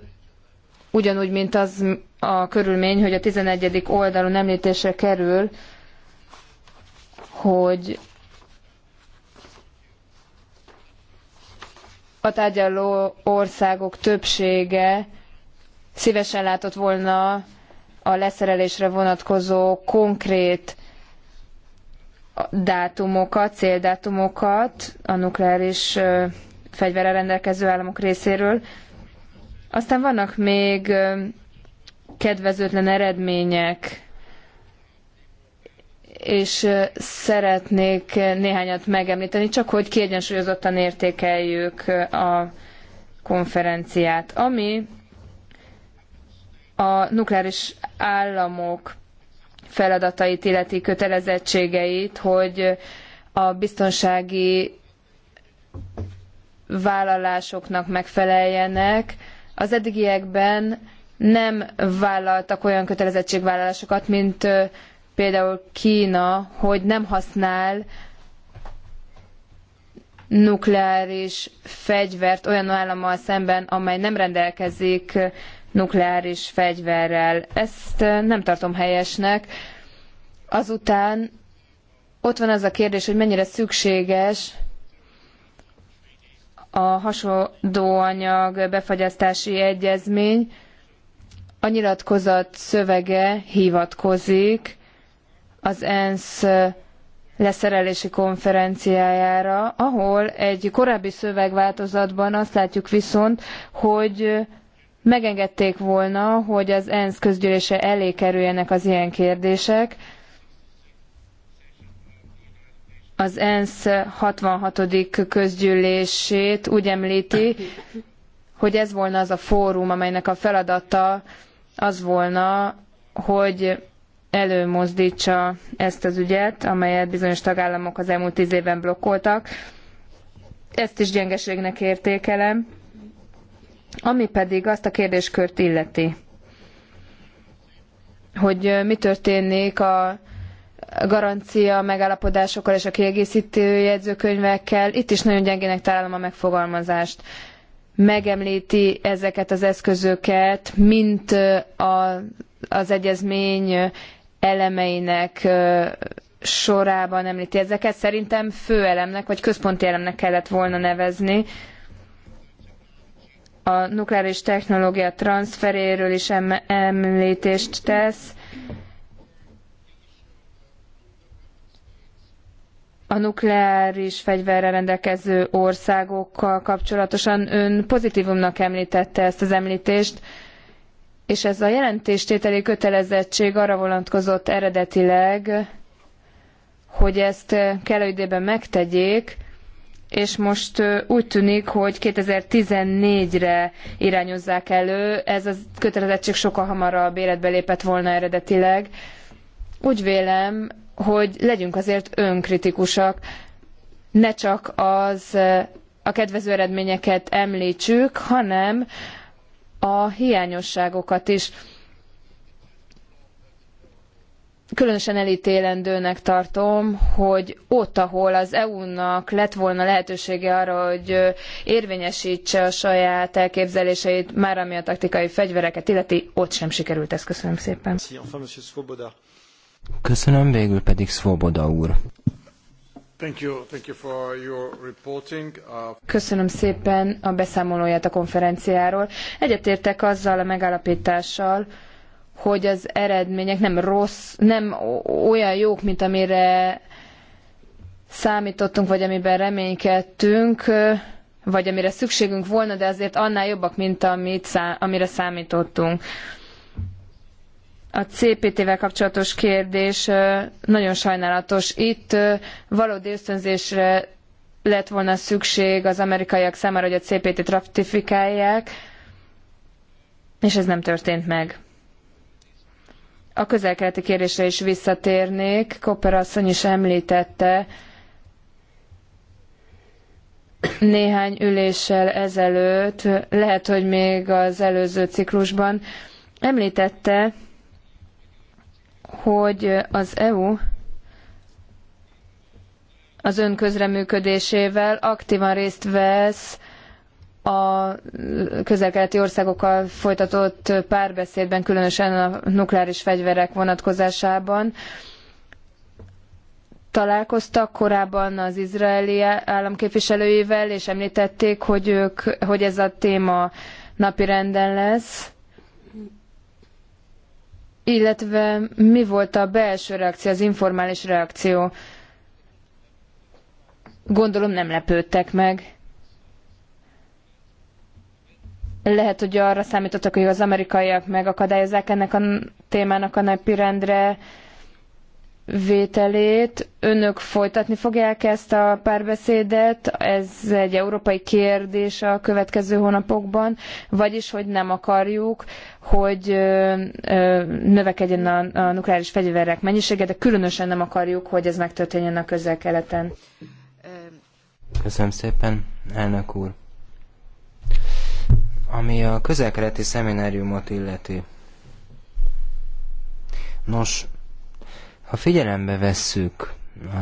ugyanúgy, mint az a körülmény, hogy a 11. oldalon említésre kerül, hogy a tárgyaló országok többsége szívesen látott volna a leszerelésre vonatkozó konkrét dátumokat, céldátumokat a nukleáris fegyverrel rendelkező államok részéről. Aztán vannak még kedvezőtlen eredmények és szeretnék néhányat megemlíteni, csak hogy kiegyensúlyozottan értékeljük a konferenciát. Ami a nukleáris államok feladatait, illeti kötelezettségeit, hogy a biztonsági vállalásoknak megfeleljenek. Az eddigiekben nem vállaltak olyan kötelezettségvállalásokat, mint például Kína, hogy nem használ nukleáris fegyvert olyan állammal szemben, amely nem rendelkezik nukleáris fegyverrel. Ezt eh, nem tartom helyesnek. Azután ott van az a kérdés, hogy mennyire szükséges a anyag befagyasztási egyezmény. A nyilatkozat szövege hivatkozik az ENSZ leszerelési konferenciájára, ahol egy korábbi szövegváltozatban azt látjuk viszont, hogy megengedték volna, hogy az ENSZ közgyűlése elé kerüljenek az ilyen kérdések. Az ENSZ 66. közgyűlését úgy említi, hogy ez volna az a fórum, amelynek a feladata az volna, hogy előmozdítsa ezt az ügyet, amelyet bizonyos tagállamok az elmúlt tíz évben blokkoltak. Ezt is gyengeségnek értékelem. Ami pedig azt a kérdéskört illeti, hogy mi történik a garancia megállapodásokkal és a kiegészítő jegyzőkönyvekkel. Itt is nagyon gyengének találom a megfogalmazást. Megemlíti ezeket az eszközöket, mint a, az egyezmény elemeinek sorában említi ezeket. Szerintem főelemnek vagy központi elemnek kellett volna nevezni. A nukleáris technológia transferéről is említést tesz. a nukleáris fegyverrel rendelkező országokkal kapcsolatosan ön pozitívumnak említette ezt az említést és ez a jelentéstételi kötelezettség arra vonatkozott eredetileg, hogy ezt kellő időben megtegyék, és most úgy tűnik, hogy 2014-re irányozzák elő, ez a kötelezettség sokkal hamarabb életbe lépett volna eredetileg. Úgy vélem, hogy legyünk azért önkritikusak, ne csak az a kedvező eredményeket említsük, hanem a hiányosságokat is. Különösen elítélendőnek tartom, hogy ott, ahol az EU-nak lett volna lehetősége arra, hogy érvényesítse a saját elképzeléseit, már ami a taktikai fegyvereket illeti, ott sem sikerült ezt. Köszönöm szépen. Köszönöm, végül pedig Svoboda úr. Uh, Köszönöm szépen a beszámolóját a konferenciáról. Egyetértek azzal a megállapítással, hogy az eredmények nem rossz, nem olyan jók, mint amire számítottunk, vagy amiben reménykedtünk, vagy amire szükségünk volna, de azért annál jobbak, mint amit, amire számítottunk a CPT-vel kapcsolatos kérdés nagyon sajnálatos. Itt valódi ösztönzésre lett volna szükség az amerikaiak számára, hogy a CPT-t ratifikálják, és ez nem történt meg. A közelkeleti kérdésre is visszatérnék. Koper asszony is említette néhány üléssel ezelőtt, lehet, hogy még az előző ciklusban, említette, hogy az EU az ön közreműködésével aktívan részt vesz a közel-keleti országokkal folytatott párbeszédben, különösen a nukleáris fegyverek vonatkozásában. Találkoztak korábban az izraeli államképviselőivel, és említették, hogy, ők, hogy ez a téma napirenden lesz illetve mi volt a belső reakció, az informális reakció? Gondolom nem lepődtek meg. Lehet, hogy arra számítottak, hogy az amerikaiak megakadályozzák ennek a témának a napirendre vételét. Önök folytatni fogják ezt a párbeszédet, ez egy európai kérdés a következő hónapokban, vagyis hogy nem akarjuk, hogy növekedjen a, a nukleáris fegyverek mennyisége, de különösen nem akarjuk, hogy ez megtörténjen a közel-keleten. Köszönöm szépen, elnök úr. Ami a közel-keleti szemináriumot illeti, Nos, ha figyelembe vesszük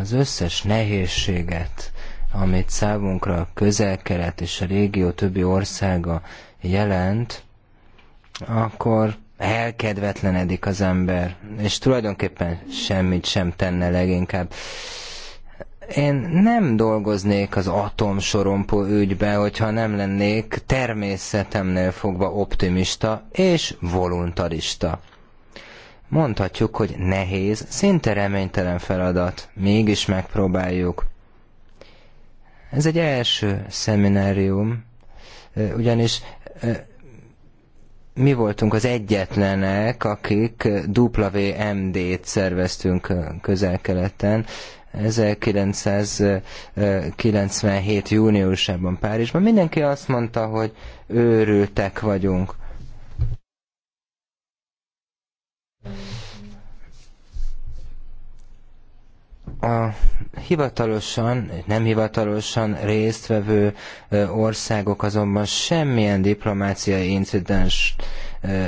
az összes nehézséget, amit számunkra a közel-kelet és a régió többi országa jelent, akkor elkedvetlenedik az ember, és tulajdonképpen semmit sem tenne leginkább. Én nem dolgoznék az atomsorompó ügybe, hogyha nem lennék természetemnél fogva optimista és voluntarista. Mondhatjuk, hogy nehéz, szinte reménytelen feladat, mégis megpróbáljuk. Ez egy első szeminárium, ugyanis mi voltunk az egyetlenek, akik WMD-t szerveztünk közel-keleten, 1997. júniusában Párizsban. Mindenki azt mondta, hogy őrültek vagyunk. A hivatalosan, nem hivatalosan résztvevő országok azonban semmilyen diplomáciai incidens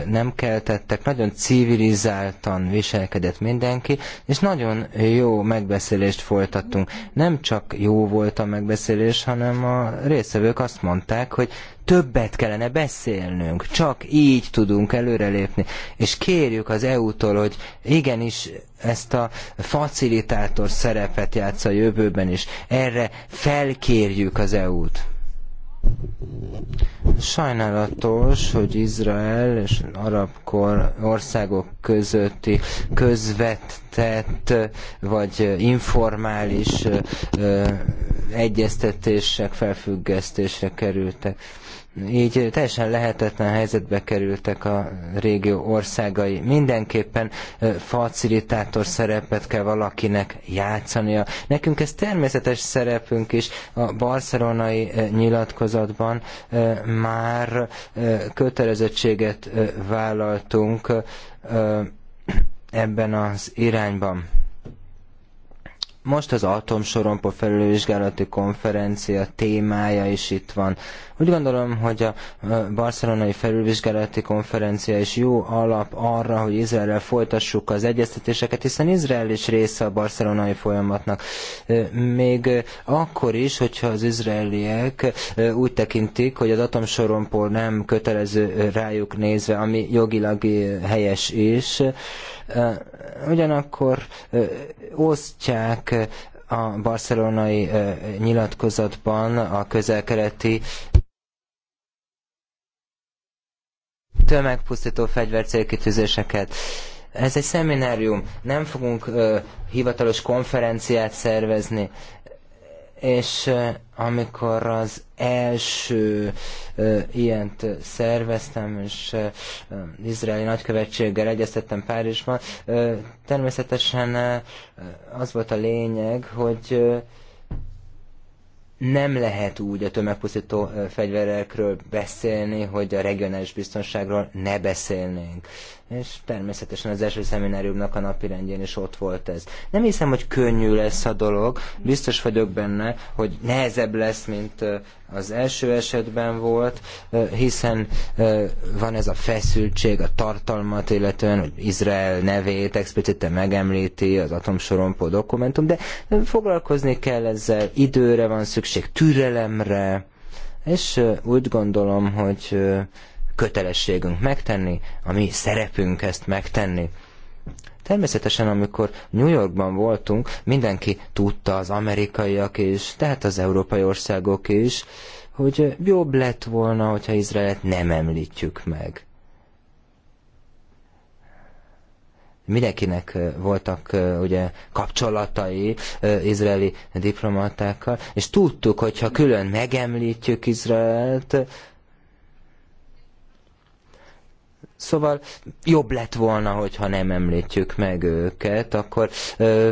nem keltettek, nagyon civilizáltan viselkedett mindenki, és nagyon jó megbeszélést folytattunk. Nem csak jó volt a megbeszélés, hanem a részvevők azt mondták, hogy többet kellene beszélnünk, csak így tudunk előrelépni, és kérjük az EU-tól, hogy igenis ezt a facilitátor szerepet játsz a jövőben is, erre felkérjük az EU-t. Sajnálatos, hogy Izrael és arab kor országok közötti közvetett vagy informális egyeztetések felfüggesztésre kerültek így teljesen lehetetlen helyzetbe kerültek a régió országai. Mindenképpen facilitátor szerepet kell valakinek játszania. Nekünk ez természetes szerepünk is. A barcelonai nyilatkozatban már kötelezettséget vállaltunk ebben az irányban. Most az atomsorompó felülvizsgálati konferencia témája is itt van úgy gondolom, hogy a barcelonai felülvizsgálati konferencia is jó alap arra, hogy Izraelrel folytassuk az egyeztetéseket, hiszen Izrael is része a barcelonai folyamatnak. Még akkor is, hogyha az izraeliek úgy tekintik, hogy az atomsorompó nem kötelező rájuk nézve, ami jogilag helyes is, ugyanakkor osztják a barcelonai nyilatkozatban a közelkeleti tömegpusztító célkitűzéseket. Ez egy szeminárium, nem fogunk ö, hivatalos konferenciát szervezni, és ö, amikor az első ö, ilyent szerveztem, és ö, izraeli nagykövetséggel egyeztettem Párizsban, ö, természetesen ö, az volt a lényeg, hogy ö, nem lehet úgy a tömegpusztító fegyverekről beszélni, hogy a regionális biztonságról ne beszélnénk. És természetesen az első szemináriumnak a napi rendjén is ott volt ez. Nem hiszem, hogy könnyű lesz a dolog, biztos vagyok benne, hogy nehezebb lesz, mint az első esetben volt, hiszen van ez a feszültség a tartalmat, illetően, hogy Izrael nevét expliciten megemlíti az atomsorompó dokumentum, de foglalkozni kell ezzel, időre van szükség, türelemre, és úgy gondolom, hogy kötelességünk megtenni, a mi szerepünk ezt megtenni. Természetesen, amikor New Yorkban voltunk, mindenki tudta, az amerikaiak is, tehát az európai országok is, hogy jobb lett volna, hogyha Izraelet nem említjük meg. mindenkinek voltak ugye kapcsolatai izraeli diplomatákkal, és tudtuk, hogyha külön megemlítjük Izraelt, Szóval jobb lett volna, hogyha nem említjük meg őket, akkor ö,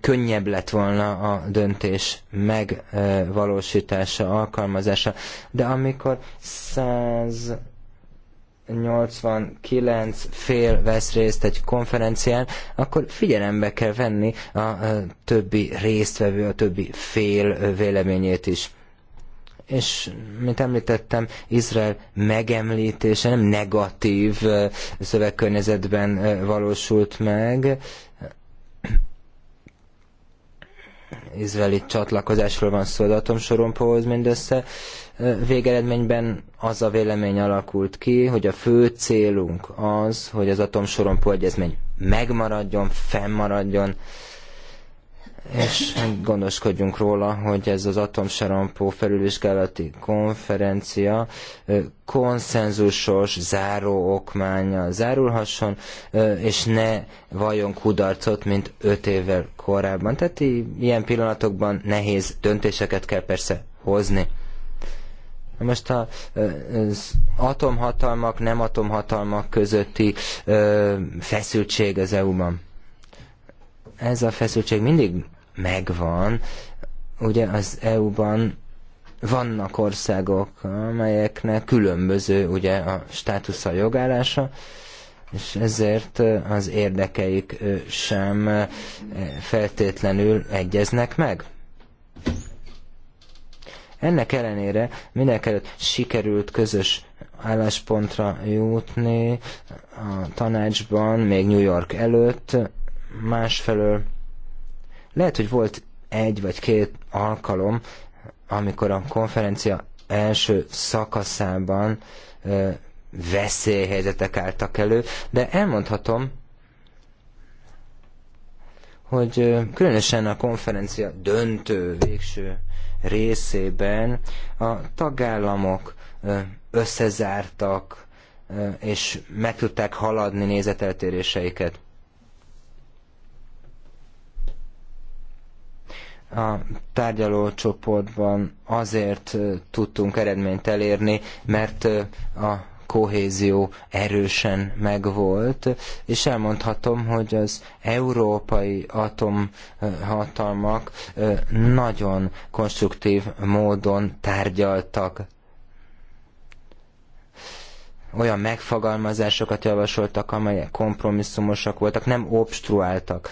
könnyebb lett volna a döntés megvalósítása, alkalmazása. De amikor 189 fél vesz részt egy konferencián, akkor figyelembe kell venni a többi résztvevő, a többi fél véleményét is és mint említettem, Izrael megemlítése nem negatív szövegkörnyezetben valósult meg. Izraeli csatlakozásról van szó az atomsorompóhoz mindössze. Végeredményben az a vélemény alakult ki, hogy a fő célunk az, hogy az atomsorompó egyezmény megmaradjon, fennmaradjon, és gondoskodjunk róla, hogy ez az atomserampó felülvizsgálati konferencia konszenzusos záró okmánya zárulhasson, és ne vajon kudarcot, mint öt évvel korábban. Tehát ilyen pillanatokban nehéz döntéseket kell persze hozni. Most az atomhatalmak, nem atomhatalmak közötti feszültség az EU-ban. Ez a feszültség mindig megvan. Ugye az EU-ban vannak országok, amelyeknek különböző ugye a státusza a jogállása, és ezért az érdekeik sem feltétlenül egyeznek meg. Ennek ellenére mindenkelőtt sikerült közös álláspontra jutni a tanácsban, még New York előtt, másfelől lehet, hogy volt egy vagy két alkalom, amikor a konferencia első szakaszában ö, veszélyhelyzetek álltak elő, de elmondhatom, hogy különösen a konferencia döntő végső részében a tagállamok összezártak, és meg tudták haladni nézeteltéréseiket. a tárgyalócsoportban azért tudtunk eredményt elérni, mert a kohézió erősen megvolt, és elmondhatom, hogy az európai atomhatalmak nagyon konstruktív módon tárgyaltak olyan megfogalmazásokat javasoltak, amelyek kompromisszumosak voltak, nem obstruáltak.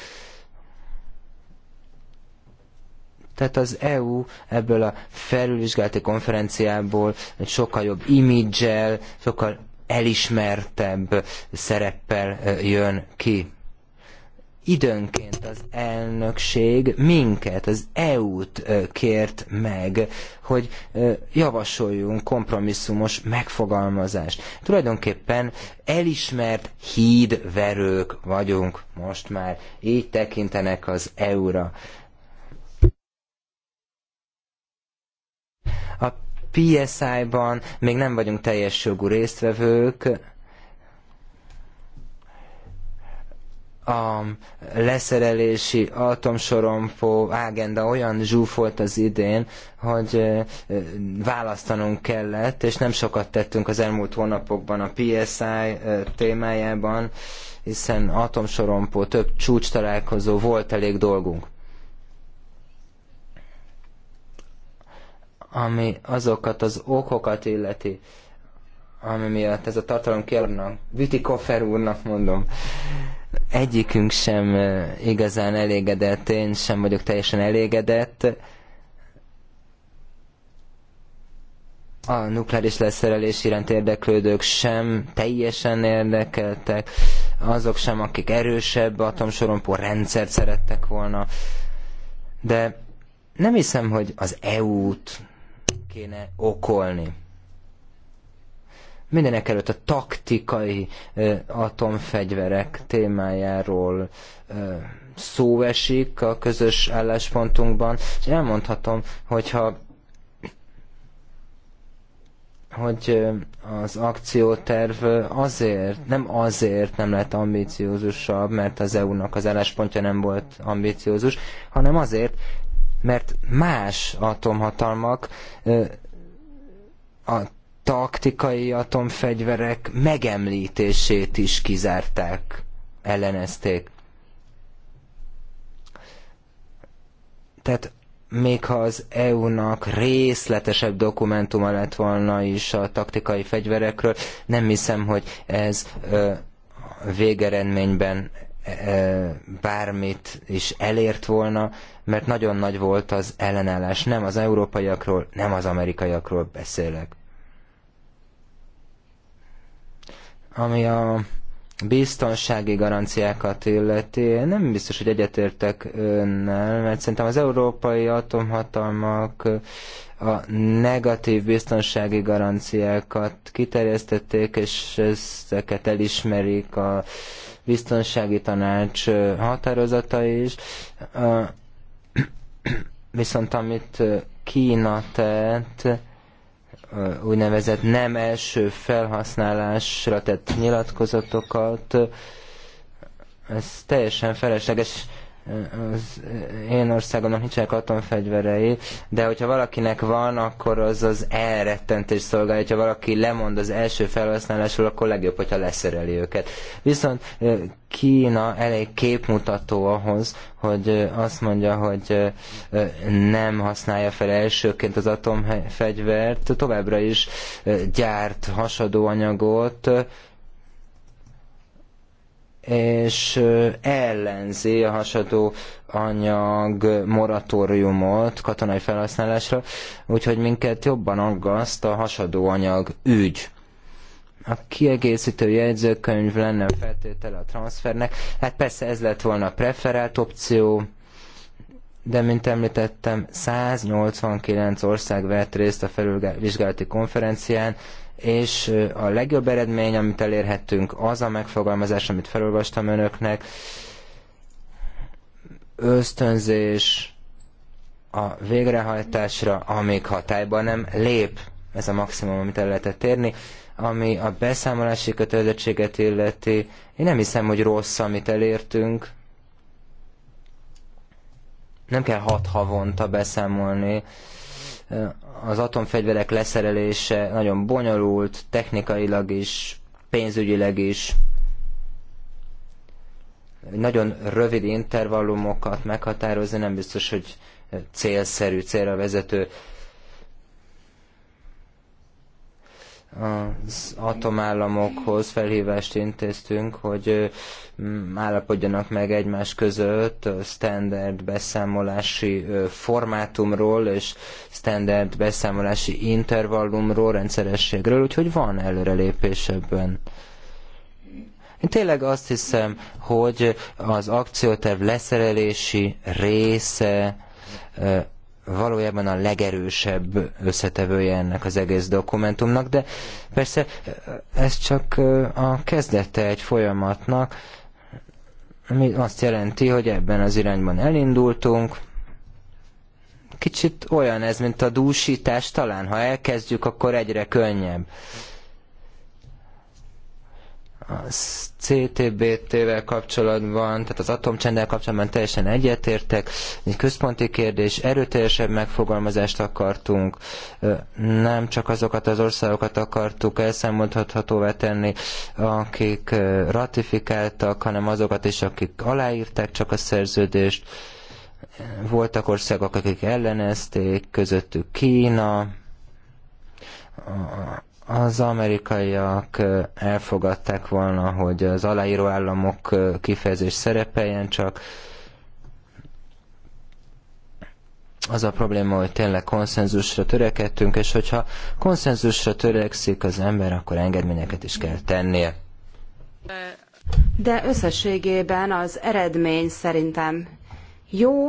Tehát az EU ebből a felülvizsgálati konferenciából egy sokkal jobb imidzsel, sokkal elismertebb szereppel jön ki. Időnként az elnökség minket, az EU-t kért meg, hogy javasoljunk kompromisszumos megfogalmazást. Tulajdonképpen elismert hídverők vagyunk most már, így tekintenek az EU-ra. A PSI-ban még nem vagyunk teljes jogú résztvevők, a leszerelési atomsorompó ágenda olyan zsúfolt az idén, hogy választanunk kellett, és nem sokat tettünk az elmúlt hónapokban a PSI témájában, hiszen atomsorompó több csúcs találkozó volt elég dolgunk. ami azokat az okokat illeti, ami miatt ez a tartalom kiadnak. Koffer úrnak mondom. Egyikünk sem igazán elégedett, én sem vagyok teljesen elégedett. A nukleáris leszerelés iránt érdeklődők sem teljesen érdekeltek, azok sem, akik erősebb atomsorompó rendszert szerettek volna. De nem hiszem, hogy az EU-t kéne okolni. Mindenek előtt a taktikai ö, atomfegyverek témájáról ö, szó esik a közös álláspontunkban, és elmondhatom, hogyha hogy az akcióterv azért, nem azért nem lett ambiciózusabb, mert az EU-nak az álláspontja nem volt ambiciózus, hanem azért, mert más atomhatalmak a taktikai atomfegyverek megemlítését is kizárták, ellenezték. Tehát még ha az EU-nak részletesebb dokumentuma lett volna is a taktikai fegyverekről, nem hiszem, hogy ez ö, végeredményben E, e, bármit is elért volna, mert nagyon nagy volt az ellenállás. Nem az európaiakról, nem az amerikaiakról beszélek. Ami a biztonsági garanciákat illeti, nem biztos, hogy egyetértek önnel, mert szerintem az európai atomhatalmak a negatív biztonsági garanciákat kiterjesztették, és ezeket elismerik a biztonsági tanács határozata is. Viszont amit Kína tett, úgynevezett nem első felhasználásra tett nyilatkozatokat, ez teljesen felesleges az én országomnak nincsenek atomfegyverei, de hogyha valakinek van, akkor az az elrettentés szolgálja, hogyha valaki lemond az első felhasználásról, akkor legjobb, hogyha leszereli őket. Viszont Kína elég képmutató ahhoz, hogy azt mondja, hogy nem használja fel elsőként az atomfegyvert, továbbra is gyárt hasadó anyagot, és ellenzi a hasadó anyag moratóriumot katonai felhasználásra, úgyhogy minket jobban aggaszt a hasadó anyag ügy. A kiegészítő jegyzőkönyv lenne feltétele a transfernek. Hát persze ez lett volna a preferált opció, de mint említettem, 189 ország vett részt a felülvizsgálati konferencián, és a legjobb eredmény, amit elérhettünk, az a megfogalmazás, amit felolvastam önöknek, ösztönzés a végrehajtásra, amíg hatályban nem lép. Ez a maximum, amit el lehetett érni. Ami a beszámolási kötelezettséget illeti, én nem hiszem, hogy rossz, amit elértünk. Nem kell hat havonta beszámolni az atomfegyverek leszerelése nagyon bonyolult, technikailag is, pénzügyileg is. Nagyon rövid intervallumokat meghatározni nem biztos, hogy célszerű, célra vezető az atomállamokhoz felhívást intéztünk, hogy állapodjanak meg egymás között a standard beszámolási formátumról és standard beszámolási intervallumról, rendszerességről, úgyhogy van előrelépés ebben. Én tényleg azt hiszem, hogy az akcióterv leszerelési része valójában a legerősebb összetevője ennek az egész dokumentumnak, de persze eh, ez csak eh, a kezdete egy folyamatnak, ami azt jelenti, hogy ebben az irányban elindultunk, kicsit olyan ez, mint a dúsítás, talán ha elkezdjük, akkor egyre könnyebb a CTBT-vel kapcsolatban, tehát az atomcsenddel kapcsolatban teljesen egyetértek. Egy központi kérdés, erőteljesebb megfogalmazást akartunk, nem csak azokat az országokat akartuk elszámoltathatóvá tenni, akik ratifikáltak, hanem azokat is, akik aláírták csak a szerződést. Voltak országok, akik ellenezték, közöttük Kína, az amerikaiak elfogadták volna, hogy az aláíró államok kifejezés szerepeljen, csak az a probléma, hogy tényleg konszenzusra törekedtünk, és hogyha konszenzusra törekszik az ember, akkor engedményeket is kell tennie. De összességében az eredmény szerintem jó.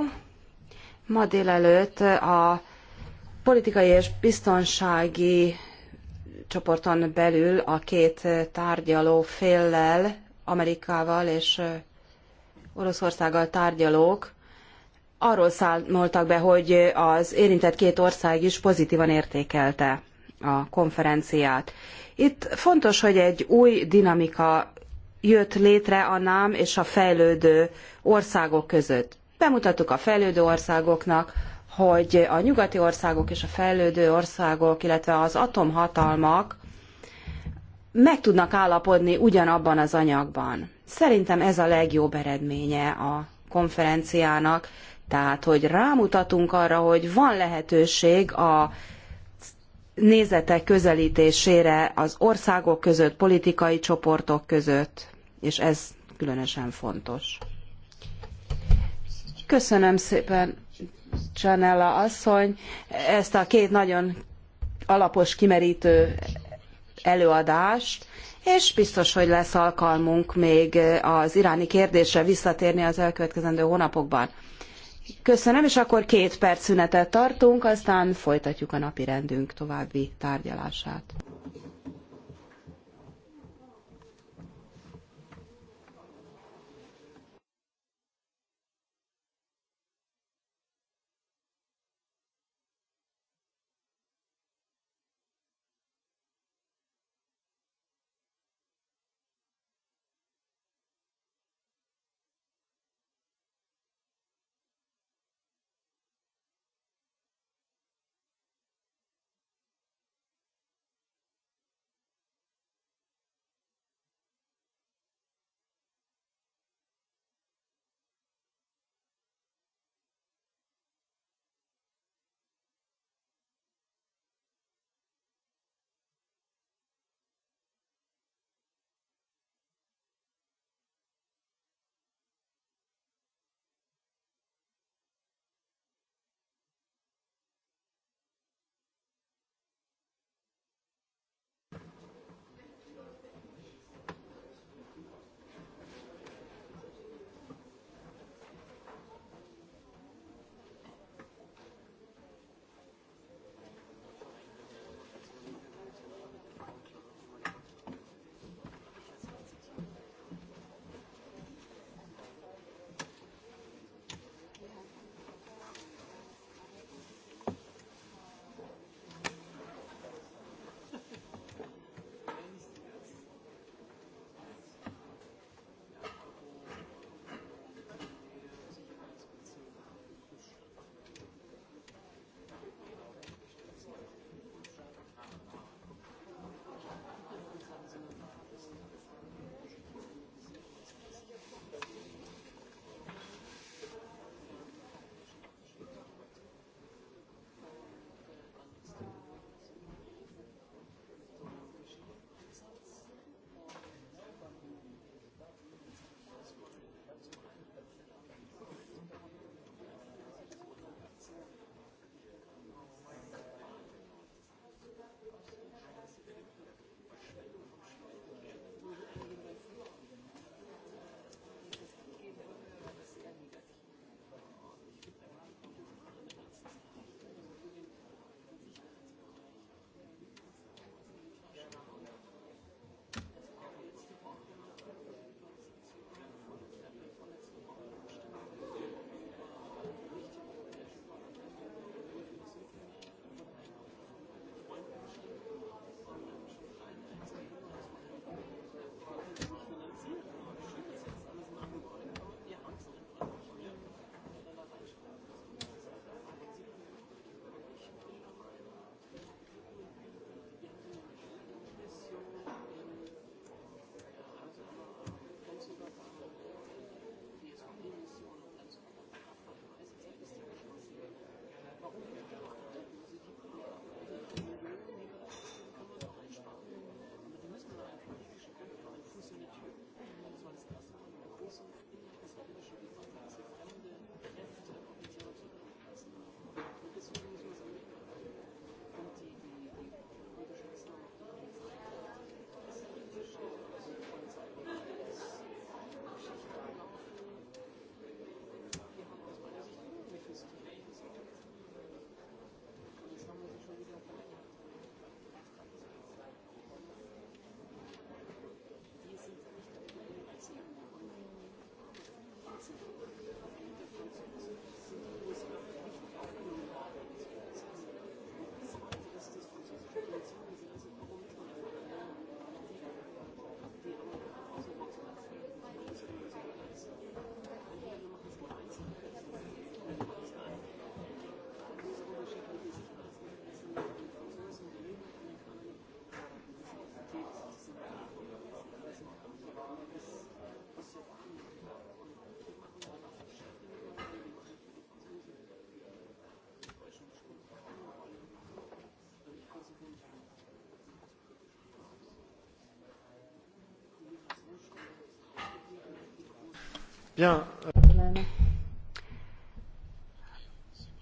Ma délelőtt a politikai és biztonsági csoporton belül a két tárgyaló féllel, Amerikával és Oroszországgal tárgyalók arról számoltak be, hogy az érintett két ország is pozitívan értékelte a konferenciát. Itt fontos, hogy egy új dinamika jött létre a NÁM és a fejlődő országok között. Bemutattuk a fejlődő országoknak, hogy a nyugati országok és a fejlődő országok, illetve az atomhatalmak meg tudnak állapodni ugyanabban az anyagban. Szerintem ez a legjobb eredménye a konferenciának, tehát hogy rámutatunk arra, hogy van lehetőség a nézetek közelítésére az országok között, politikai csoportok között, és ez különösen fontos. Köszönöm szépen. Csanella asszony ezt a két nagyon alapos, kimerítő előadást, és biztos, hogy lesz alkalmunk még az iráni kérdésre visszatérni az elkövetkezendő hónapokban. Köszönöm, és akkor két perc szünetet tartunk, aztán folytatjuk a napirendünk további tárgyalását.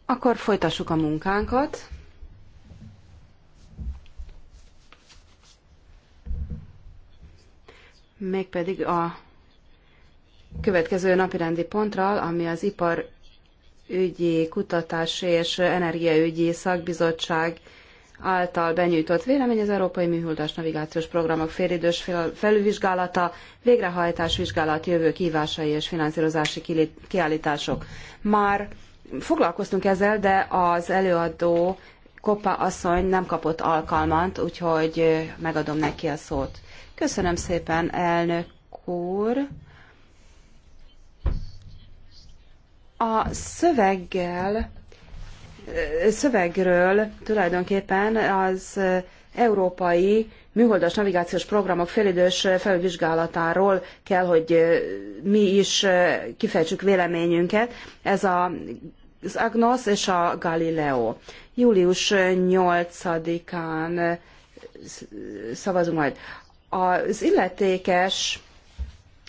Akkor folytassuk a munkánkat. Mégpedig a következő napirendi pontral, ami az iparügyi, kutatási és energiaügyi szakbizottság által benyújtott vélemény az Európai Műholdas Navigációs Programok félidős felülvizsgálata, végrehajtás vizsgálat, jövő kívásai és finanszírozási kiállítások. Már foglalkoztunk ezzel, de az előadó Koppa asszony nem kapott alkalmat, úgyhogy megadom neki a szót. Köszönöm szépen, elnök úr. A szöveggel szövegről tulajdonképpen az európai műholdas navigációs programok félidős felvizsgálatáról kell, hogy mi is kifejtsük véleményünket. Ez a, az Agnos és a Galileo. Július 8-án szavazunk majd. Az illetékes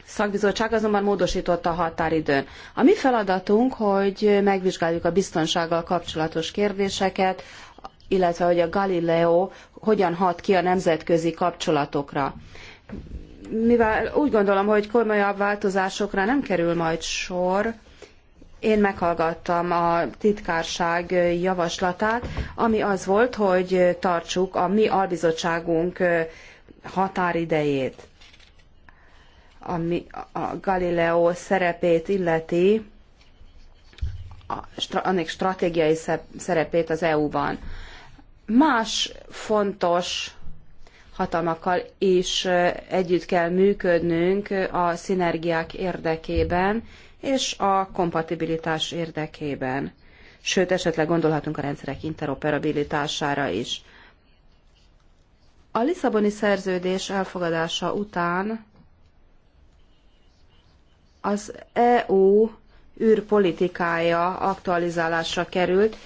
szakbizottság azonban módosította a határidőn. A mi feladatunk, hogy megvizsgáljuk a biztonsággal kapcsolatos kérdéseket, illetve hogy a Galileo hogyan hat ki a nemzetközi kapcsolatokra. Mivel úgy gondolom, hogy komolyabb változásokra nem kerül majd sor, én meghallgattam a titkárság javaslatát, ami az volt, hogy tartsuk a mi albizottságunk határidejét ami a Galileo szerepét illeti, a, annak stratégiai szerepét az EU-ban. Más fontos hatalmakkal is együtt kell működnünk a szinergiák érdekében és a kompatibilitás érdekében. Sőt, esetleg gondolhatunk a rendszerek interoperabilitására is. A Lisszaboni szerződés elfogadása után az EU űrpolitikája aktualizálásra került.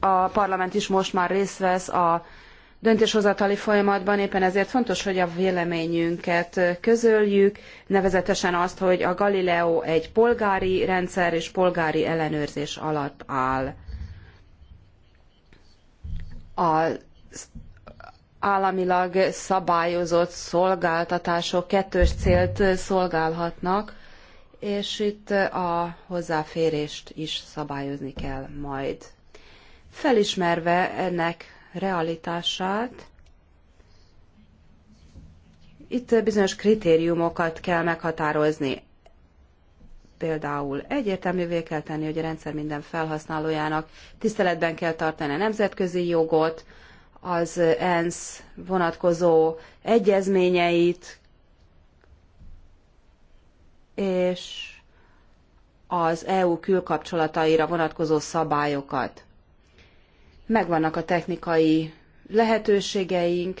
A parlament is most már részt vesz a döntéshozatali folyamatban, éppen ezért fontos, hogy a véleményünket közöljük, nevezetesen azt, hogy a Galileo egy polgári rendszer és polgári ellenőrzés alatt áll. A államilag szabályozott szolgáltatások kettős célt szolgálhatnak, és itt a hozzáférést is szabályozni kell majd. Felismerve ennek realitását, itt bizonyos kritériumokat kell meghatározni. Például egyértelművé kell tenni, hogy a rendszer minden felhasználójának tiszteletben kell tartani a nemzetközi jogot, az ENSZ vonatkozó egyezményeit, és az EU külkapcsolataira vonatkozó szabályokat. Megvannak a technikai lehetőségeink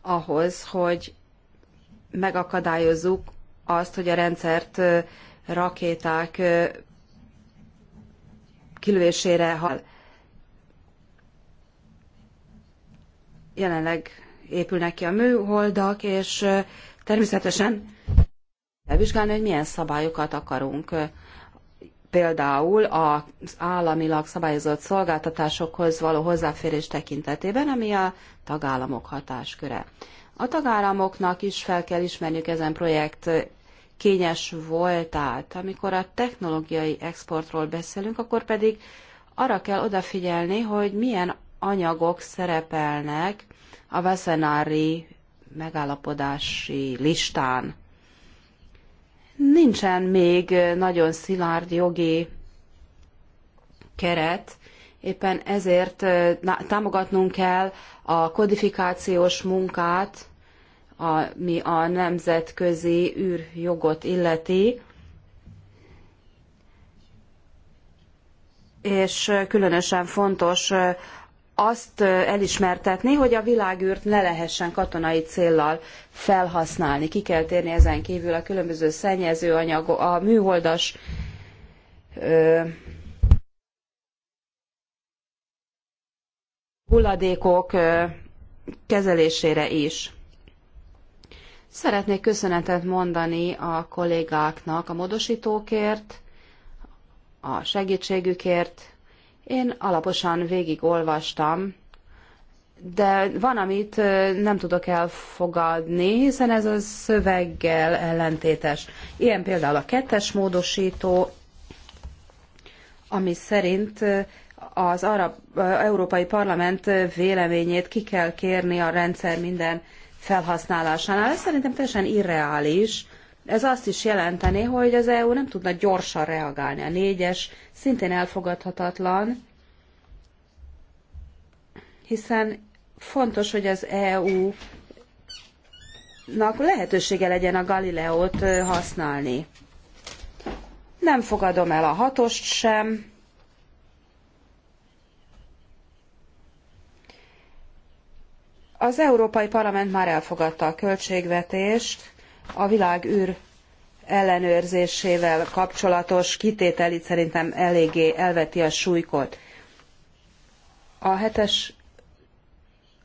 ahhoz, hogy megakadályozzuk azt, hogy a rendszert rakéták kilövésére hal. jelenleg épülnek ki a műholdak, és természetesen elvizsgálni, hogy milyen szabályokat akarunk. Például az államilag szabályozott szolgáltatásokhoz való hozzáférés tekintetében, ami a tagállamok hatásköre. A tagállamoknak is fel kell ismerniük ezen projekt kényes voltát. Amikor a technológiai exportról beszélünk, akkor pedig arra kell odafigyelni, hogy milyen anyagok szerepelnek a Veszenári megállapodási listán. Nincsen még nagyon szilárd jogi keret, éppen ezért támogatnunk kell a kodifikációs munkát, ami a nemzetközi űrjogot illeti, és különösen fontos azt elismertetni, hogy a világűrt ne lehessen katonai céllal felhasználni. Ki kell térni ezen kívül a különböző szennyezőanyagok, a műholdas ö, hulladékok ö, kezelésére is. Szeretnék köszönetet mondani a kollégáknak a módosítókért, a segítségükért, én alaposan végigolvastam, de van, amit nem tudok elfogadni, hiszen ez a szöveggel ellentétes. Ilyen például a kettes módosító, ami szerint az arab, Európai Parlament véleményét ki kell kérni a rendszer minden felhasználásánál. Ez szerintem teljesen irreális, ez azt is jelenteni, hogy az EU nem tudna gyorsan reagálni. A négyes szintén elfogadhatatlan, hiszen fontos, hogy az EU nak lehetősége legyen a Galileót használni. Nem fogadom el a hatost sem. Az Európai Parlament már elfogadta a költségvetést, a világűr ellenőrzésével kapcsolatos kitételét szerintem eléggé elveti a súlykot. A hetes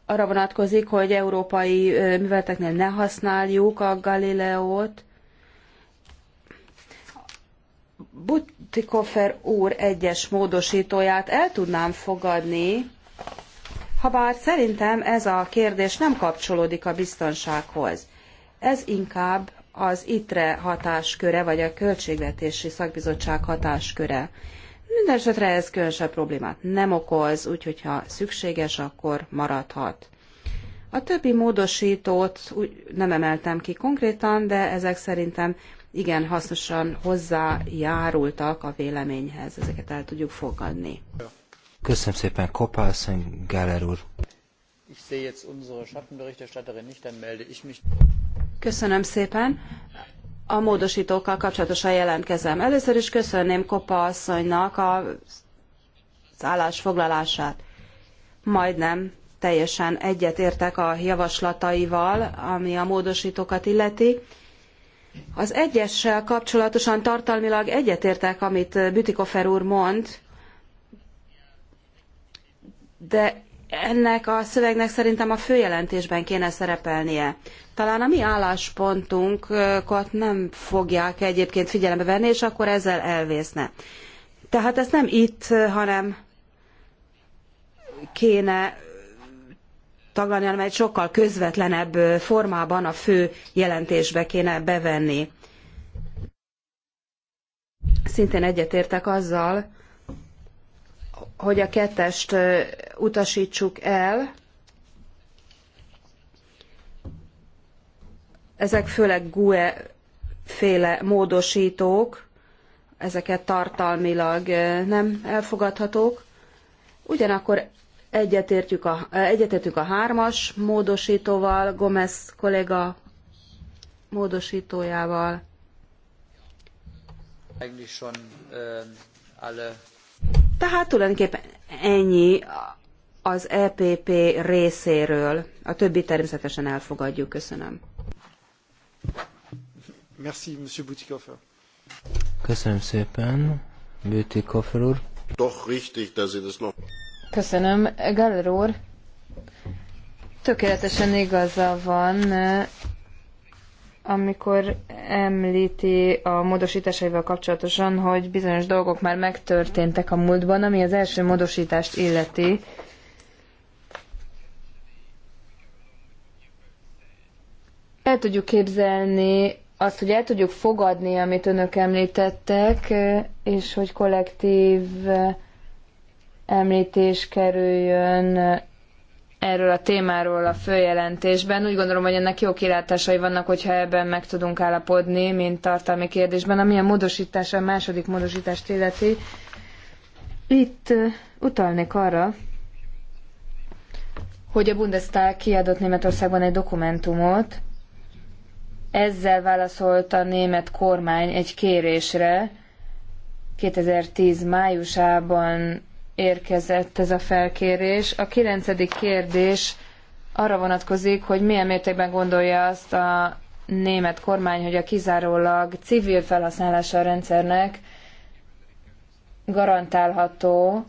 arra vonatkozik, hogy európai műveleteknél ne használjuk a Galileót. Butikofer úr egyes módosítóját el tudnám fogadni, habár szerintem ez a kérdés nem kapcsolódik a biztonsághoz. Ez inkább az ITRE hatásköre, vagy a Költségvetési Szakbizottság hatásköre. Mindenesetre ez különösebb problémát nem okoz, úgyhogy ha szükséges, akkor maradhat. A többi módosítót úgy nem emeltem ki konkrétan, de ezek szerintem igen hasznosan hozzájárultak a véleményhez. Ezeket el tudjuk fogadni. Köszönöm szépen, Kopászony, Gáler úr. Köszönöm szépen. A módosítókkal kapcsolatosan jelentkezem. Először is köszönném Kopa asszonynak az állásfoglalását. Majdnem teljesen egyetértek a javaslataival, ami a módosítókat illeti. Az egyessel kapcsolatosan tartalmilag egyetértek, amit Bütikofer úr mond, de ennek a szövegnek szerintem a főjelentésben kéne szerepelnie. Talán a mi álláspontunkat nem fogják egyébként figyelembe venni, és akkor ezzel elvészne. Tehát ezt nem itt, hanem kéne taglalni, hanem egy sokkal közvetlenebb formában a fő jelentésbe kéne bevenni. Szintén egyetértek azzal, hogy a kettest utasítsuk el. Ezek főleg GUE féle módosítók, ezeket tartalmilag nem elfogadhatók. Ugyanakkor egyetértjük a, egyetértünk a hármas módosítóval, Gomez kolléga módosítójával. Eigentlich schon alle tehát tulajdonképpen ennyi az EPP részéről. A többi természetesen elfogadjuk. Köszönöm. Merci, Monsieur Butikoffer. Köszönöm szépen, Butikoffer úr. Doch richtig, dass Sie das noch... Köszönöm, Galler úr. Tökéletesen igaza van, amikor említi a módosításaival kapcsolatosan, hogy bizonyos dolgok már megtörténtek a múltban, ami az első módosítást illeti, el tudjuk képzelni azt, hogy el tudjuk fogadni, amit önök említettek, és hogy kollektív említés kerüljön erről a témáról a följelentésben. Úgy gondolom, hogy ennek jó kilátásai vannak, hogyha ebben meg tudunk állapodni, mint tartalmi kérdésben. Ami a módosítás, a második módosítást illeti, itt utalnék arra, hogy a Bundestag kiadott Németországban egy dokumentumot, ezzel válaszolt a német kormány egy kérésre, 2010 májusában érkezett ez a felkérés. A kilencedik kérdés arra vonatkozik, hogy milyen mértékben gondolja azt a német kormány, hogy a kizárólag civil felhasználása a rendszernek garantálható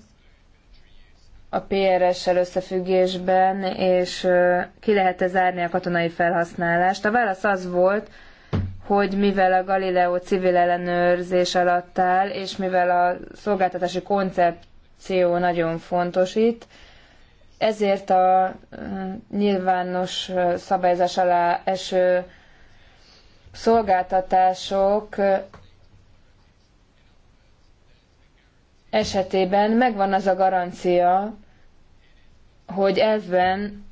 a PRS-sel összefüggésben, és ki lehet -e zárni a katonai felhasználást. A válasz az volt, hogy mivel a Galileo civil ellenőrzés alatt áll, és mivel a szolgáltatási koncept kommunikáció nagyon fontos itt. Ezért a nyilvános szabályzás alá eső szolgáltatások esetében megvan az a garancia, hogy ebben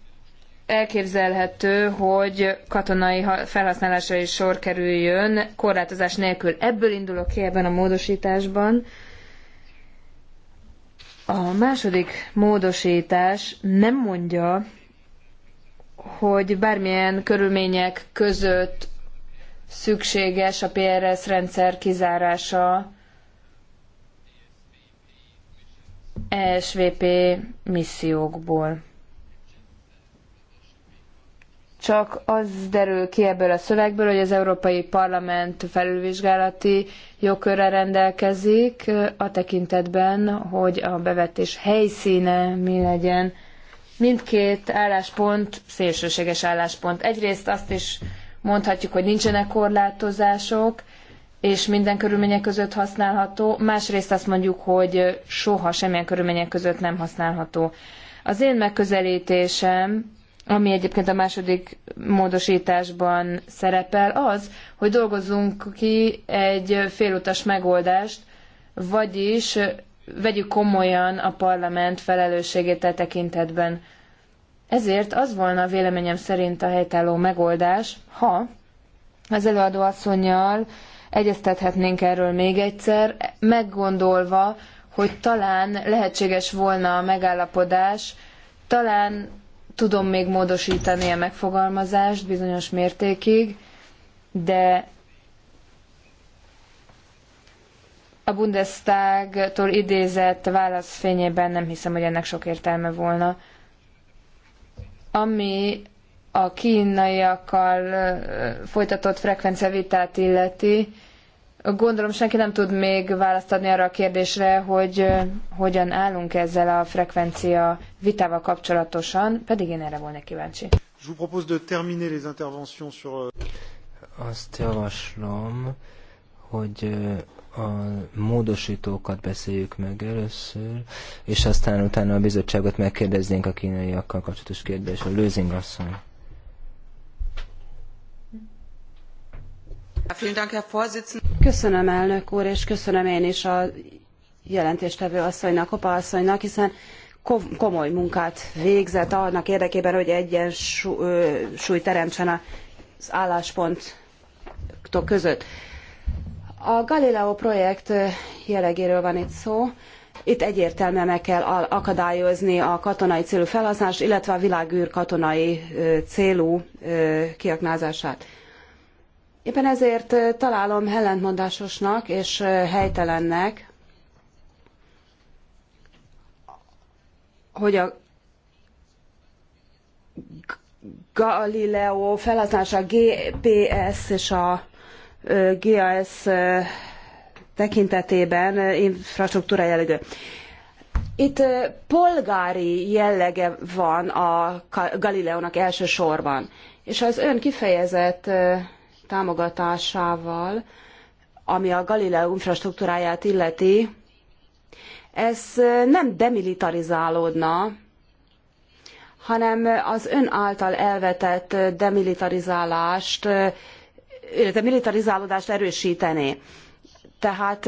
elképzelhető, hogy katonai felhasználásra is sor kerüljön korlátozás nélkül. Ebből indulok ki ebben a módosításban, a második módosítás nem mondja, hogy bármilyen körülmények között szükséges a PRS rendszer kizárása ESVP missziókból csak az derül ki ebből a szövegből, hogy az Európai Parlament felülvizsgálati jogkörrel rendelkezik a tekintetben, hogy a bevetés helyszíne mi legyen. Mindkét álláspont szélsőséges álláspont. Egyrészt azt is mondhatjuk, hogy nincsenek korlátozások, és minden körülmények között használható, másrészt azt mondjuk, hogy soha semmilyen körülmények között nem használható. Az én megközelítésem ami egyébként a második módosításban szerepel, az, hogy dolgozzunk ki egy félutas megoldást, vagyis vegyük komolyan a parlament felelősségét a e tekintetben. Ezért az volna véleményem szerint a helytálló megoldás, ha az előadó asszonyjal egyeztethetnénk erről még egyszer, meggondolva, hogy talán lehetséges volna a megállapodás, talán tudom még módosítani a megfogalmazást bizonyos mértékig, de a Bundestagtól idézett válasz fényében nem hiszem, hogy ennek sok értelme volna. Ami a kínaiakkal folytatott frekvenciavitát illeti, Gondolom senki nem tud még választ adni arra a kérdésre, hogy hogyan állunk ezzel a frekvencia vitával kapcsolatosan, pedig én erre volnék kíváncsi. Euh, Azt javaslom, hogy a módosítókat beszéljük meg először, és aztán utána a bizottságot megkérdeznénk a kínaiakkal kapcsolatos kérdésről. Lőzing asszony. Köszönöm elnök úr, és köszönöm én is a jelentéstevő asszonynak, Kopa asszonynak, hiszen komoly munkát végzett annak érdekében, hogy egyensúly teremtsen az álláspontok között. A Galileo projekt jellegéről van itt szó. Itt egyértelműen meg kell akadályozni a katonai célú felhasználást, illetve a világűr katonai célú kiaknázását. Éppen ezért találom ellentmondásosnak és helytelennek, hogy a Galileo felhasználása a GPS és a GAS tekintetében infrastruktúra jellegű. Itt polgári jellege van a Galileónak elsősorban, és az ön kifejezett támogatásával, ami a Galileo infrastruktúráját illeti, ez nem demilitarizálódna, hanem az ön által elvetett demilitarizálást, illetve militarizálódást erősítené. Tehát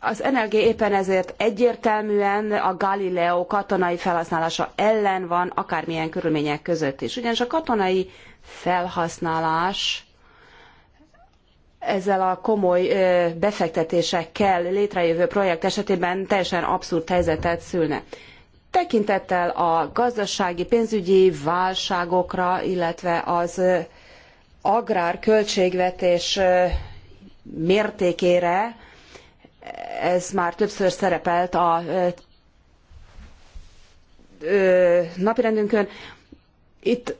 az NLG éppen ezért egyértelműen a Galileo katonai felhasználása ellen van, akármilyen körülmények között is. Ugyanis a katonai felhasználás ezzel a komoly befektetésekkel létrejövő projekt esetében teljesen abszurd helyzetet szülne. Tekintettel a gazdasági, pénzügyi válságokra, illetve az agrárköltségvetés mértékére, ez már többször szerepelt a napirendünkön, itt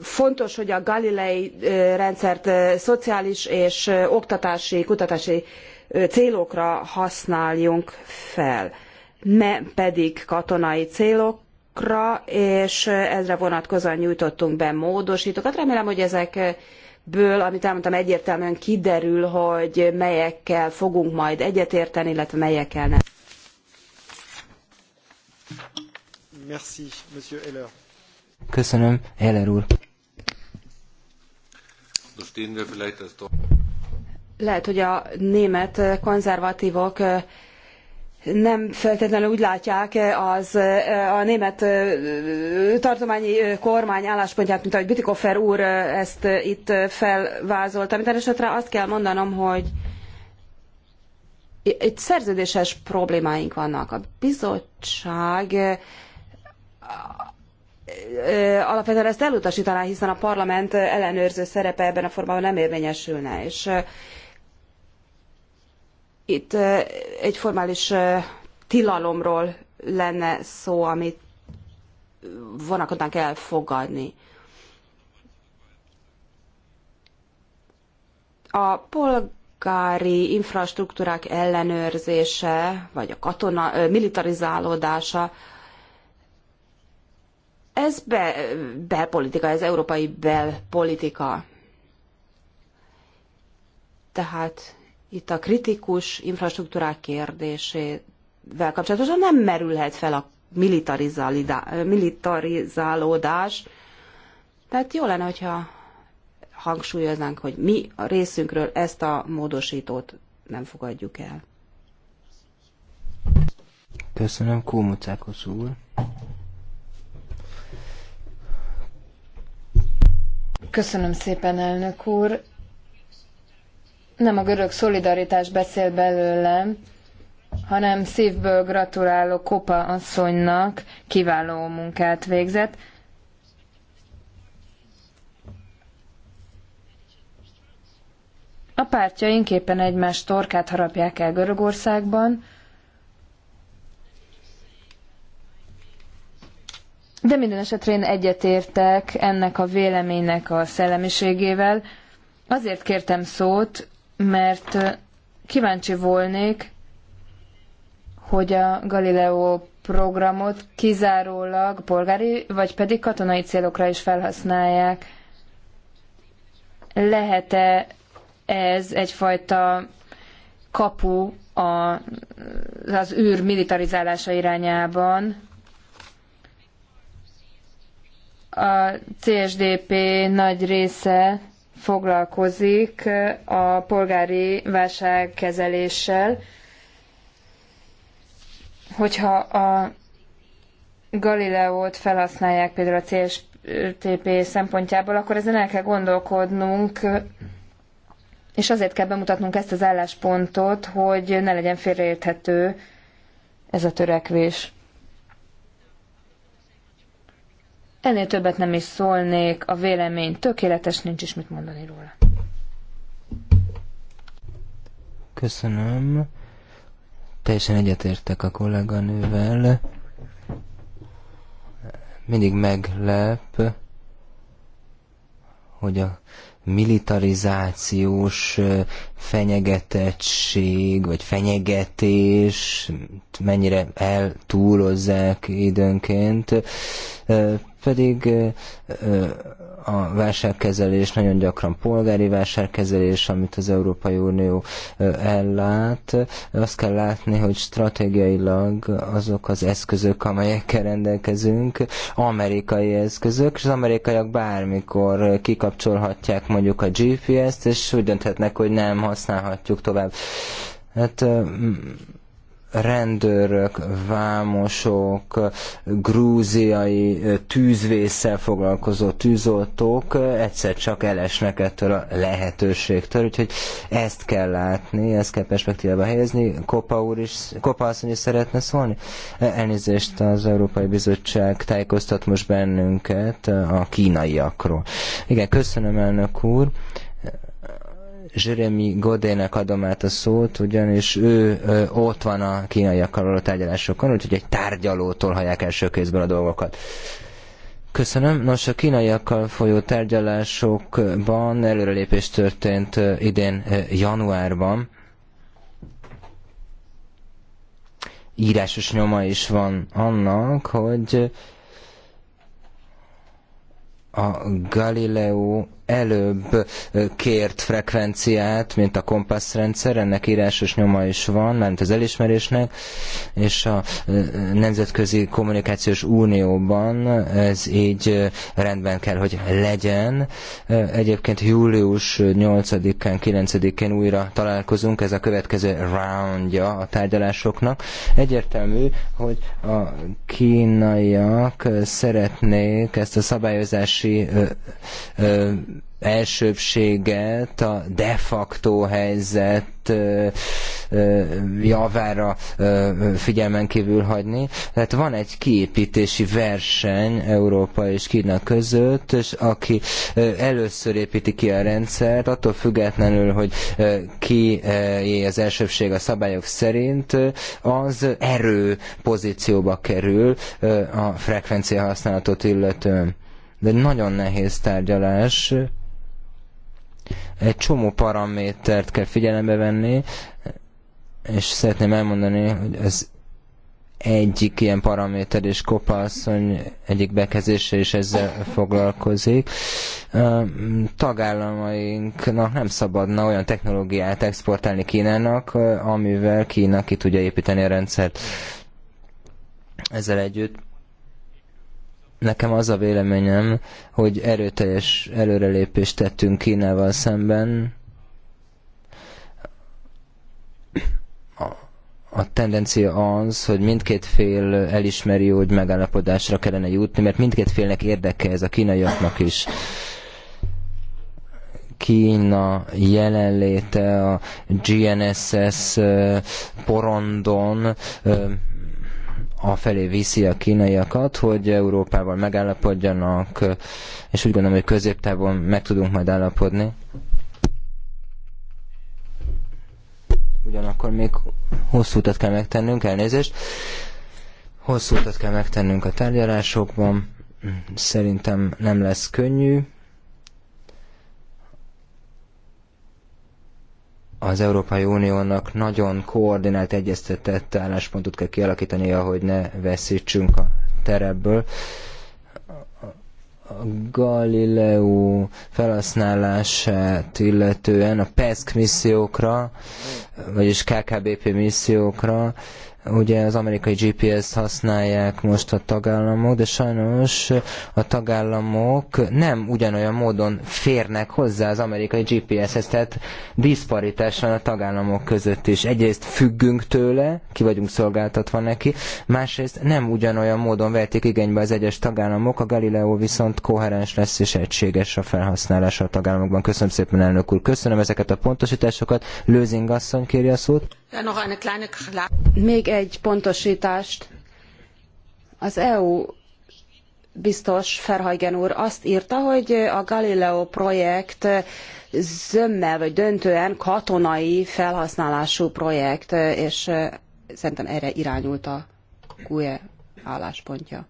fontos, hogy a Galilei rendszert szociális és oktatási, kutatási célokra használjunk fel, ne pedig katonai célokra, és ezre vonatkozóan nyújtottunk be módosítókat. Remélem, hogy ezekből, amit elmondtam, egyértelműen kiderül, hogy melyekkel fogunk majd egyetérteni, illetve melyekkel nem. Merci, Monsieur Heller. Köszönöm, Heller úr. Lehet, hogy a német konzervatívok nem feltétlenül úgy látják az a német tartományi kormány álláspontját, mint ahogy Bütikofer úr ezt itt felvázolta. esetre azt kell mondanom, hogy itt szerződéses problémáink vannak. A bizottság alapvetően ezt elutasítaná, hiszen a parlament ellenőrző szerepe ebben a formában nem érvényesülne. És itt egy formális tilalomról lenne szó, amit vonakodnánk elfogadni. A polgári infrastruktúrák ellenőrzése, vagy a katona militarizálódása ez be, belpolitika, ez európai belpolitika. Tehát itt a kritikus infrastruktúrák kérdésével kapcsolatosan nem merülhet fel a militarizálódás. Tehát jó lenne, hogyha hangsúlyoznánk, hogy mi a részünkről ezt a módosítót nem fogadjuk el. Köszönöm, Kómocákos úr. Köszönöm szépen, elnök úr. Nem a görög szolidaritás beszél belőlem, hanem szívből gratulálok Kopa asszonynak, kiváló munkát végzett. A pártjaink éppen egymás torkát harapják el Görögországban, de minden esetre én egyetértek ennek a véleménynek a szellemiségével. Azért kértem szót, mert kíváncsi volnék, hogy a Galileo programot kizárólag polgári vagy pedig katonai célokra is felhasználják. Lehet-e ez egyfajta kapu az űr militarizálása irányában? A CSDP nagy része foglalkozik a polgári válságkezeléssel. Hogyha a Galileót felhasználják például a CSTP szempontjából, akkor ezen el kell gondolkodnunk, és azért kell bemutatnunk ezt az álláspontot, hogy ne legyen félreérthető ez a törekvés. Ennél többet nem is szólnék, a vélemény tökéletes, nincs is mit mondani róla. Köszönöm. Teljesen egyetértek a kolléganővel. Mindig meglep, hogy a militarizációs fenyegetettség, vagy fenyegetés, mennyire eltúlozzák időnként pedig a válságkezelés nagyon gyakran polgári válságkezelés, amit az Európai Unió ellát. Azt kell látni, hogy stratégiailag azok az eszközök, amelyekkel rendelkezünk, amerikai eszközök, és az amerikaiak bármikor kikapcsolhatják mondjuk a GPS-t, és úgy dönthetnek, hogy nem használhatjuk tovább. Hát rendőrök, vámosok, grúziai tűzvészsel foglalkozó tűzoltók egyszer csak elesnek ettől a lehetőségtől, úgyhogy ezt kell látni, ezt kell perspektívába helyezni. Kopa úr is, Kopa asszony is szeretne szólni? Elnézést az Európai Bizottság tájékoztat most bennünket a kínaiakról. Igen, köszönöm elnök úr. Jeremy Godének adom át a szót, ugyanis ő ö, ott van a kínaiakkal való tárgyalásokon, úgyhogy egy tárgyalótól hallják első kézben a dolgokat. Köszönöm. Nos, a kínaiakkal folyó tárgyalásokban előrelépés történt idén januárban. Írásos nyoma is van annak, hogy a Galileo előbb kért frekvenciát, mint a kompasszrendszer, ennek írásos nyoma is van, mert az elismerésnek, és a Nemzetközi Kommunikációs Unióban ez így rendben kell, hogy legyen. Egyébként július 8-án, 9-én újra találkozunk, ez a következő roundja a tárgyalásoknak. Egyértelmű, hogy a kínaiak szeretnék ezt a szabályozási elsőbséget a de facto helyzet javára figyelmen kívül hagyni. Tehát van egy kiépítési verseny Európa és Kína között, és aki először építi ki a rendszert, attól függetlenül, hogy ki az elsőbség a szabályok szerint, az erő pozícióba kerül a frekvencia használatot illetően. De nagyon nehéz tárgyalás, egy csomó paramétert kell figyelembe venni, és szeretném elmondani, hogy az egyik ilyen paraméter, és Kopa egyik bekezése is ezzel foglalkozik. Tagállamainknak nem szabadna olyan technológiát exportálni Kínának, amivel Kína ki tudja építeni a rendszert. Ezzel együtt nekem az a véleményem, hogy erőteljes előrelépést tettünk Kínával szemben. A, a tendencia az, hogy mindkét fél elismeri, hogy megállapodásra kellene jutni, mert mindkét félnek érdeke ez a kínaiaknak is. Kína jelenléte a GNSS porondon afelé viszi a kínaiakat, hogy Európával megállapodjanak, és úgy gondolom, hogy középtávon meg tudunk majd állapodni. Ugyanakkor még hosszú utat kell megtennünk, elnézést. Hosszú utat kell megtennünk a tárgyalásokban. Szerintem nem lesz könnyű, az Európai Uniónak nagyon koordinált, egyeztetett álláspontot kell kialakítania, hogy ne veszítsünk a terebből. A Galileo felhasználását illetően a PESC missziókra, vagyis KKBP missziókra Ugye az amerikai GPS-t használják most a tagállamok, de sajnos a tagállamok nem ugyanolyan módon férnek hozzá az amerikai GPS-hez, tehát diszparitás van a tagállamok között is. Egyrészt függünk tőle, ki vagyunk szolgáltatva neki, másrészt nem ugyanolyan módon vették igénybe az egyes tagállamok, a Galileo viszont koherens lesz és egységes a felhasználása a tagállamokban. Köszönöm szépen, elnök úr. Köszönöm ezeket a pontosításokat. Lőzing asszony kéri a szót. Még egy pontosítást. Az EU biztos verheugen úr azt írta, hogy a Galileo projekt zömmel vagy döntően katonai felhasználású projekt, és szerintem erre irányult a GUE álláspontja.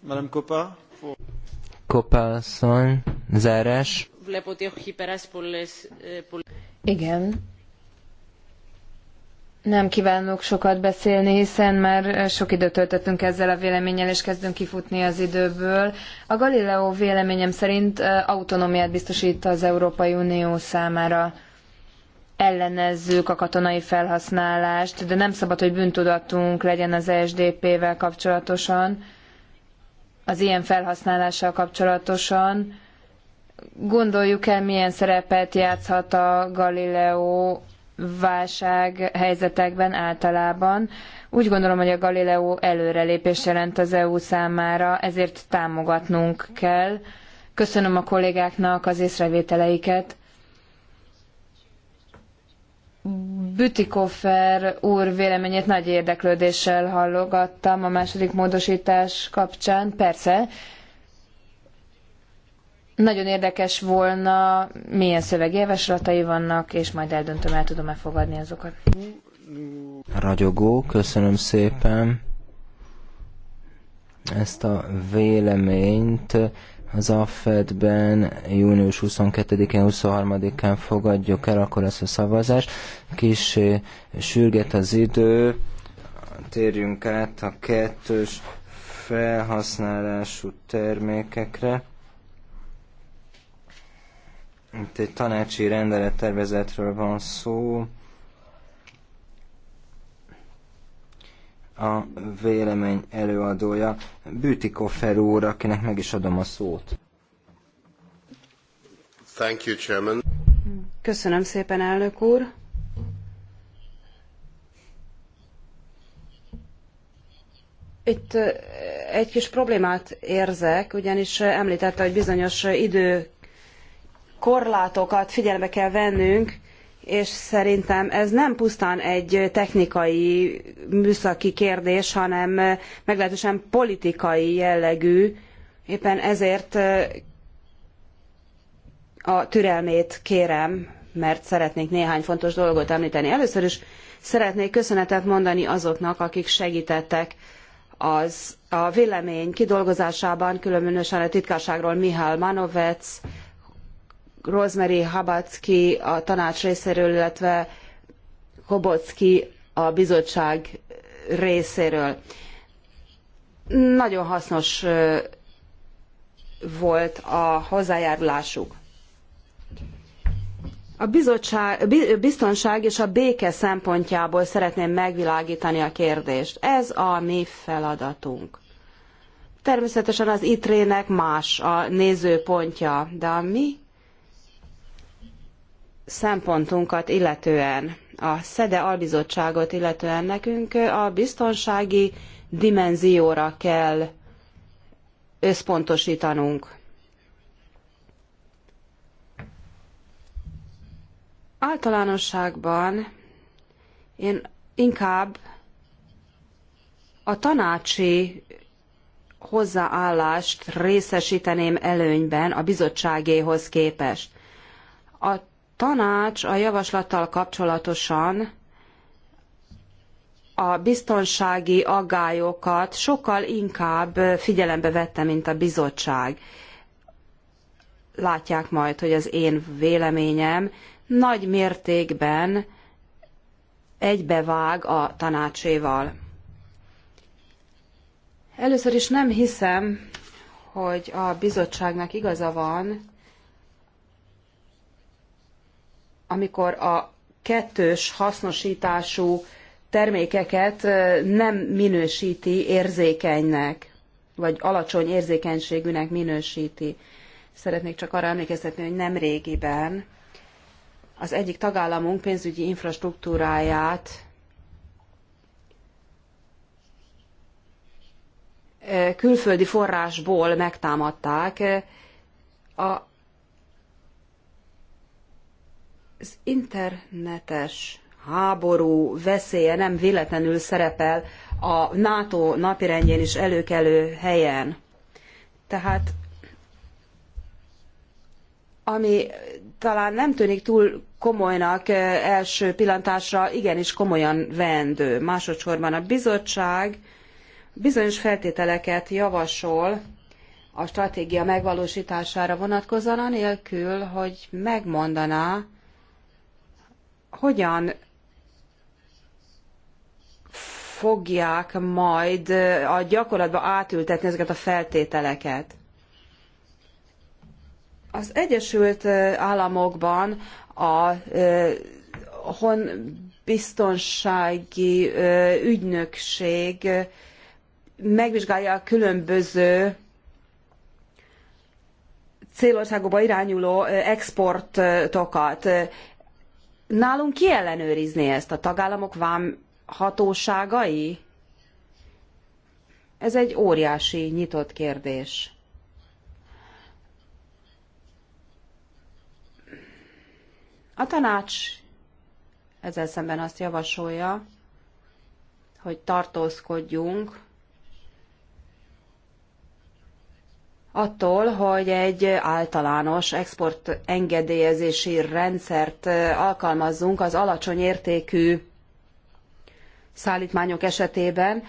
Madame Kopa? Coppa son zárás βλέπω ότι έχει περάσει πολλές... Igen. Nem kívánok sokat beszélni, hiszen már sok időt töltöttünk ezzel a véleménnyel, és kezdünk kifutni az időből. A Galileo véleményem szerint autonómiát biztosít az Európai Unió számára ellenezzük a katonai felhasználást, de nem szabad, hogy bűntudatunk legyen az ESDP-vel kapcsolatosan, az ilyen felhasználással kapcsolatosan gondoljuk el, milyen szerepet játszhat a Galileo válság helyzetekben általában. Úgy gondolom, hogy a Galileo előrelépés jelent az EU számára, ezért támogatnunk kell. Köszönöm a kollégáknak az észrevételeiket. Bütikofer úr véleményét nagy érdeklődéssel hallogattam a második módosítás kapcsán. Persze, nagyon érdekes volna, milyen szövegjavaslatai vannak, és majd eldöntöm, el tudom-e fogadni azokat. Ragyogó, köszönöm szépen. Ezt a véleményt az AFED-ben június 22-én, 23-án fogadjuk el, akkor lesz a szavazás. Kis sürget az idő, térjünk át a kettős felhasználású termékekre. Itt egy tanácsi tervezetről van szó. A vélemény előadója Bütikofer úr, akinek meg is adom a szót. Thank you, Chairman. Köszönöm szépen, elnök úr. Itt eh, egy kis problémát érzek, ugyanis eh, említette, hogy bizonyos idő korlátokat figyelembe kell vennünk, és szerintem ez nem pusztán egy technikai, műszaki kérdés, hanem meglehetősen politikai jellegű. Éppen ezért a türelmét kérem, mert szeretnék néhány fontos dolgot említeni. Először is szeretnék köszönetet mondani azoknak, akik segítettek az a vélemény kidolgozásában, különösen a titkárságról Mihály Manovec, Rosemary Habacki a tanács részéről, illetve Kobocki a bizottság részéről. Nagyon hasznos volt a hozzájárulásuk. A bizottság, biztonság és a béke szempontjából szeretném megvilágítani a kérdést. Ez a mi feladatunk. Természetesen az itre más a nézőpontja, de a mi szempontunkat illetően, a SZEDE albizottságot illetően nekünk a biztonsági dimenzióra kell összpontosítanunk. Általánosságban én inkább a tanácsi hozzáállást részesíteném előnyben a bizottságéhoz képest. A tanács a javaslattal kapcsolatosan a biztonsági aggályokat sokkal inkább figyelembe vette, mint a bizottság. Látják majd, hogy az én véleményem nagy mértékben egybevág a tanácséval. Először is nem hiszem, hogy a bizottságnak igaza van, amikor a kettős hasznosítású termékeket nem minősíti érzékenynek, vagy alacsony érzékenységűnek minősíti. Szeretnék csak arra emlékeztetni, hogy nem régiben az egyik tagállamunk pénzügyi infrastruktúráját külföldi forrásból megtámadták. A Az internetes háború veszélye nem véletlenül szerepel a NATO napirendjén is előkelő helyen. Tehát ami talán nem tűnik túl komolynak eh, első pillantásra, igenis komolyan veendő. Másodszorban a bizottság bizonyos feltételeket javasol a stratégia megvalósítására vonatkozóan, anélkül, hogy megmondaná, hogyan fogják majd eh, a gyakorlatba átültetni ezeket a feltételeket. Az Egyesült eh, Államokban a eh, hon biztonsági ügynökség megvizsgálja a különböző célországokba irányuló exportokat nálunk ki ellenőrizné ezt? A tagállamok vám hatóságai? Ez egy óriási nyitott kérdés. A tanács ezzel szemben azt javasolja, hogy tartózkodjunk attól, hogy egy általános export engedélyezési rendszert alkalmazzunk az alacsony értékű szállítmányok esetében.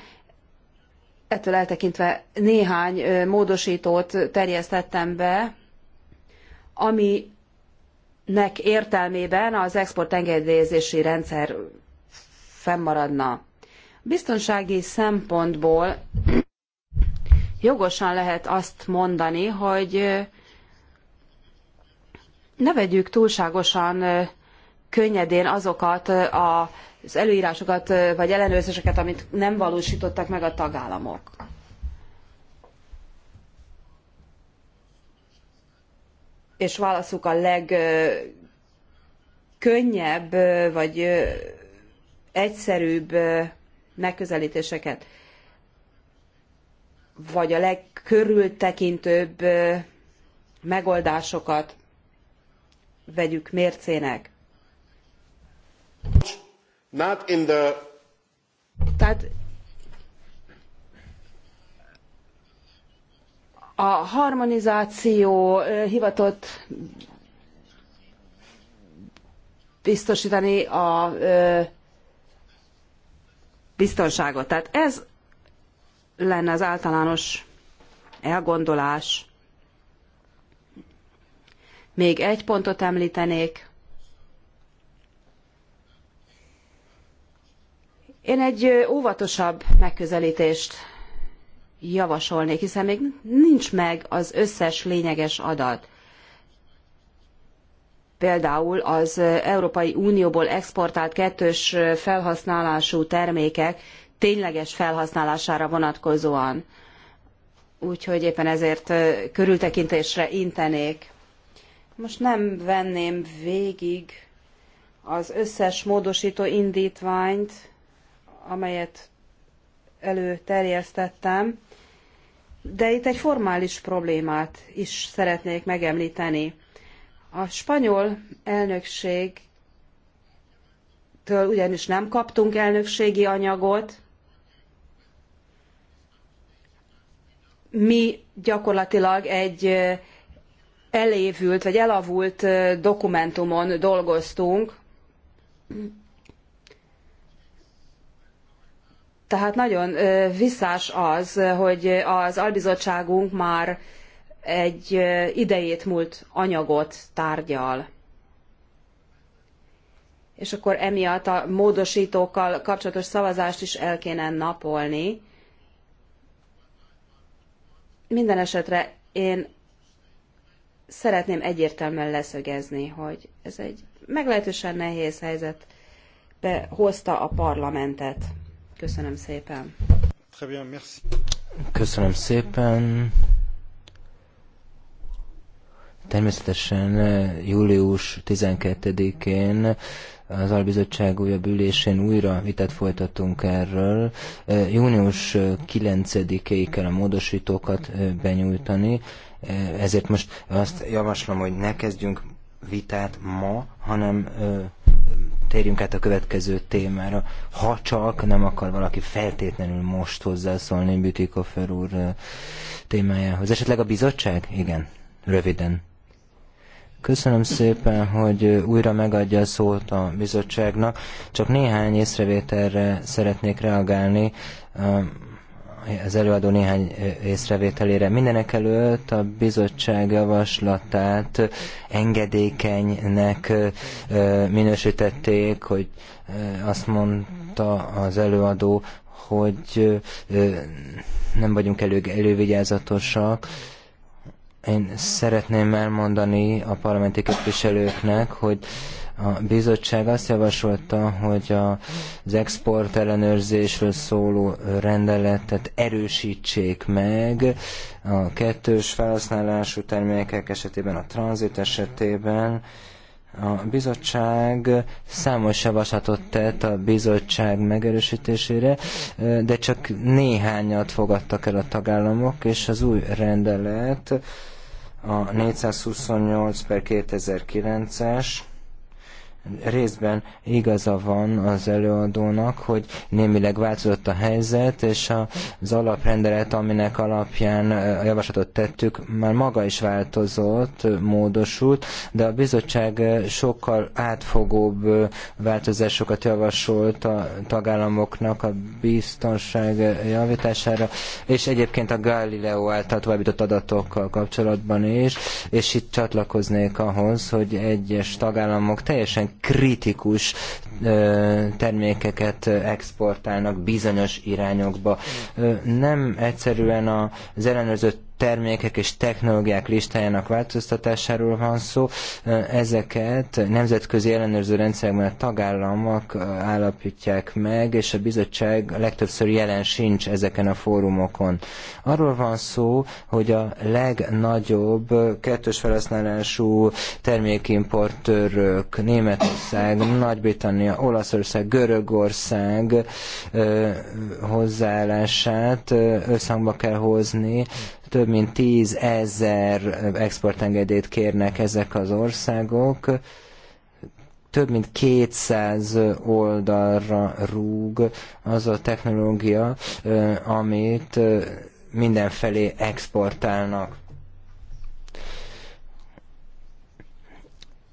Ettől eltekintve néhány módosítót terjesztettem be, aminek értelmében az export engedélyezési rendszer fennmaradna. Biztonsági szempontból jogosan lehet azt mondani, hogy ne vegyük túlságosan könnyedén azokat az előírásokat vagy ellenőrzéseket, amit nem valósítottak meg a tagállamok. És válaszuk a legkönnyebb vagy egyszerűbb megközelítéseket vagy a legkörültekintőbb megoldásokat vegyük mércének. Not in the... Tehát a harmonizáció hivatott biztosítani a biztonságot. Tehát ez lenne az általános elgondolás. Még egy pontot említenék. Én egy óvatosabb megközelítést javasolnék, hiszen még nincs meg az összes lényeges adat. Például az Európai Unióból exportált kettős felhasználású termékek tényleges felhasználására vonatkozóan. Úgyhogy éppen ezért körültekintésre intenék. Most nem venném végig az összes módosító indítványt, amelyet előterjesztettem, de itt egy formális problémát is szeretnék megemlíteni. A spanyol elnökségtől ugyanis nem kaptunk elnökségi anyagot, mi gyakorlatilag egy elévült vagy elavult dokumentumon dolgoztunk. Tehát nagyon visszás az, hogy az albizottságunk már egy idejét múlt anyagot tárgyal. És akkor emiatt a módosítókkal kapcsolatos szavazást is el kéne napolni. Minden esetre én szeretném egyértelműen leszögezni, hogy ez egy meglehetősen nehéz helyzet hozta a parlamentet. Köszönöm szépen. Köszönöm szépen. Természetesen eh, július 12-én az albizottság újabb ülésén újra vitát folytatunk erről. Június 9-éig kell a módosítókat benyújtani, ezért most azt javaslom, hogy ne kezdjünk vitát ma, hanem térjünk át a következő témára. Ha csak nem akar valaki feltétlenül most hozzászólni Bütikofer úr témájához. Esetleg a bizottság? Igen, röviden. Köszönöm szépen, hogy újra megadja a szót a bizottságnak. Csak néhány észrevételre szeretnék reagálni az előadó néhány észrevételére. Mindenek előtt a bizottság javaslatát engedékenynek minősítették, hogy azt mondta az előadó, hogy nem vagyunk elő, elővigyázatosak, én szeretném elmondani a parlamenti képviselőknek, hogy a bizottság azt javasolta, hogy a, az export ellenőrzésről szóló rendeletet erősítsék meg a kettős felhasználású termékek esetében, a tranzit esetében, a bizottság számos javaslatot tett a bizottság megerősítésére, de csak néhányat fogadtak el a tagállamok, és az új rendelet a 428 per 2009-es részben igaza van az előadónak, hogy némileg változott a helyzet, és az alaprendelet, aminek alapján a javaslatot tettük, már maga is változott, módosult, de a bizottság sokkal átfogóbb változásokat javasolt a tagállamoknak a biztonság javítására, és egyébként a Galileo által továbbított adatokkal kapcsolatban is, és itt csatlakoznék ahhoz, hogy egyes tagállamok teljesen kritikus termékeket exportálnak bizonyos irányokba. Nem egyszerűen az ellenőrzött termékek és technológiák listájának változtatásáról van szó. Ezeket nemzetközi ellenőrző rendszerekben a tagállamok állapítják meg, és a bizottság legtöbbször jelen sincs ezeken a fórumokon. Arról van szó, hogy a legnagyobb kettős felhasználású termékimportőrök Németország, Nagy-Britannia, Olaszország, Görögország hozzáállását összhangba kell hozni több mint 10 ezer exportengedélyt kérnek ezek az országok több mint 200 oldalra rúg az a technológia, amit mindenfelé exportálnak.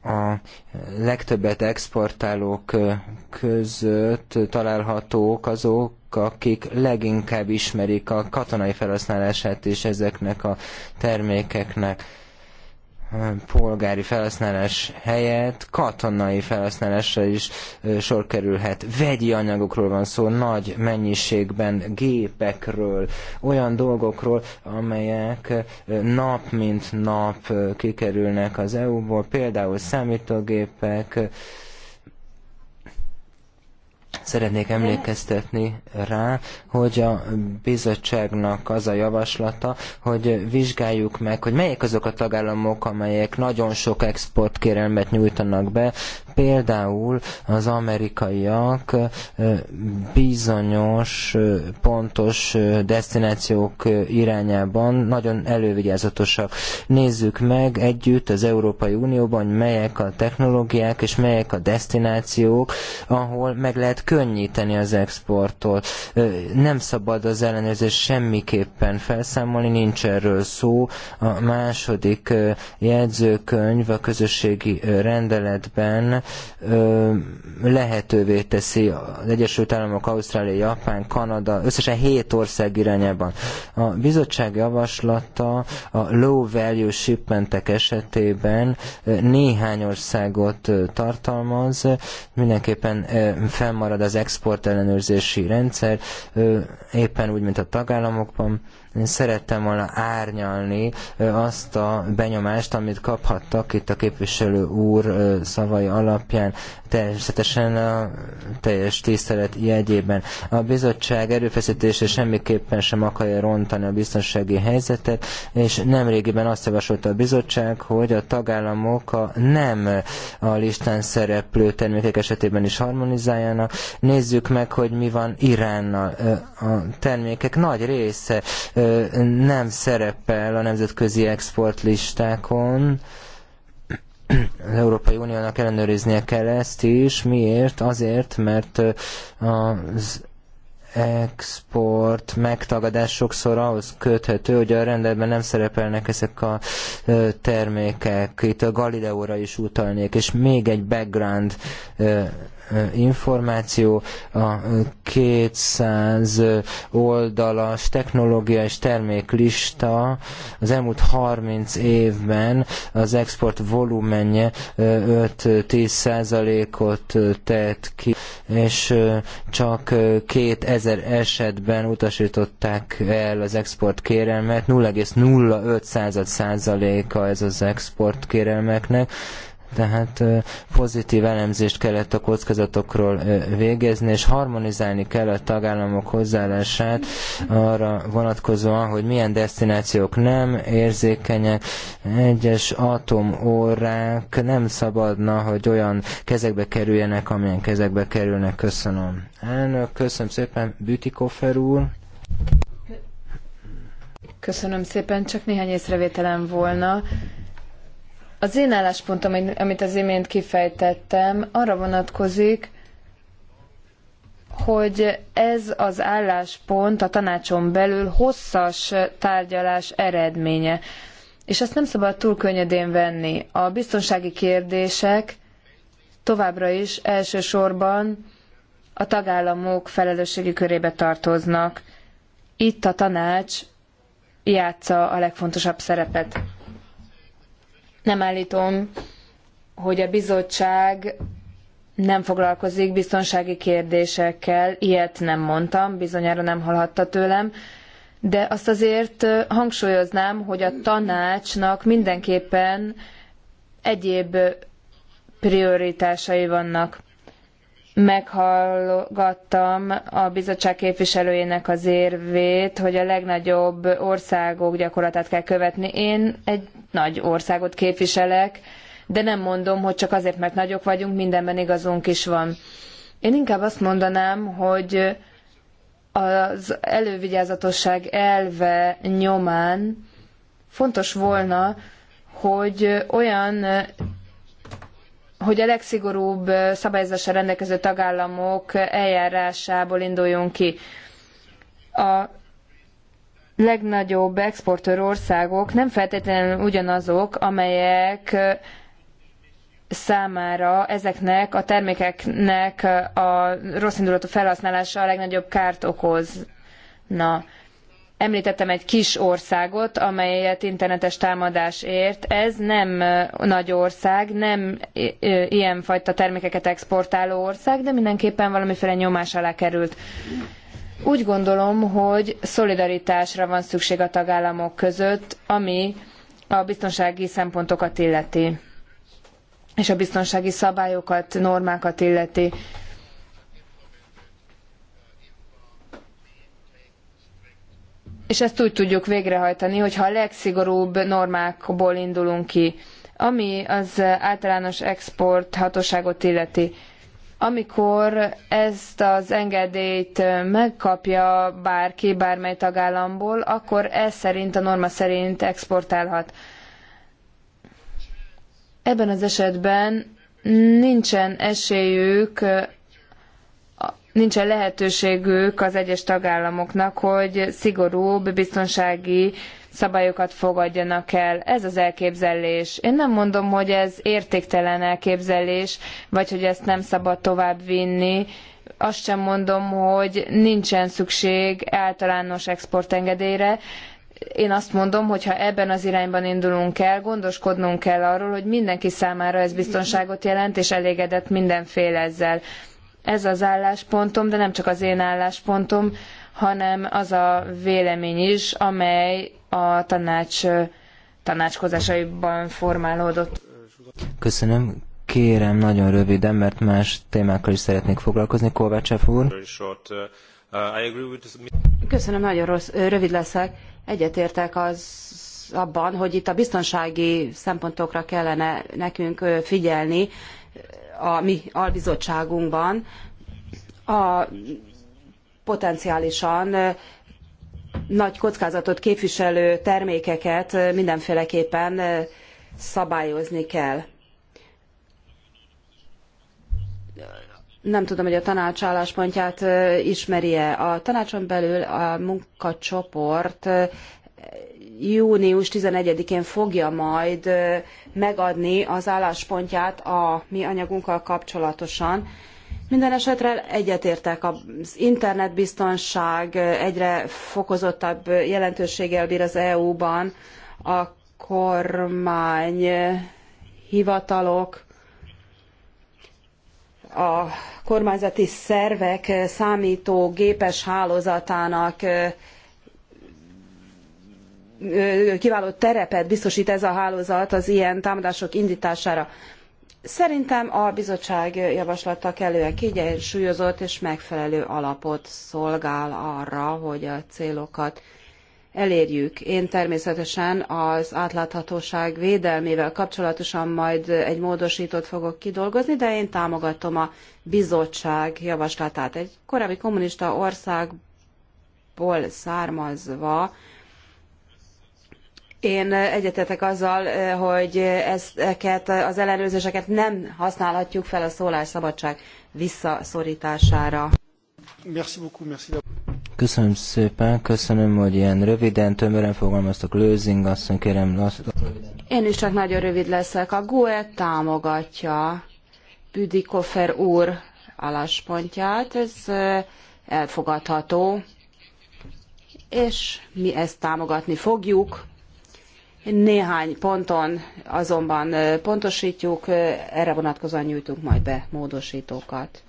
A legtöbbet exportálók között találhatók azok, akik leginkább ismerik a katonai felhasználását is ezeknek a termékeknek polgári felhasználás helyett katonai felhasználásra is sor kerülhet. Vegyi anyagokról van szó, nagy mennyiségben, gépekről, olyan dolgokról, amelyek nap mint nap kikerülnek az EU-ból, például számítógépek, Szeretnék emlékeztetni rá, hogy a bizottságnak az a javaslata, hogy vizsgáljuk meg, hogy melyek azok a tagállamok, amelyek nagyon sok exportkérelmet nyújtanak be, Például az amerikaiak bizonyos pontos destinációk irányában nagyon elővigyázatosak. Nézzük meg együtt az Európai Unióban, melyek a technológiák és melyek a destinációk, ahol meg lehet könnyíteni az exportot. Nem szabad az ellenőrzés semmiképpen felszámolni, nincs erről szó. A második jegyzőkönyv a közösségi rendeletben lehetővé teszi az Egyesült Államok, Ausztrália, Japán, Kanada, összesen 7 ország irányában. A bizottság javaslata a low value shipmentek esetében néhány országot tartalmaz, mindenképpen fennmarad az export ellenőrzési rendszer, éppen úgy, mint a tagállamokban. Én szerettem volna árnyalni azt a benyomást, amit kaphattak itt a képviselő úr szavai alapján, természetesen a teljes tisztelet jegyében. A bizottság erőfeszítése semmiképpen sem akarja rontani a biztonsági helyzetet, és nemrégiben azt javasolta a bizottság, hogy a tagállamok a nem a listán szereplő termékek esetében is harmonizáljanak. Nézzük meg, hogy mi van Iránnal. A termékek nagy része nem szerepel a nemzetközi exportlistákon. Az Európai Uniónak ellenőriznie kell ezt is. Miért? Azért, mert az export megtagadás sokszor ahhoz köthető, hogy a rendelben nem szerepelnek ezek a termékek. Itt a Galileóra is utalnék, és még egy background Eh, információ a 200 eh, eh, oldalas technológia és terméklista az elmúlt 30 évben az export volumenje 5-10 százalékot tett ki, és csak 2000 esetben utasították el az export kérelmet, 0,05 a ez az export kérelmeknek, tehát pozitív elemzést kellett a kockázatokról végezni, és harmonizálni kell a tagállamok hozzáállását arra vonatkozóan, hogy milyen destinációk nem érzékenyek, egyes atomórák nem szabadna, hogy olyan kezekbe kerüljenek, amilyen kezekbe kerülnek. Köszönöm. Elnök, köszönöm szépen, Bütikofer úr. Köszönöm szépen, csak néhány észrevételem volna. Az én álláspontom, amit az imént kifejtettem, arra vonatkozik, hogy ez az álláspont a tanácson belül hosszas tárgyalás eredménye. És ezt nem szabad túl könnyedén venni. A biztonsági kérdések továbbra is elsősorban a tagállamok felelősségi körébe tartoznak. Itt a tanács játsza a legfontosabb szerepet. Nem állítom, hogy a bizottság nem foglalkozik biztonsági kérdésekkel, ilyet nem mondtam, bizonyára nem hallhatta tőlem, de azt azért hangsúlyoznám, hogy a tanácsnak mindenképpen egyéb prioritásai vannak meghallgattam a bizottság képviselőjének az érvét, hogy a legnagyobb országok gyakorlatát kell követni. Én egy nagy országot képviselek, de nem mondom, hogy csak azért, mert nagyok vagyunk, mindenben igazunk is van. Én inkább azt mondanám, hogy az elővigyázatosság elve nyomán fontos volna, hogy olyan hogy a legszigorúbb szabályozással rendelkező tagállamok eljárásából induljon ki. A legnagyobb exportőr országok nem feltétlenül ugyanazok, amelyek számára ezeknek a termékeknek a rosszindulatú felhasználása a legnagyobb kárt okozna. Említettem egy kis országot, amelyet internetes támadás ért. Ez nem nagy ország, nem ilyen fajta termékeket exportáló ország, de mindenképpen valamiféle nyomás alá került. Úgy gondolom, hogy szolidaritásra van szükség a tagállamok között, ami a biztonsági szempontokat illeti, és a biztonsági szabályokat, normákat illeti. és ezt úgy tudjuk végrehajtani, hogyha a legszigorúbb normákból indulunk ki, ami az általános export hatóságot illeti. Amikor ezt az engedélyt megkapja bárki, bármely tagállamból, akkor ez szerint, a norma szerint exportálhat. Ebben az esetben nincsen esélyük nincsen lehetőségük az egyes tagállamoknak, hogy szigorúbb biztonsági szabályokat fogadjanak el. Ez az elképzelés. Én nem mondom, hogy ez értéktelen elképzelés, vagy hogy ezt nem szabad tovább vinni. Azt sem mondom, hogy nincsen szükség általános exportengedélyre, én azt mondom, hogy ha ebben az irányban indulunk el, gondoskodnunk kell arról, hogy mindenki számára ez biztonságot jelent, és elégedett mindenféle ezzel. Ez az álláspontom, de nem csak az én álláspontom, hanem az a vélemény is, amely a tanács tanácskozásaiban formálódott. Köszönöm. Kérem nagyon röviden, mert más témákkal is szeretnék foglalkozni. Kovácsáv úr. Uh, uh, Köszönöm, nagyon rossz, rövid leszek. Egyetértek az abban, hogy itt a biztonsági szempontokra kellene nekünk figyelni, a mi albizottságunkban a potenciálisan nagy kockázatot képviselő termékeket mindenféleképpen szabályozni kell. Nem tudom, hogy a tanács álláspontját ismeri-e. A tanácson belül a munkacsoport június 11-én fogja majd megadni az álláspontját a mi anyagunkkal kapcsolatosan. Minden esetre egyetértek az internetbiztonság egyre fokozottabb jelentőséggel bír az EU-ban, a kormány hivatalok, a kormányzati szervek számító gépes hálózatának kiváló terepet biztosít ez a hálózat az ilyen támadások indítására. Szerintem a bizottság javaslata kellően kiegyensúlyozott és megfelelő alapot szolgál arra, hogy a célokat elérjük. Én természetesen az átláthatóság védelmével kapcsolatosan majd egy módosítót fogok kidolgozni, de én támogatom a bizottság javaslatát. Egy korábbi kommunista országból származva én egyetetek azzal, hogy ezeket az ellenőrzéseket nem használhatjuk fel a szólásszabadság visszaszorítására. Köszönöm szépen, köszönöm, hogy ilyen röviden, tömören fogalmaztak Lőzing, asszony kérem lassan. Én is csak nagyon rövid leszek. A GUE támogatja Büdikofer úr álláspontját, ez elfogadható, és mi ezt támogatni fogjuk. Néhány ponton azonban pontosítjuk, erre vonatkozóan nyújtunk majd be módosítókat.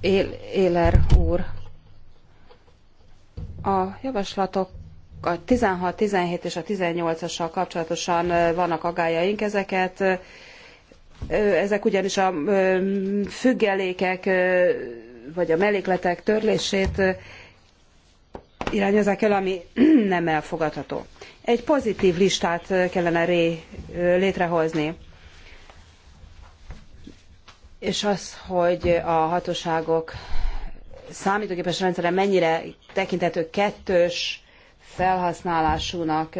Él, Éler úr, a javaslatok a 16, 17 és a 18-assal kapcsolatosan vannak agályaink ezeket. Ezek ugyanis a függelékek vagy a mellékletek törlését irányozzák el, ami nem elfogadható. Egy pozitív listát kellene ré, létrehozni. És az, hogy a hatóságok számítógépes rendszere mennyire tekintető kettős felhasználásúnak,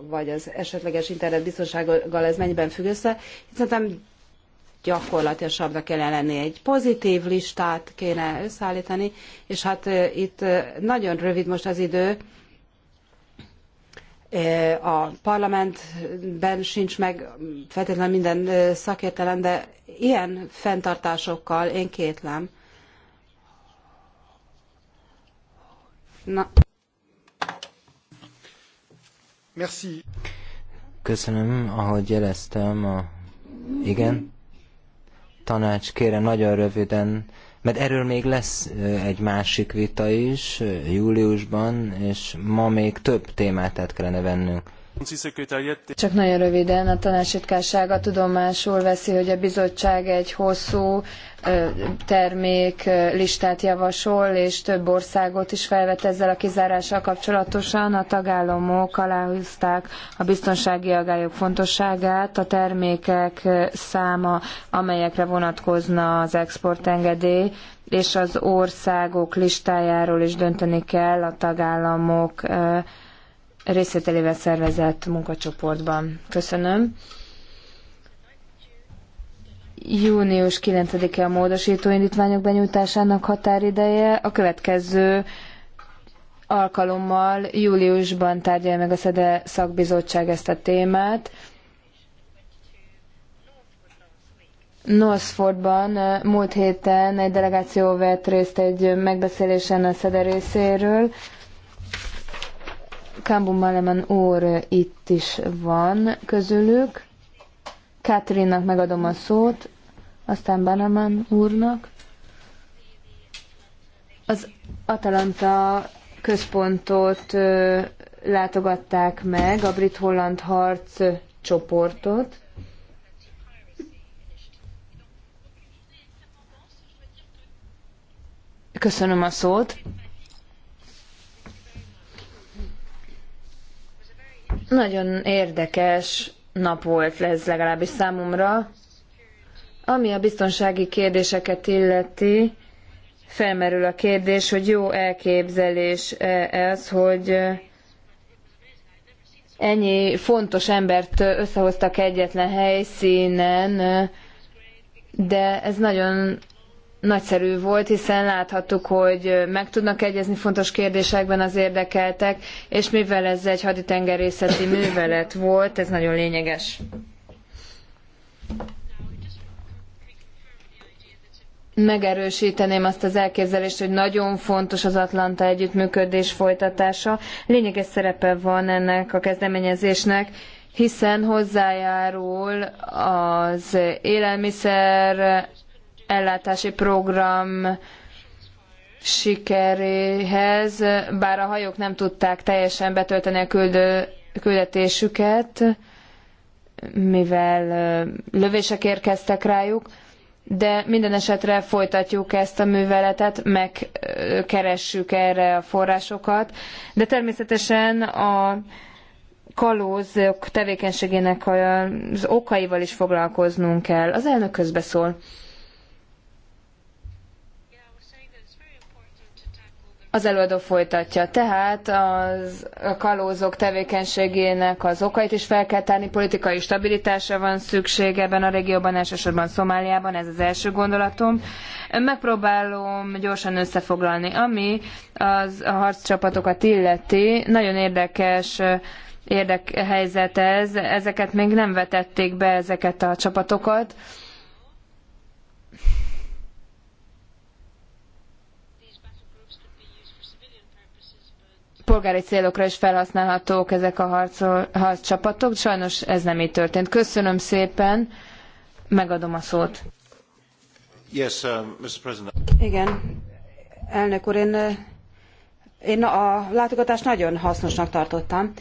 vagy az esetleges internet biztonsággal ez mennyiben függ össze. Itt szerintem gyakorlatilasabbnak kellene lenni. Egy pozitív listát kéne összeállítani, és hát itt nagyon rövid most az idő, a parlamentben sincs meg feltétlenül minden szakértelem, de ilyen fenntartásokkal én kétlem. Na. Merci. Köszönöm, ahogy jeleztem a... Igen? tanács kérem, nagyon röviden, mert erről még lesz egy másik vita is júliusban, és ma még több témát át kellene vennünk. Csak nagyon röviden a tanácsitkársága tudomásul veszi, hogy a bizottság egy hosszú termék listát javasol, és több országot is felvet ezzel a kizárással kapcsolatosan. A tagállamok aláhúzták a biztonsági agályok fontosságát, a termékek száma, amelyekre vonatkozna az exportengedély, és az országok listájáról is dönteni kell a tagállamok részvételével szervezett munkacsoportban. Köszönöm. Június 9-e a módosító indítványok benyújtásának határideje. A következő alkalommal júliusban tárgyalja meg a SZEDE szakbizottság ezt a témát. Northfordban eh, múlt héten egy delegáció vett részt egy megbeszélésen a SZEDE részéről, Kambu Maleman úr itt is van közülük. Katrinnak megadom a szót, aztán Baleman úrnak. Az Atalanta központot látogatták meg, a brit-holland harc csoportot. Köszönöm a szót. Nagyon érdekes nap volt ez legalábbis számomra. Ami a biztonsági kérdéseket illeti, felmerül a kérdés, hogy jó elképzelés e, ez, hogy e, ennyi fontos embert összehoztak egyetlen helyszínen, e, de ez nagyon nagyszerű volt, hiszen láthattuk, hogy meg tudnak egyezni fontos kérdésekben az érdekeltek, és mivel ez egy haditengerészeti művelet volt, ez nagyon lényeges. megerősíteném azt az elképzelést, hogy nagyon fontos az Atlanta együttműködés folytatása. Lényeges szerepe van ennek a kezdeményezésnek, hiszen hozzájárul az élelmiszer ellátási program sikeréhez, bár a hajók nem tudták teljesen betölteni a küldő, küldetésüket, mivel lövések érkeztek rájuk, de minden esetre folytatjuk ezt a műveletet, megkeressük erre a forrásokat, de természetesen a kalózok tevékenységének az okaival is foglalkoznunk kell. Az elnök közbeszól. Az előadó folytatja. Tehát az, a kalózok tevékenységének az okait is fel kell tárni, politikai stabilitásra van szükség ebben a régióban, elsősorban Szomáliában, ez az első gondolatom. Megpróbálom gyorsan összefoglalni, ami az a harccsapatokat illeti. Nagyon érdekes helyzet ez, ezeket még nem vetették be, ezeket a csapatokat polgári célokra is felhasználhatók ezek a harc harccsapatok. Sajnos ez nem így történt. Köszönöm szépen, megadom a szót. Yes, uh, Mr. President. Igen, elnök úr, én, uh, én a látogatást nagyon hasznosnak tartottam,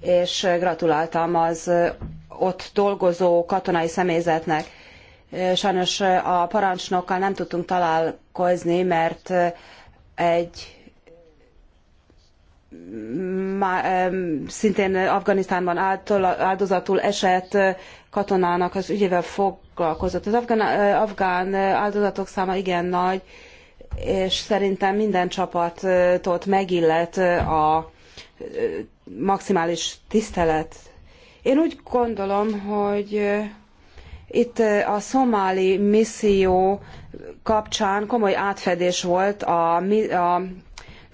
és gratuláltam az uh, ott dolgozó katonai személyzetnek. Uh, sajnos a parancsnokkal nem tudtunk találkozni, mert egy má, szintén Afganisztánban áldozatul esett katonának az ügyével foglalkozott. Az afgán, eh, afgán áldozatok száma igen nagy, és szerintem minden csapatot megillet a eh, maximális tisztelet. Én úgy gondolom, hogy eh, itt a szomáli misszió kapcsán komoly átfedés volt a, a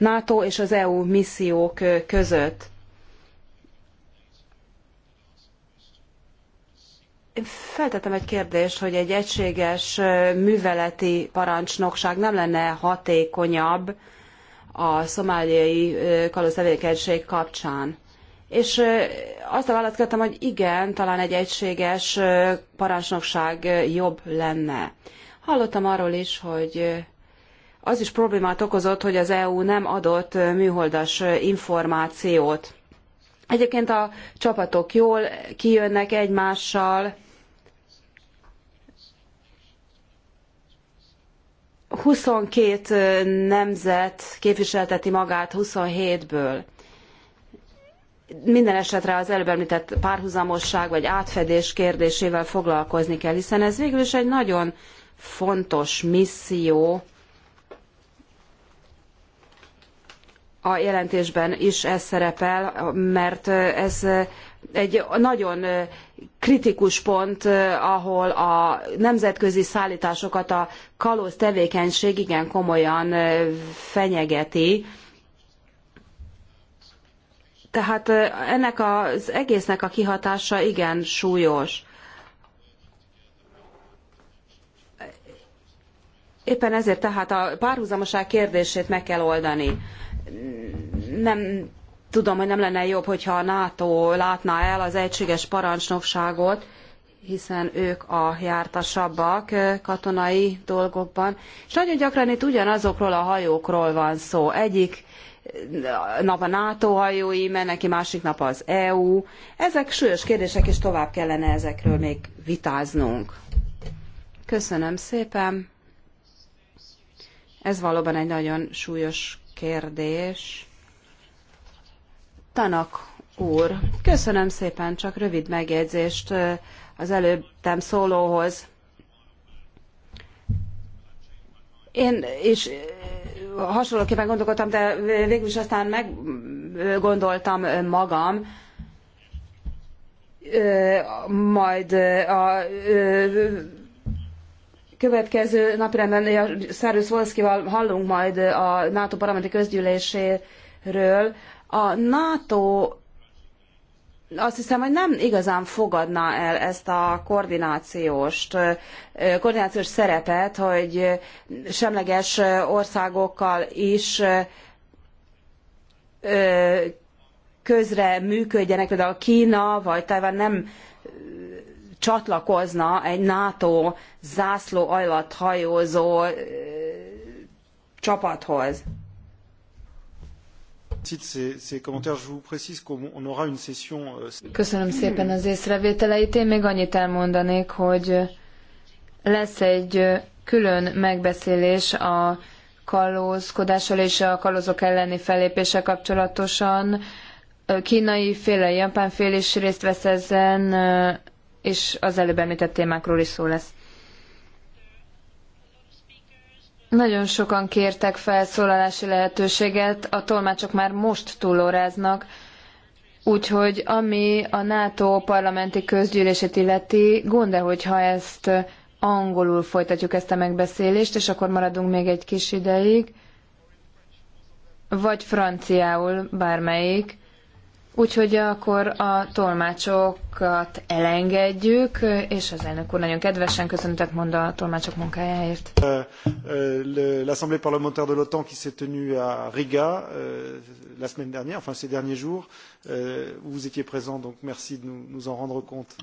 NATO és az EU missziók között. Én feltettem egy kérdést, hogy egy egységes műveleti parancsnokság nem lenne hatékonyabb a szomáliai kalóztevékenység kapcsán. És azt a választ kaptam, hogy igen, talán egy egységes parancsnokság jobb lenne. Hallottam arról is, hogy az is problémát okozott, hogy az EU nem adott műholdas információt. Egyébként a csapatok jól kijönnek egymással. 22 nemzet képviselteti magát 27-ből. Minden esetre az előbb említett párhuzamosság vagy átfedés kérdésével foglalkozni kell, hiszen ez végül is egy nagyon fontos misszió, a jelentésben is ez szerepel, mert ez egy nagyon kritikus pont, ahol a nemzetközi szállításokat a kalóz tevékenység igen komolyan fenyegeti. Tehát ennek az egésznek a kihatása igen súlyos. Éppen ezért tehát a párhuzamoság kérdését meg kell oldani nem tudom, hogy nem lenne jobb, hogyha a NATO látná el az egységes parancsnokságot, hiszen ők a jártasabbak katonai dolgokban. És nagyon gyakran itt ugyanazokról a hajókról van szó. Egyik nap a NATO hajói, neki másik nap az EU. Ezek súlyos kérdések, és tovább kellene ezekről még vitáznunk. Köszönöm szépen. Ez valóban egy nagyon súlyos kérdés. Tanak úr, köszönöm szépen, csak rövid megjegyzést az előttem szólóhoz. Én is hasonlóképpen gondolkodtam, de végül is aztán meggondoltam magam, majd a következő napirenden Szerusz Volszkival hallunk majd a NATO parlamenti közgyűléséről. A NATO azt hiszem, hogy nem igazán fogadna el ezt a koordinációs, koordinációs szerepet, hogy semleges országokkal is közre működjenek, például Kína vagy Tajvan nem csatlakozna egy NATO zászló alatt hajózó csapathoz. Euh, Köszönöm szépen az észrevételeit. Én még annyit elmondanék, hogy lesz egy külön megbeszélés a kalózkodással és a kalózok elleni fellépése kapcsolatosan. Kínai féle, japán fél is részt vesz ezen és az előbb említett témákról is szó lesz. Nagyon sokan kértek felszólalási lehetőséget, a tolmácsok már most túlóráznak, úgyhogy ami a NATO parlamenti közgyűlését illeti, gond -e, hogyha ezt angolul folytatjuk ezt a megbeszélést, és akkor maradunk még egy kis ideig, vagy franciául, bármelyik. Úgyhogy akkor a tolmácsokat elengedjük, és az elnök úr nagyon kedvesen köszöntet mond a tolmácsok munkájáért. Euh, euh, L'Assemblée parlementaire de l'OTAN qui s'est tenue à Riga euh, la semaine dernière, enfin ces derniers jours, vous étiez présent, donc merci de nous en rendre compte.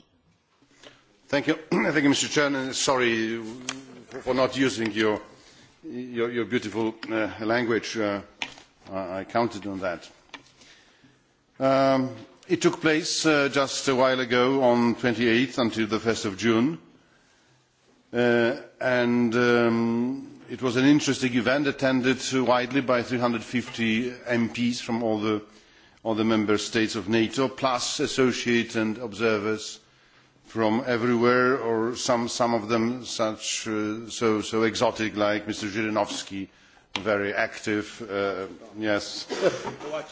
Thank you. Thank you, Mr. Chairman. Sorry for not using your, your, your beautiful uh, language. Uh, I counted on that Um, it took place uh, just a while ago on 28 eight until the 1st of June. Uh, and um, it was an interesting event attended widely by 350 MPs from all the, member states of NATO, plus associates and observers from everywhere, or some, of them such uh, so, exotic like Mr. Zhirinovsky, very active. Uh, yes. Oh,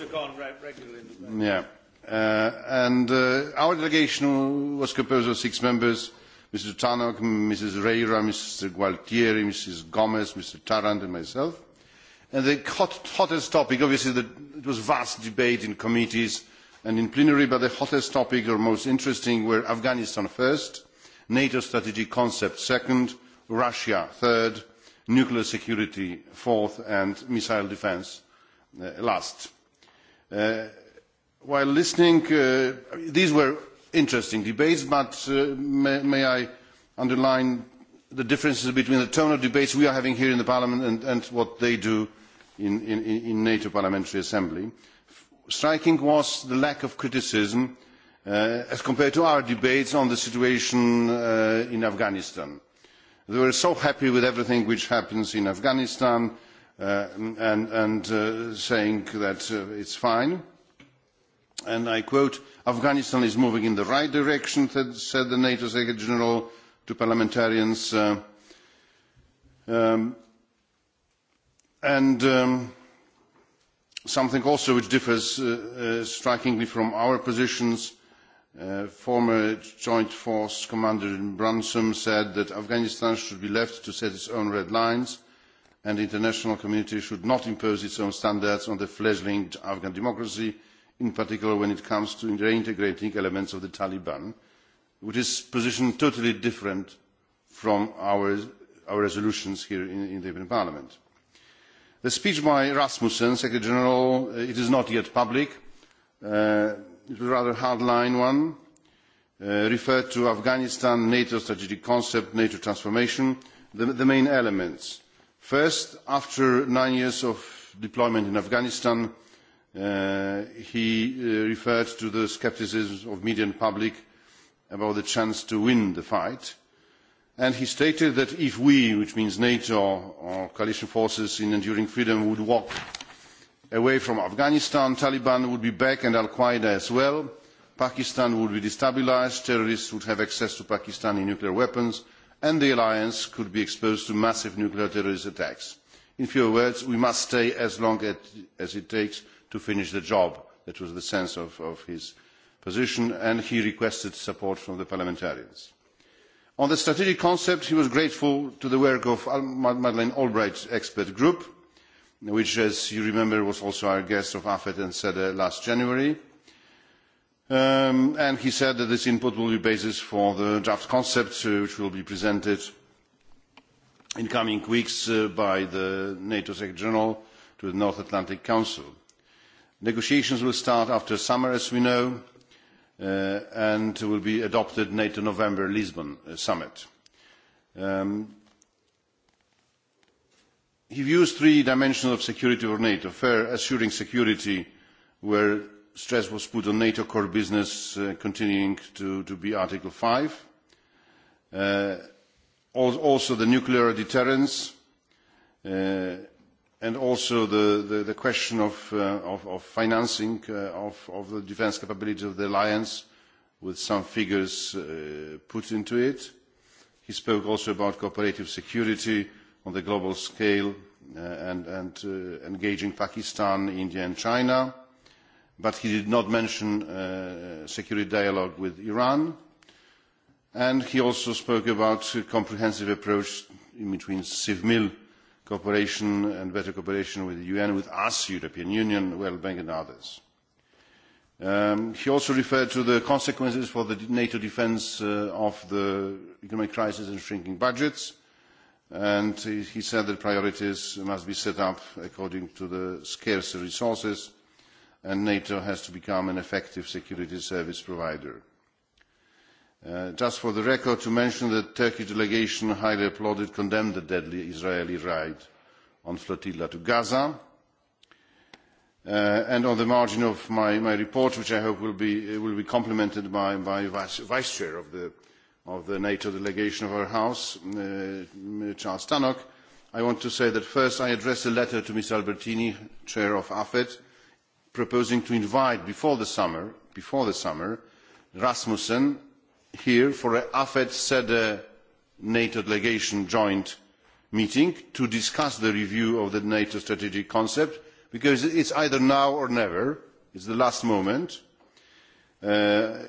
yeah. Uh, and uh, our delegation was composed of six members, Mr. Tannock, Mrs. Reira, Mr. Gualtieri, Mrs. Gomez, Mr. Tarrant, and myself. And the hot, hottest topic, obviously, the, it was vast debate in committees and in plenary, but the hottest topic or most interesting were Afghanistan first, NATO strategic concept second, Russia third, nuclear security fourth, and missile defence uh, last. Uh, while listening, uh, these were interesting debates, but may, I underline the differences between the tone of debates we are having here in the Parliament and, what they do in, the NATO Parliamentary Assembly. Striking was the lack of criticism as compared to our debates on the situation in Afghanistan they were so happy with everything which happens in afghanistan uh, and, uh, saying that it uh, it's fine and i quote afghanistan is moving in the right direction said the nato secretary general to parliamentarians um, and um, something also which differs strikingly from our positions Uh, former Joint Force Commander Brunsum said that Afghanistan should be left to set its own red lines and the international community should not impose its own standards on the fledgling Afghan democracy, in particular when it comes to reintegrating elements of the Taliban, which is a position totally different from our, our resolutions here in, in the European Parliament. The speech by Rasmussen, Secretary General, uh, it is not yet public. Uh, is a rather hardline one, uh, referred to Afghanistan, NATO strategic concept, NATO transformation, the, the main elements. First, after nine years of deployment in Afghanistan, uh, he uh, referred to the scepticism of media and public about the chance to win the fight. And he stated that if we, which means NATO or coalition forces in enduring freedom, would walk away from afghanistan taliban would be back and al qaeda as well pakistan would be destabilised terrorists would have access to pakistani nuclear weapons and the alliance could be exposed to massive nuclear terrorist attacks. in fewer words we must stay as long as it takes to finish the job. that was the sense of, of his position and he requested support from the parliamentarians. on the strategic concept he was grateful to the work of madeleine albright's expert group which, as you remember, was also our guest of AFET and SEDE last January. Um, and he said that this input will be basis for the draft concept, uh, which will be presented in coming weeks uh, by the NATO Secretary General to the North Atlantic Council. Negotiations will start after summer, as we know, uh, and will be adopted NATO November Lisbon uh, Summit. Um, he views three dimensions of security for nato first assuring security where stress was put on nato core business uh, continuing to, be article five uh, also the nuclear deterrence uh, and also the, question of, financing of, the defence capability of the alliance with some figures put into it. He spoke also about cooperative security on the global scale uh, and, and uh, engaging Pakistan, India and China. But he did not mention uh, security dialogue with Iran. And he also spoke about a comprehensive approach in between civil cooperation and better cooperation with the UN, with us, European Union, World Bank and others. Um, he also referred to the consequences for the NATO defence uh, of the economic crisis and shrinking budgets and he said that priorities must be set up according to the scarce resources and nato has to become an effective security service provider. Uh, just for the record to mention that the turkish delegation highly applauded condemned the deadly israeli raid on flotilla to gaza uh, and on the margin of my, my report which i hope will be, will be complemented by, by vice, vice chair of the of the NATO delegation of our House, uh, Charles Tannock, I want to say that first I addressed a letter to Mr. Albertini, Chair of AFET, proposing to invite before the summer, before the summer Rasmussen here for an AFET SEDE NATO delegation joint meeting to discuss the review of the NATO strategic concept because it's either now or never, it's the last moment. Uh,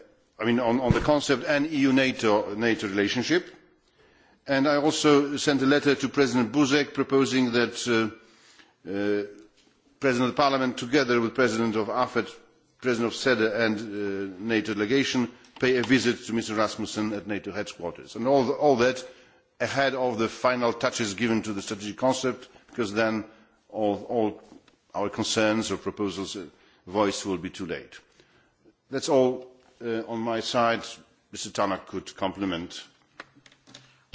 I mean, on, the concept and EU NATO, relationship. And I also sent a letter to President Buzek proposing that uh, uh, President of Parliament, together with President of AFET, President of SEDA and uh, NATO delegation, pay a visit to Mr. Rasmussen at NATO headquarters. And all, that ahead of the final touches given to the strategic concept, because then all, all our concerns or proposals voiced will be too late. That's all Uh, on my side, Mr. Tannock could complement.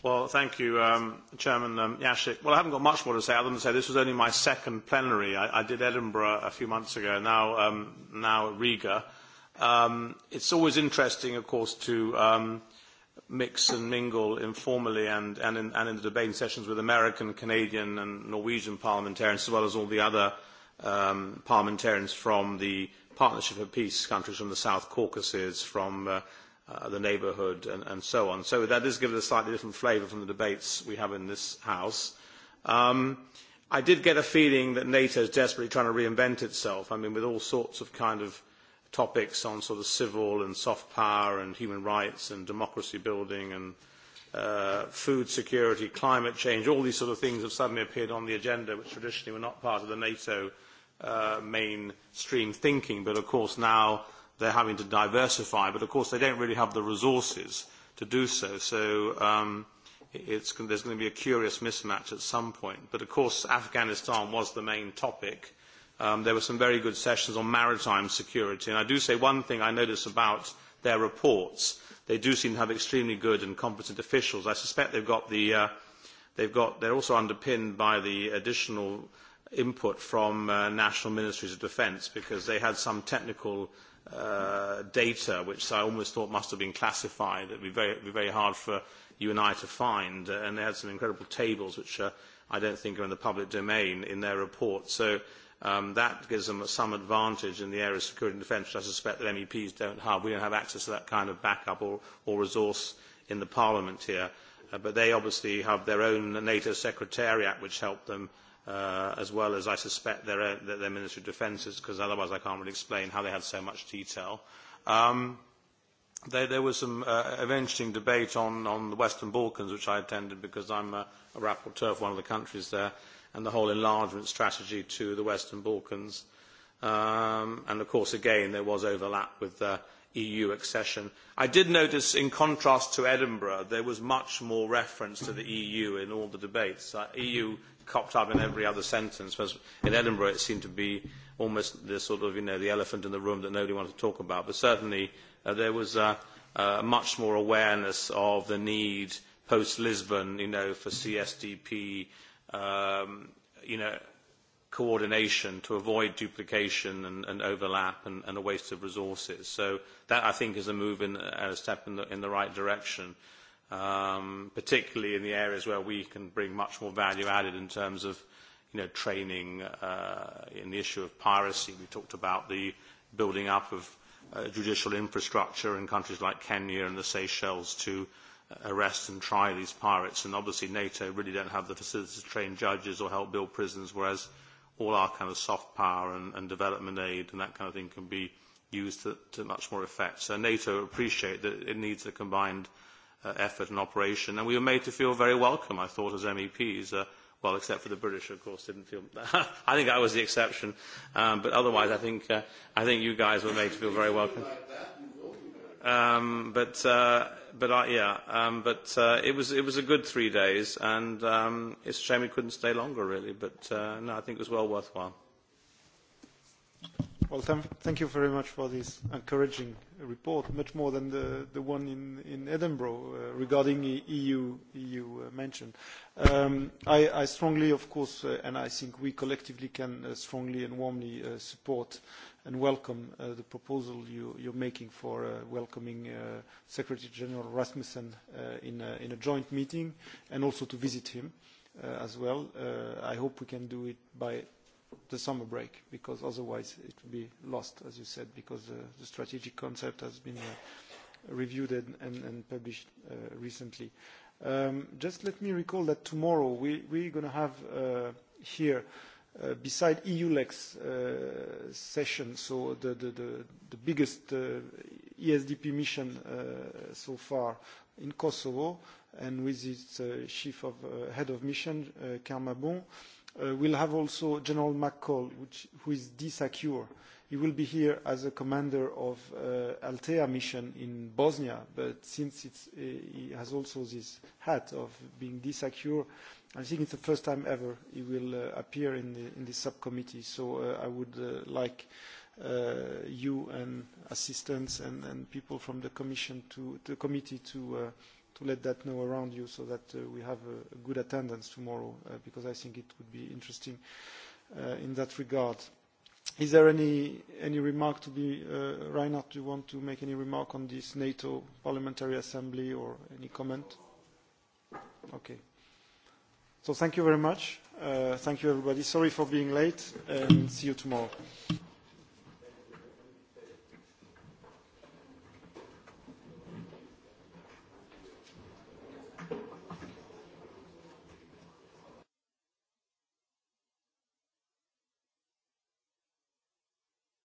Well, thank you, um, Chairman um, Well, I haven't got much more to say other than to say this was only my second plenary. I, did Edinburgh a few months ago, now, um, now Riga. it it's always interesting, of course, to mix and mingle informally and, and, in, and in the debating sessions with American, Canadian and Norwegian parliamentarians, as well as all the other um, parliamentarians from the Partnership for Peace countries from the South Caucasus, from uh, uh, the neighbourhood, and, and so on. So that does give it a slightly different flavour from the debates we have in this House. Um, I did get a feeling that NATO is desperately trying to reinvent itself. I mean, with all sorts of kind of topics on sort of civil and soft power and human rights and democracy building and uh, food security, climate change, all these sort of things have suddenly appeared on the agenda, which traditionally were not part of the NATO Uh, mainstream thinking, but of course now they're having to diversify, but of course they don't really have the resources to do so. So um, it's, there's going to be a curious mismatch at some point. But of course Afghanistan was the main topic. Um, there were some very good sessions on maritime security. And I do say one thing I notice about their reports. They do seem to have extremely good and competent officials. I suspect they've got the, uh, they've got, they're also underpinned by the additional input from uh, national ministries of defence because they had some technical uh, data which I almost thought must have been classified. It would be very, be very hard for you and I to find. Uh, and they had some incredible tables which uh, I don't think are in the public domain in their report. So um, that gives them some advantage in the area of security and defence, which I suspect that MEPs don't have. We don't have access to that kind of backup or, or resource in the Parliament here. Uh, but they obviously have their own NATO Secretariat, which helped them uh, uh, as well as I suspect their, own, their Minister of Defence, because otherwise I can't really explain how they had so much detail. Um, there, there was some uh, an interesting debate on, on the Western Balkans, which I attended because I'm a, a rapporteur for one of the countries there, and the whole enlargement strategy to the Western Balkans. Um, and of course, again, there was overlap with the EU accession. I did notice, in contrast to Edinburgh, there was much more reference to the EU in all the debates. Uh, EU copped up in every other sentence. Whereas in Edinburgh, it seemed to be almost the sort of you know the elephant in the room that nobody wanted to talk about. But certainly, uh, there was a much more awareness of the need post Lisbon, you know, for CSDP, um, you know, coordination to avoid duplication and, and overlap and, and a waste of resources. So that I think is a move in, a step in the, in the right direction Um, particularly in the areas where we can bring much more value added in terms of you know, training uh, in the issue of piracy. We talked about the building up of uh, judicial infrastructure in countries like Kenya and the Seychelles to arrest and try these pirates. And obviously NATO really don't have the facilities to train judges or help build prisons, whereas all our kind of soft power and, and development aid and that kind of thing can be used to, to much more effect. So NATO appreciate that it needs a combined – uh, effort and operation. And we were made to feel very welcome, I thought, as MEPs. Uh, well, except for the British, of course, didn't feel. I think I was the exception, um, but otherwise, I think uh, I think you guys were made to feel very welcome. Um, but uh, but uh, yeah, um, but uh, it was it was a good three days, and um, it's a shame we couldn't stay longer, really. But uh, no, I think it was well worthwhile. Well, thank you very much for this encouraging report, much more than the, the one in, in Edinburgh uh, regarding EU, e EU uh, mention. Um, I, I strongly, of course, uh, and I think we collectively can uh, strongly and warmly uh, support and welcome uh, the proposal you, you're making for uh, welcoming uh, Secretary General Rasmussen uh, in, a, in a joint meeting and also to visit him uh, as well. Uh, I hope we can do it by the summer break, because otherwise it would be lost, as you said, because uh, the strategic concept has been uh, reviewed and, and, and published uh, recently. Um, just let me recall that tomorrow we, we're going to have uh, here, uh, beside EULEX uh, session, so the, the, the, the biggest uh, ESDP mission uh, so far in Kosovo, and with its uh, chief of uh, head of mission, uh, Kermabon, uh, Uh, we'll have also General McCall, which, who is DSACURE. He will be here as a commander of uh, Altea mission in Bosnia, but since it's, uh, he has also this hat of being DSACURE, I think it's the first time ever he will uh, appear in, the, in this subcommittee. So uh, I would uh, like uh, you and assistants and, and people from the commission to the committee to uh, to let that know around you so that uh, we have a, a good attendance tomorrow uh, because I think it would be interesting uh, in that regard. Is there any, any remark to be, uh, Reinhard, do you want to make any remark on this NATO Parliamentary Assembly or any comment? Okay. So thank you very much. Uh, thank you everybody. Sorry for being late and see you tomorrow.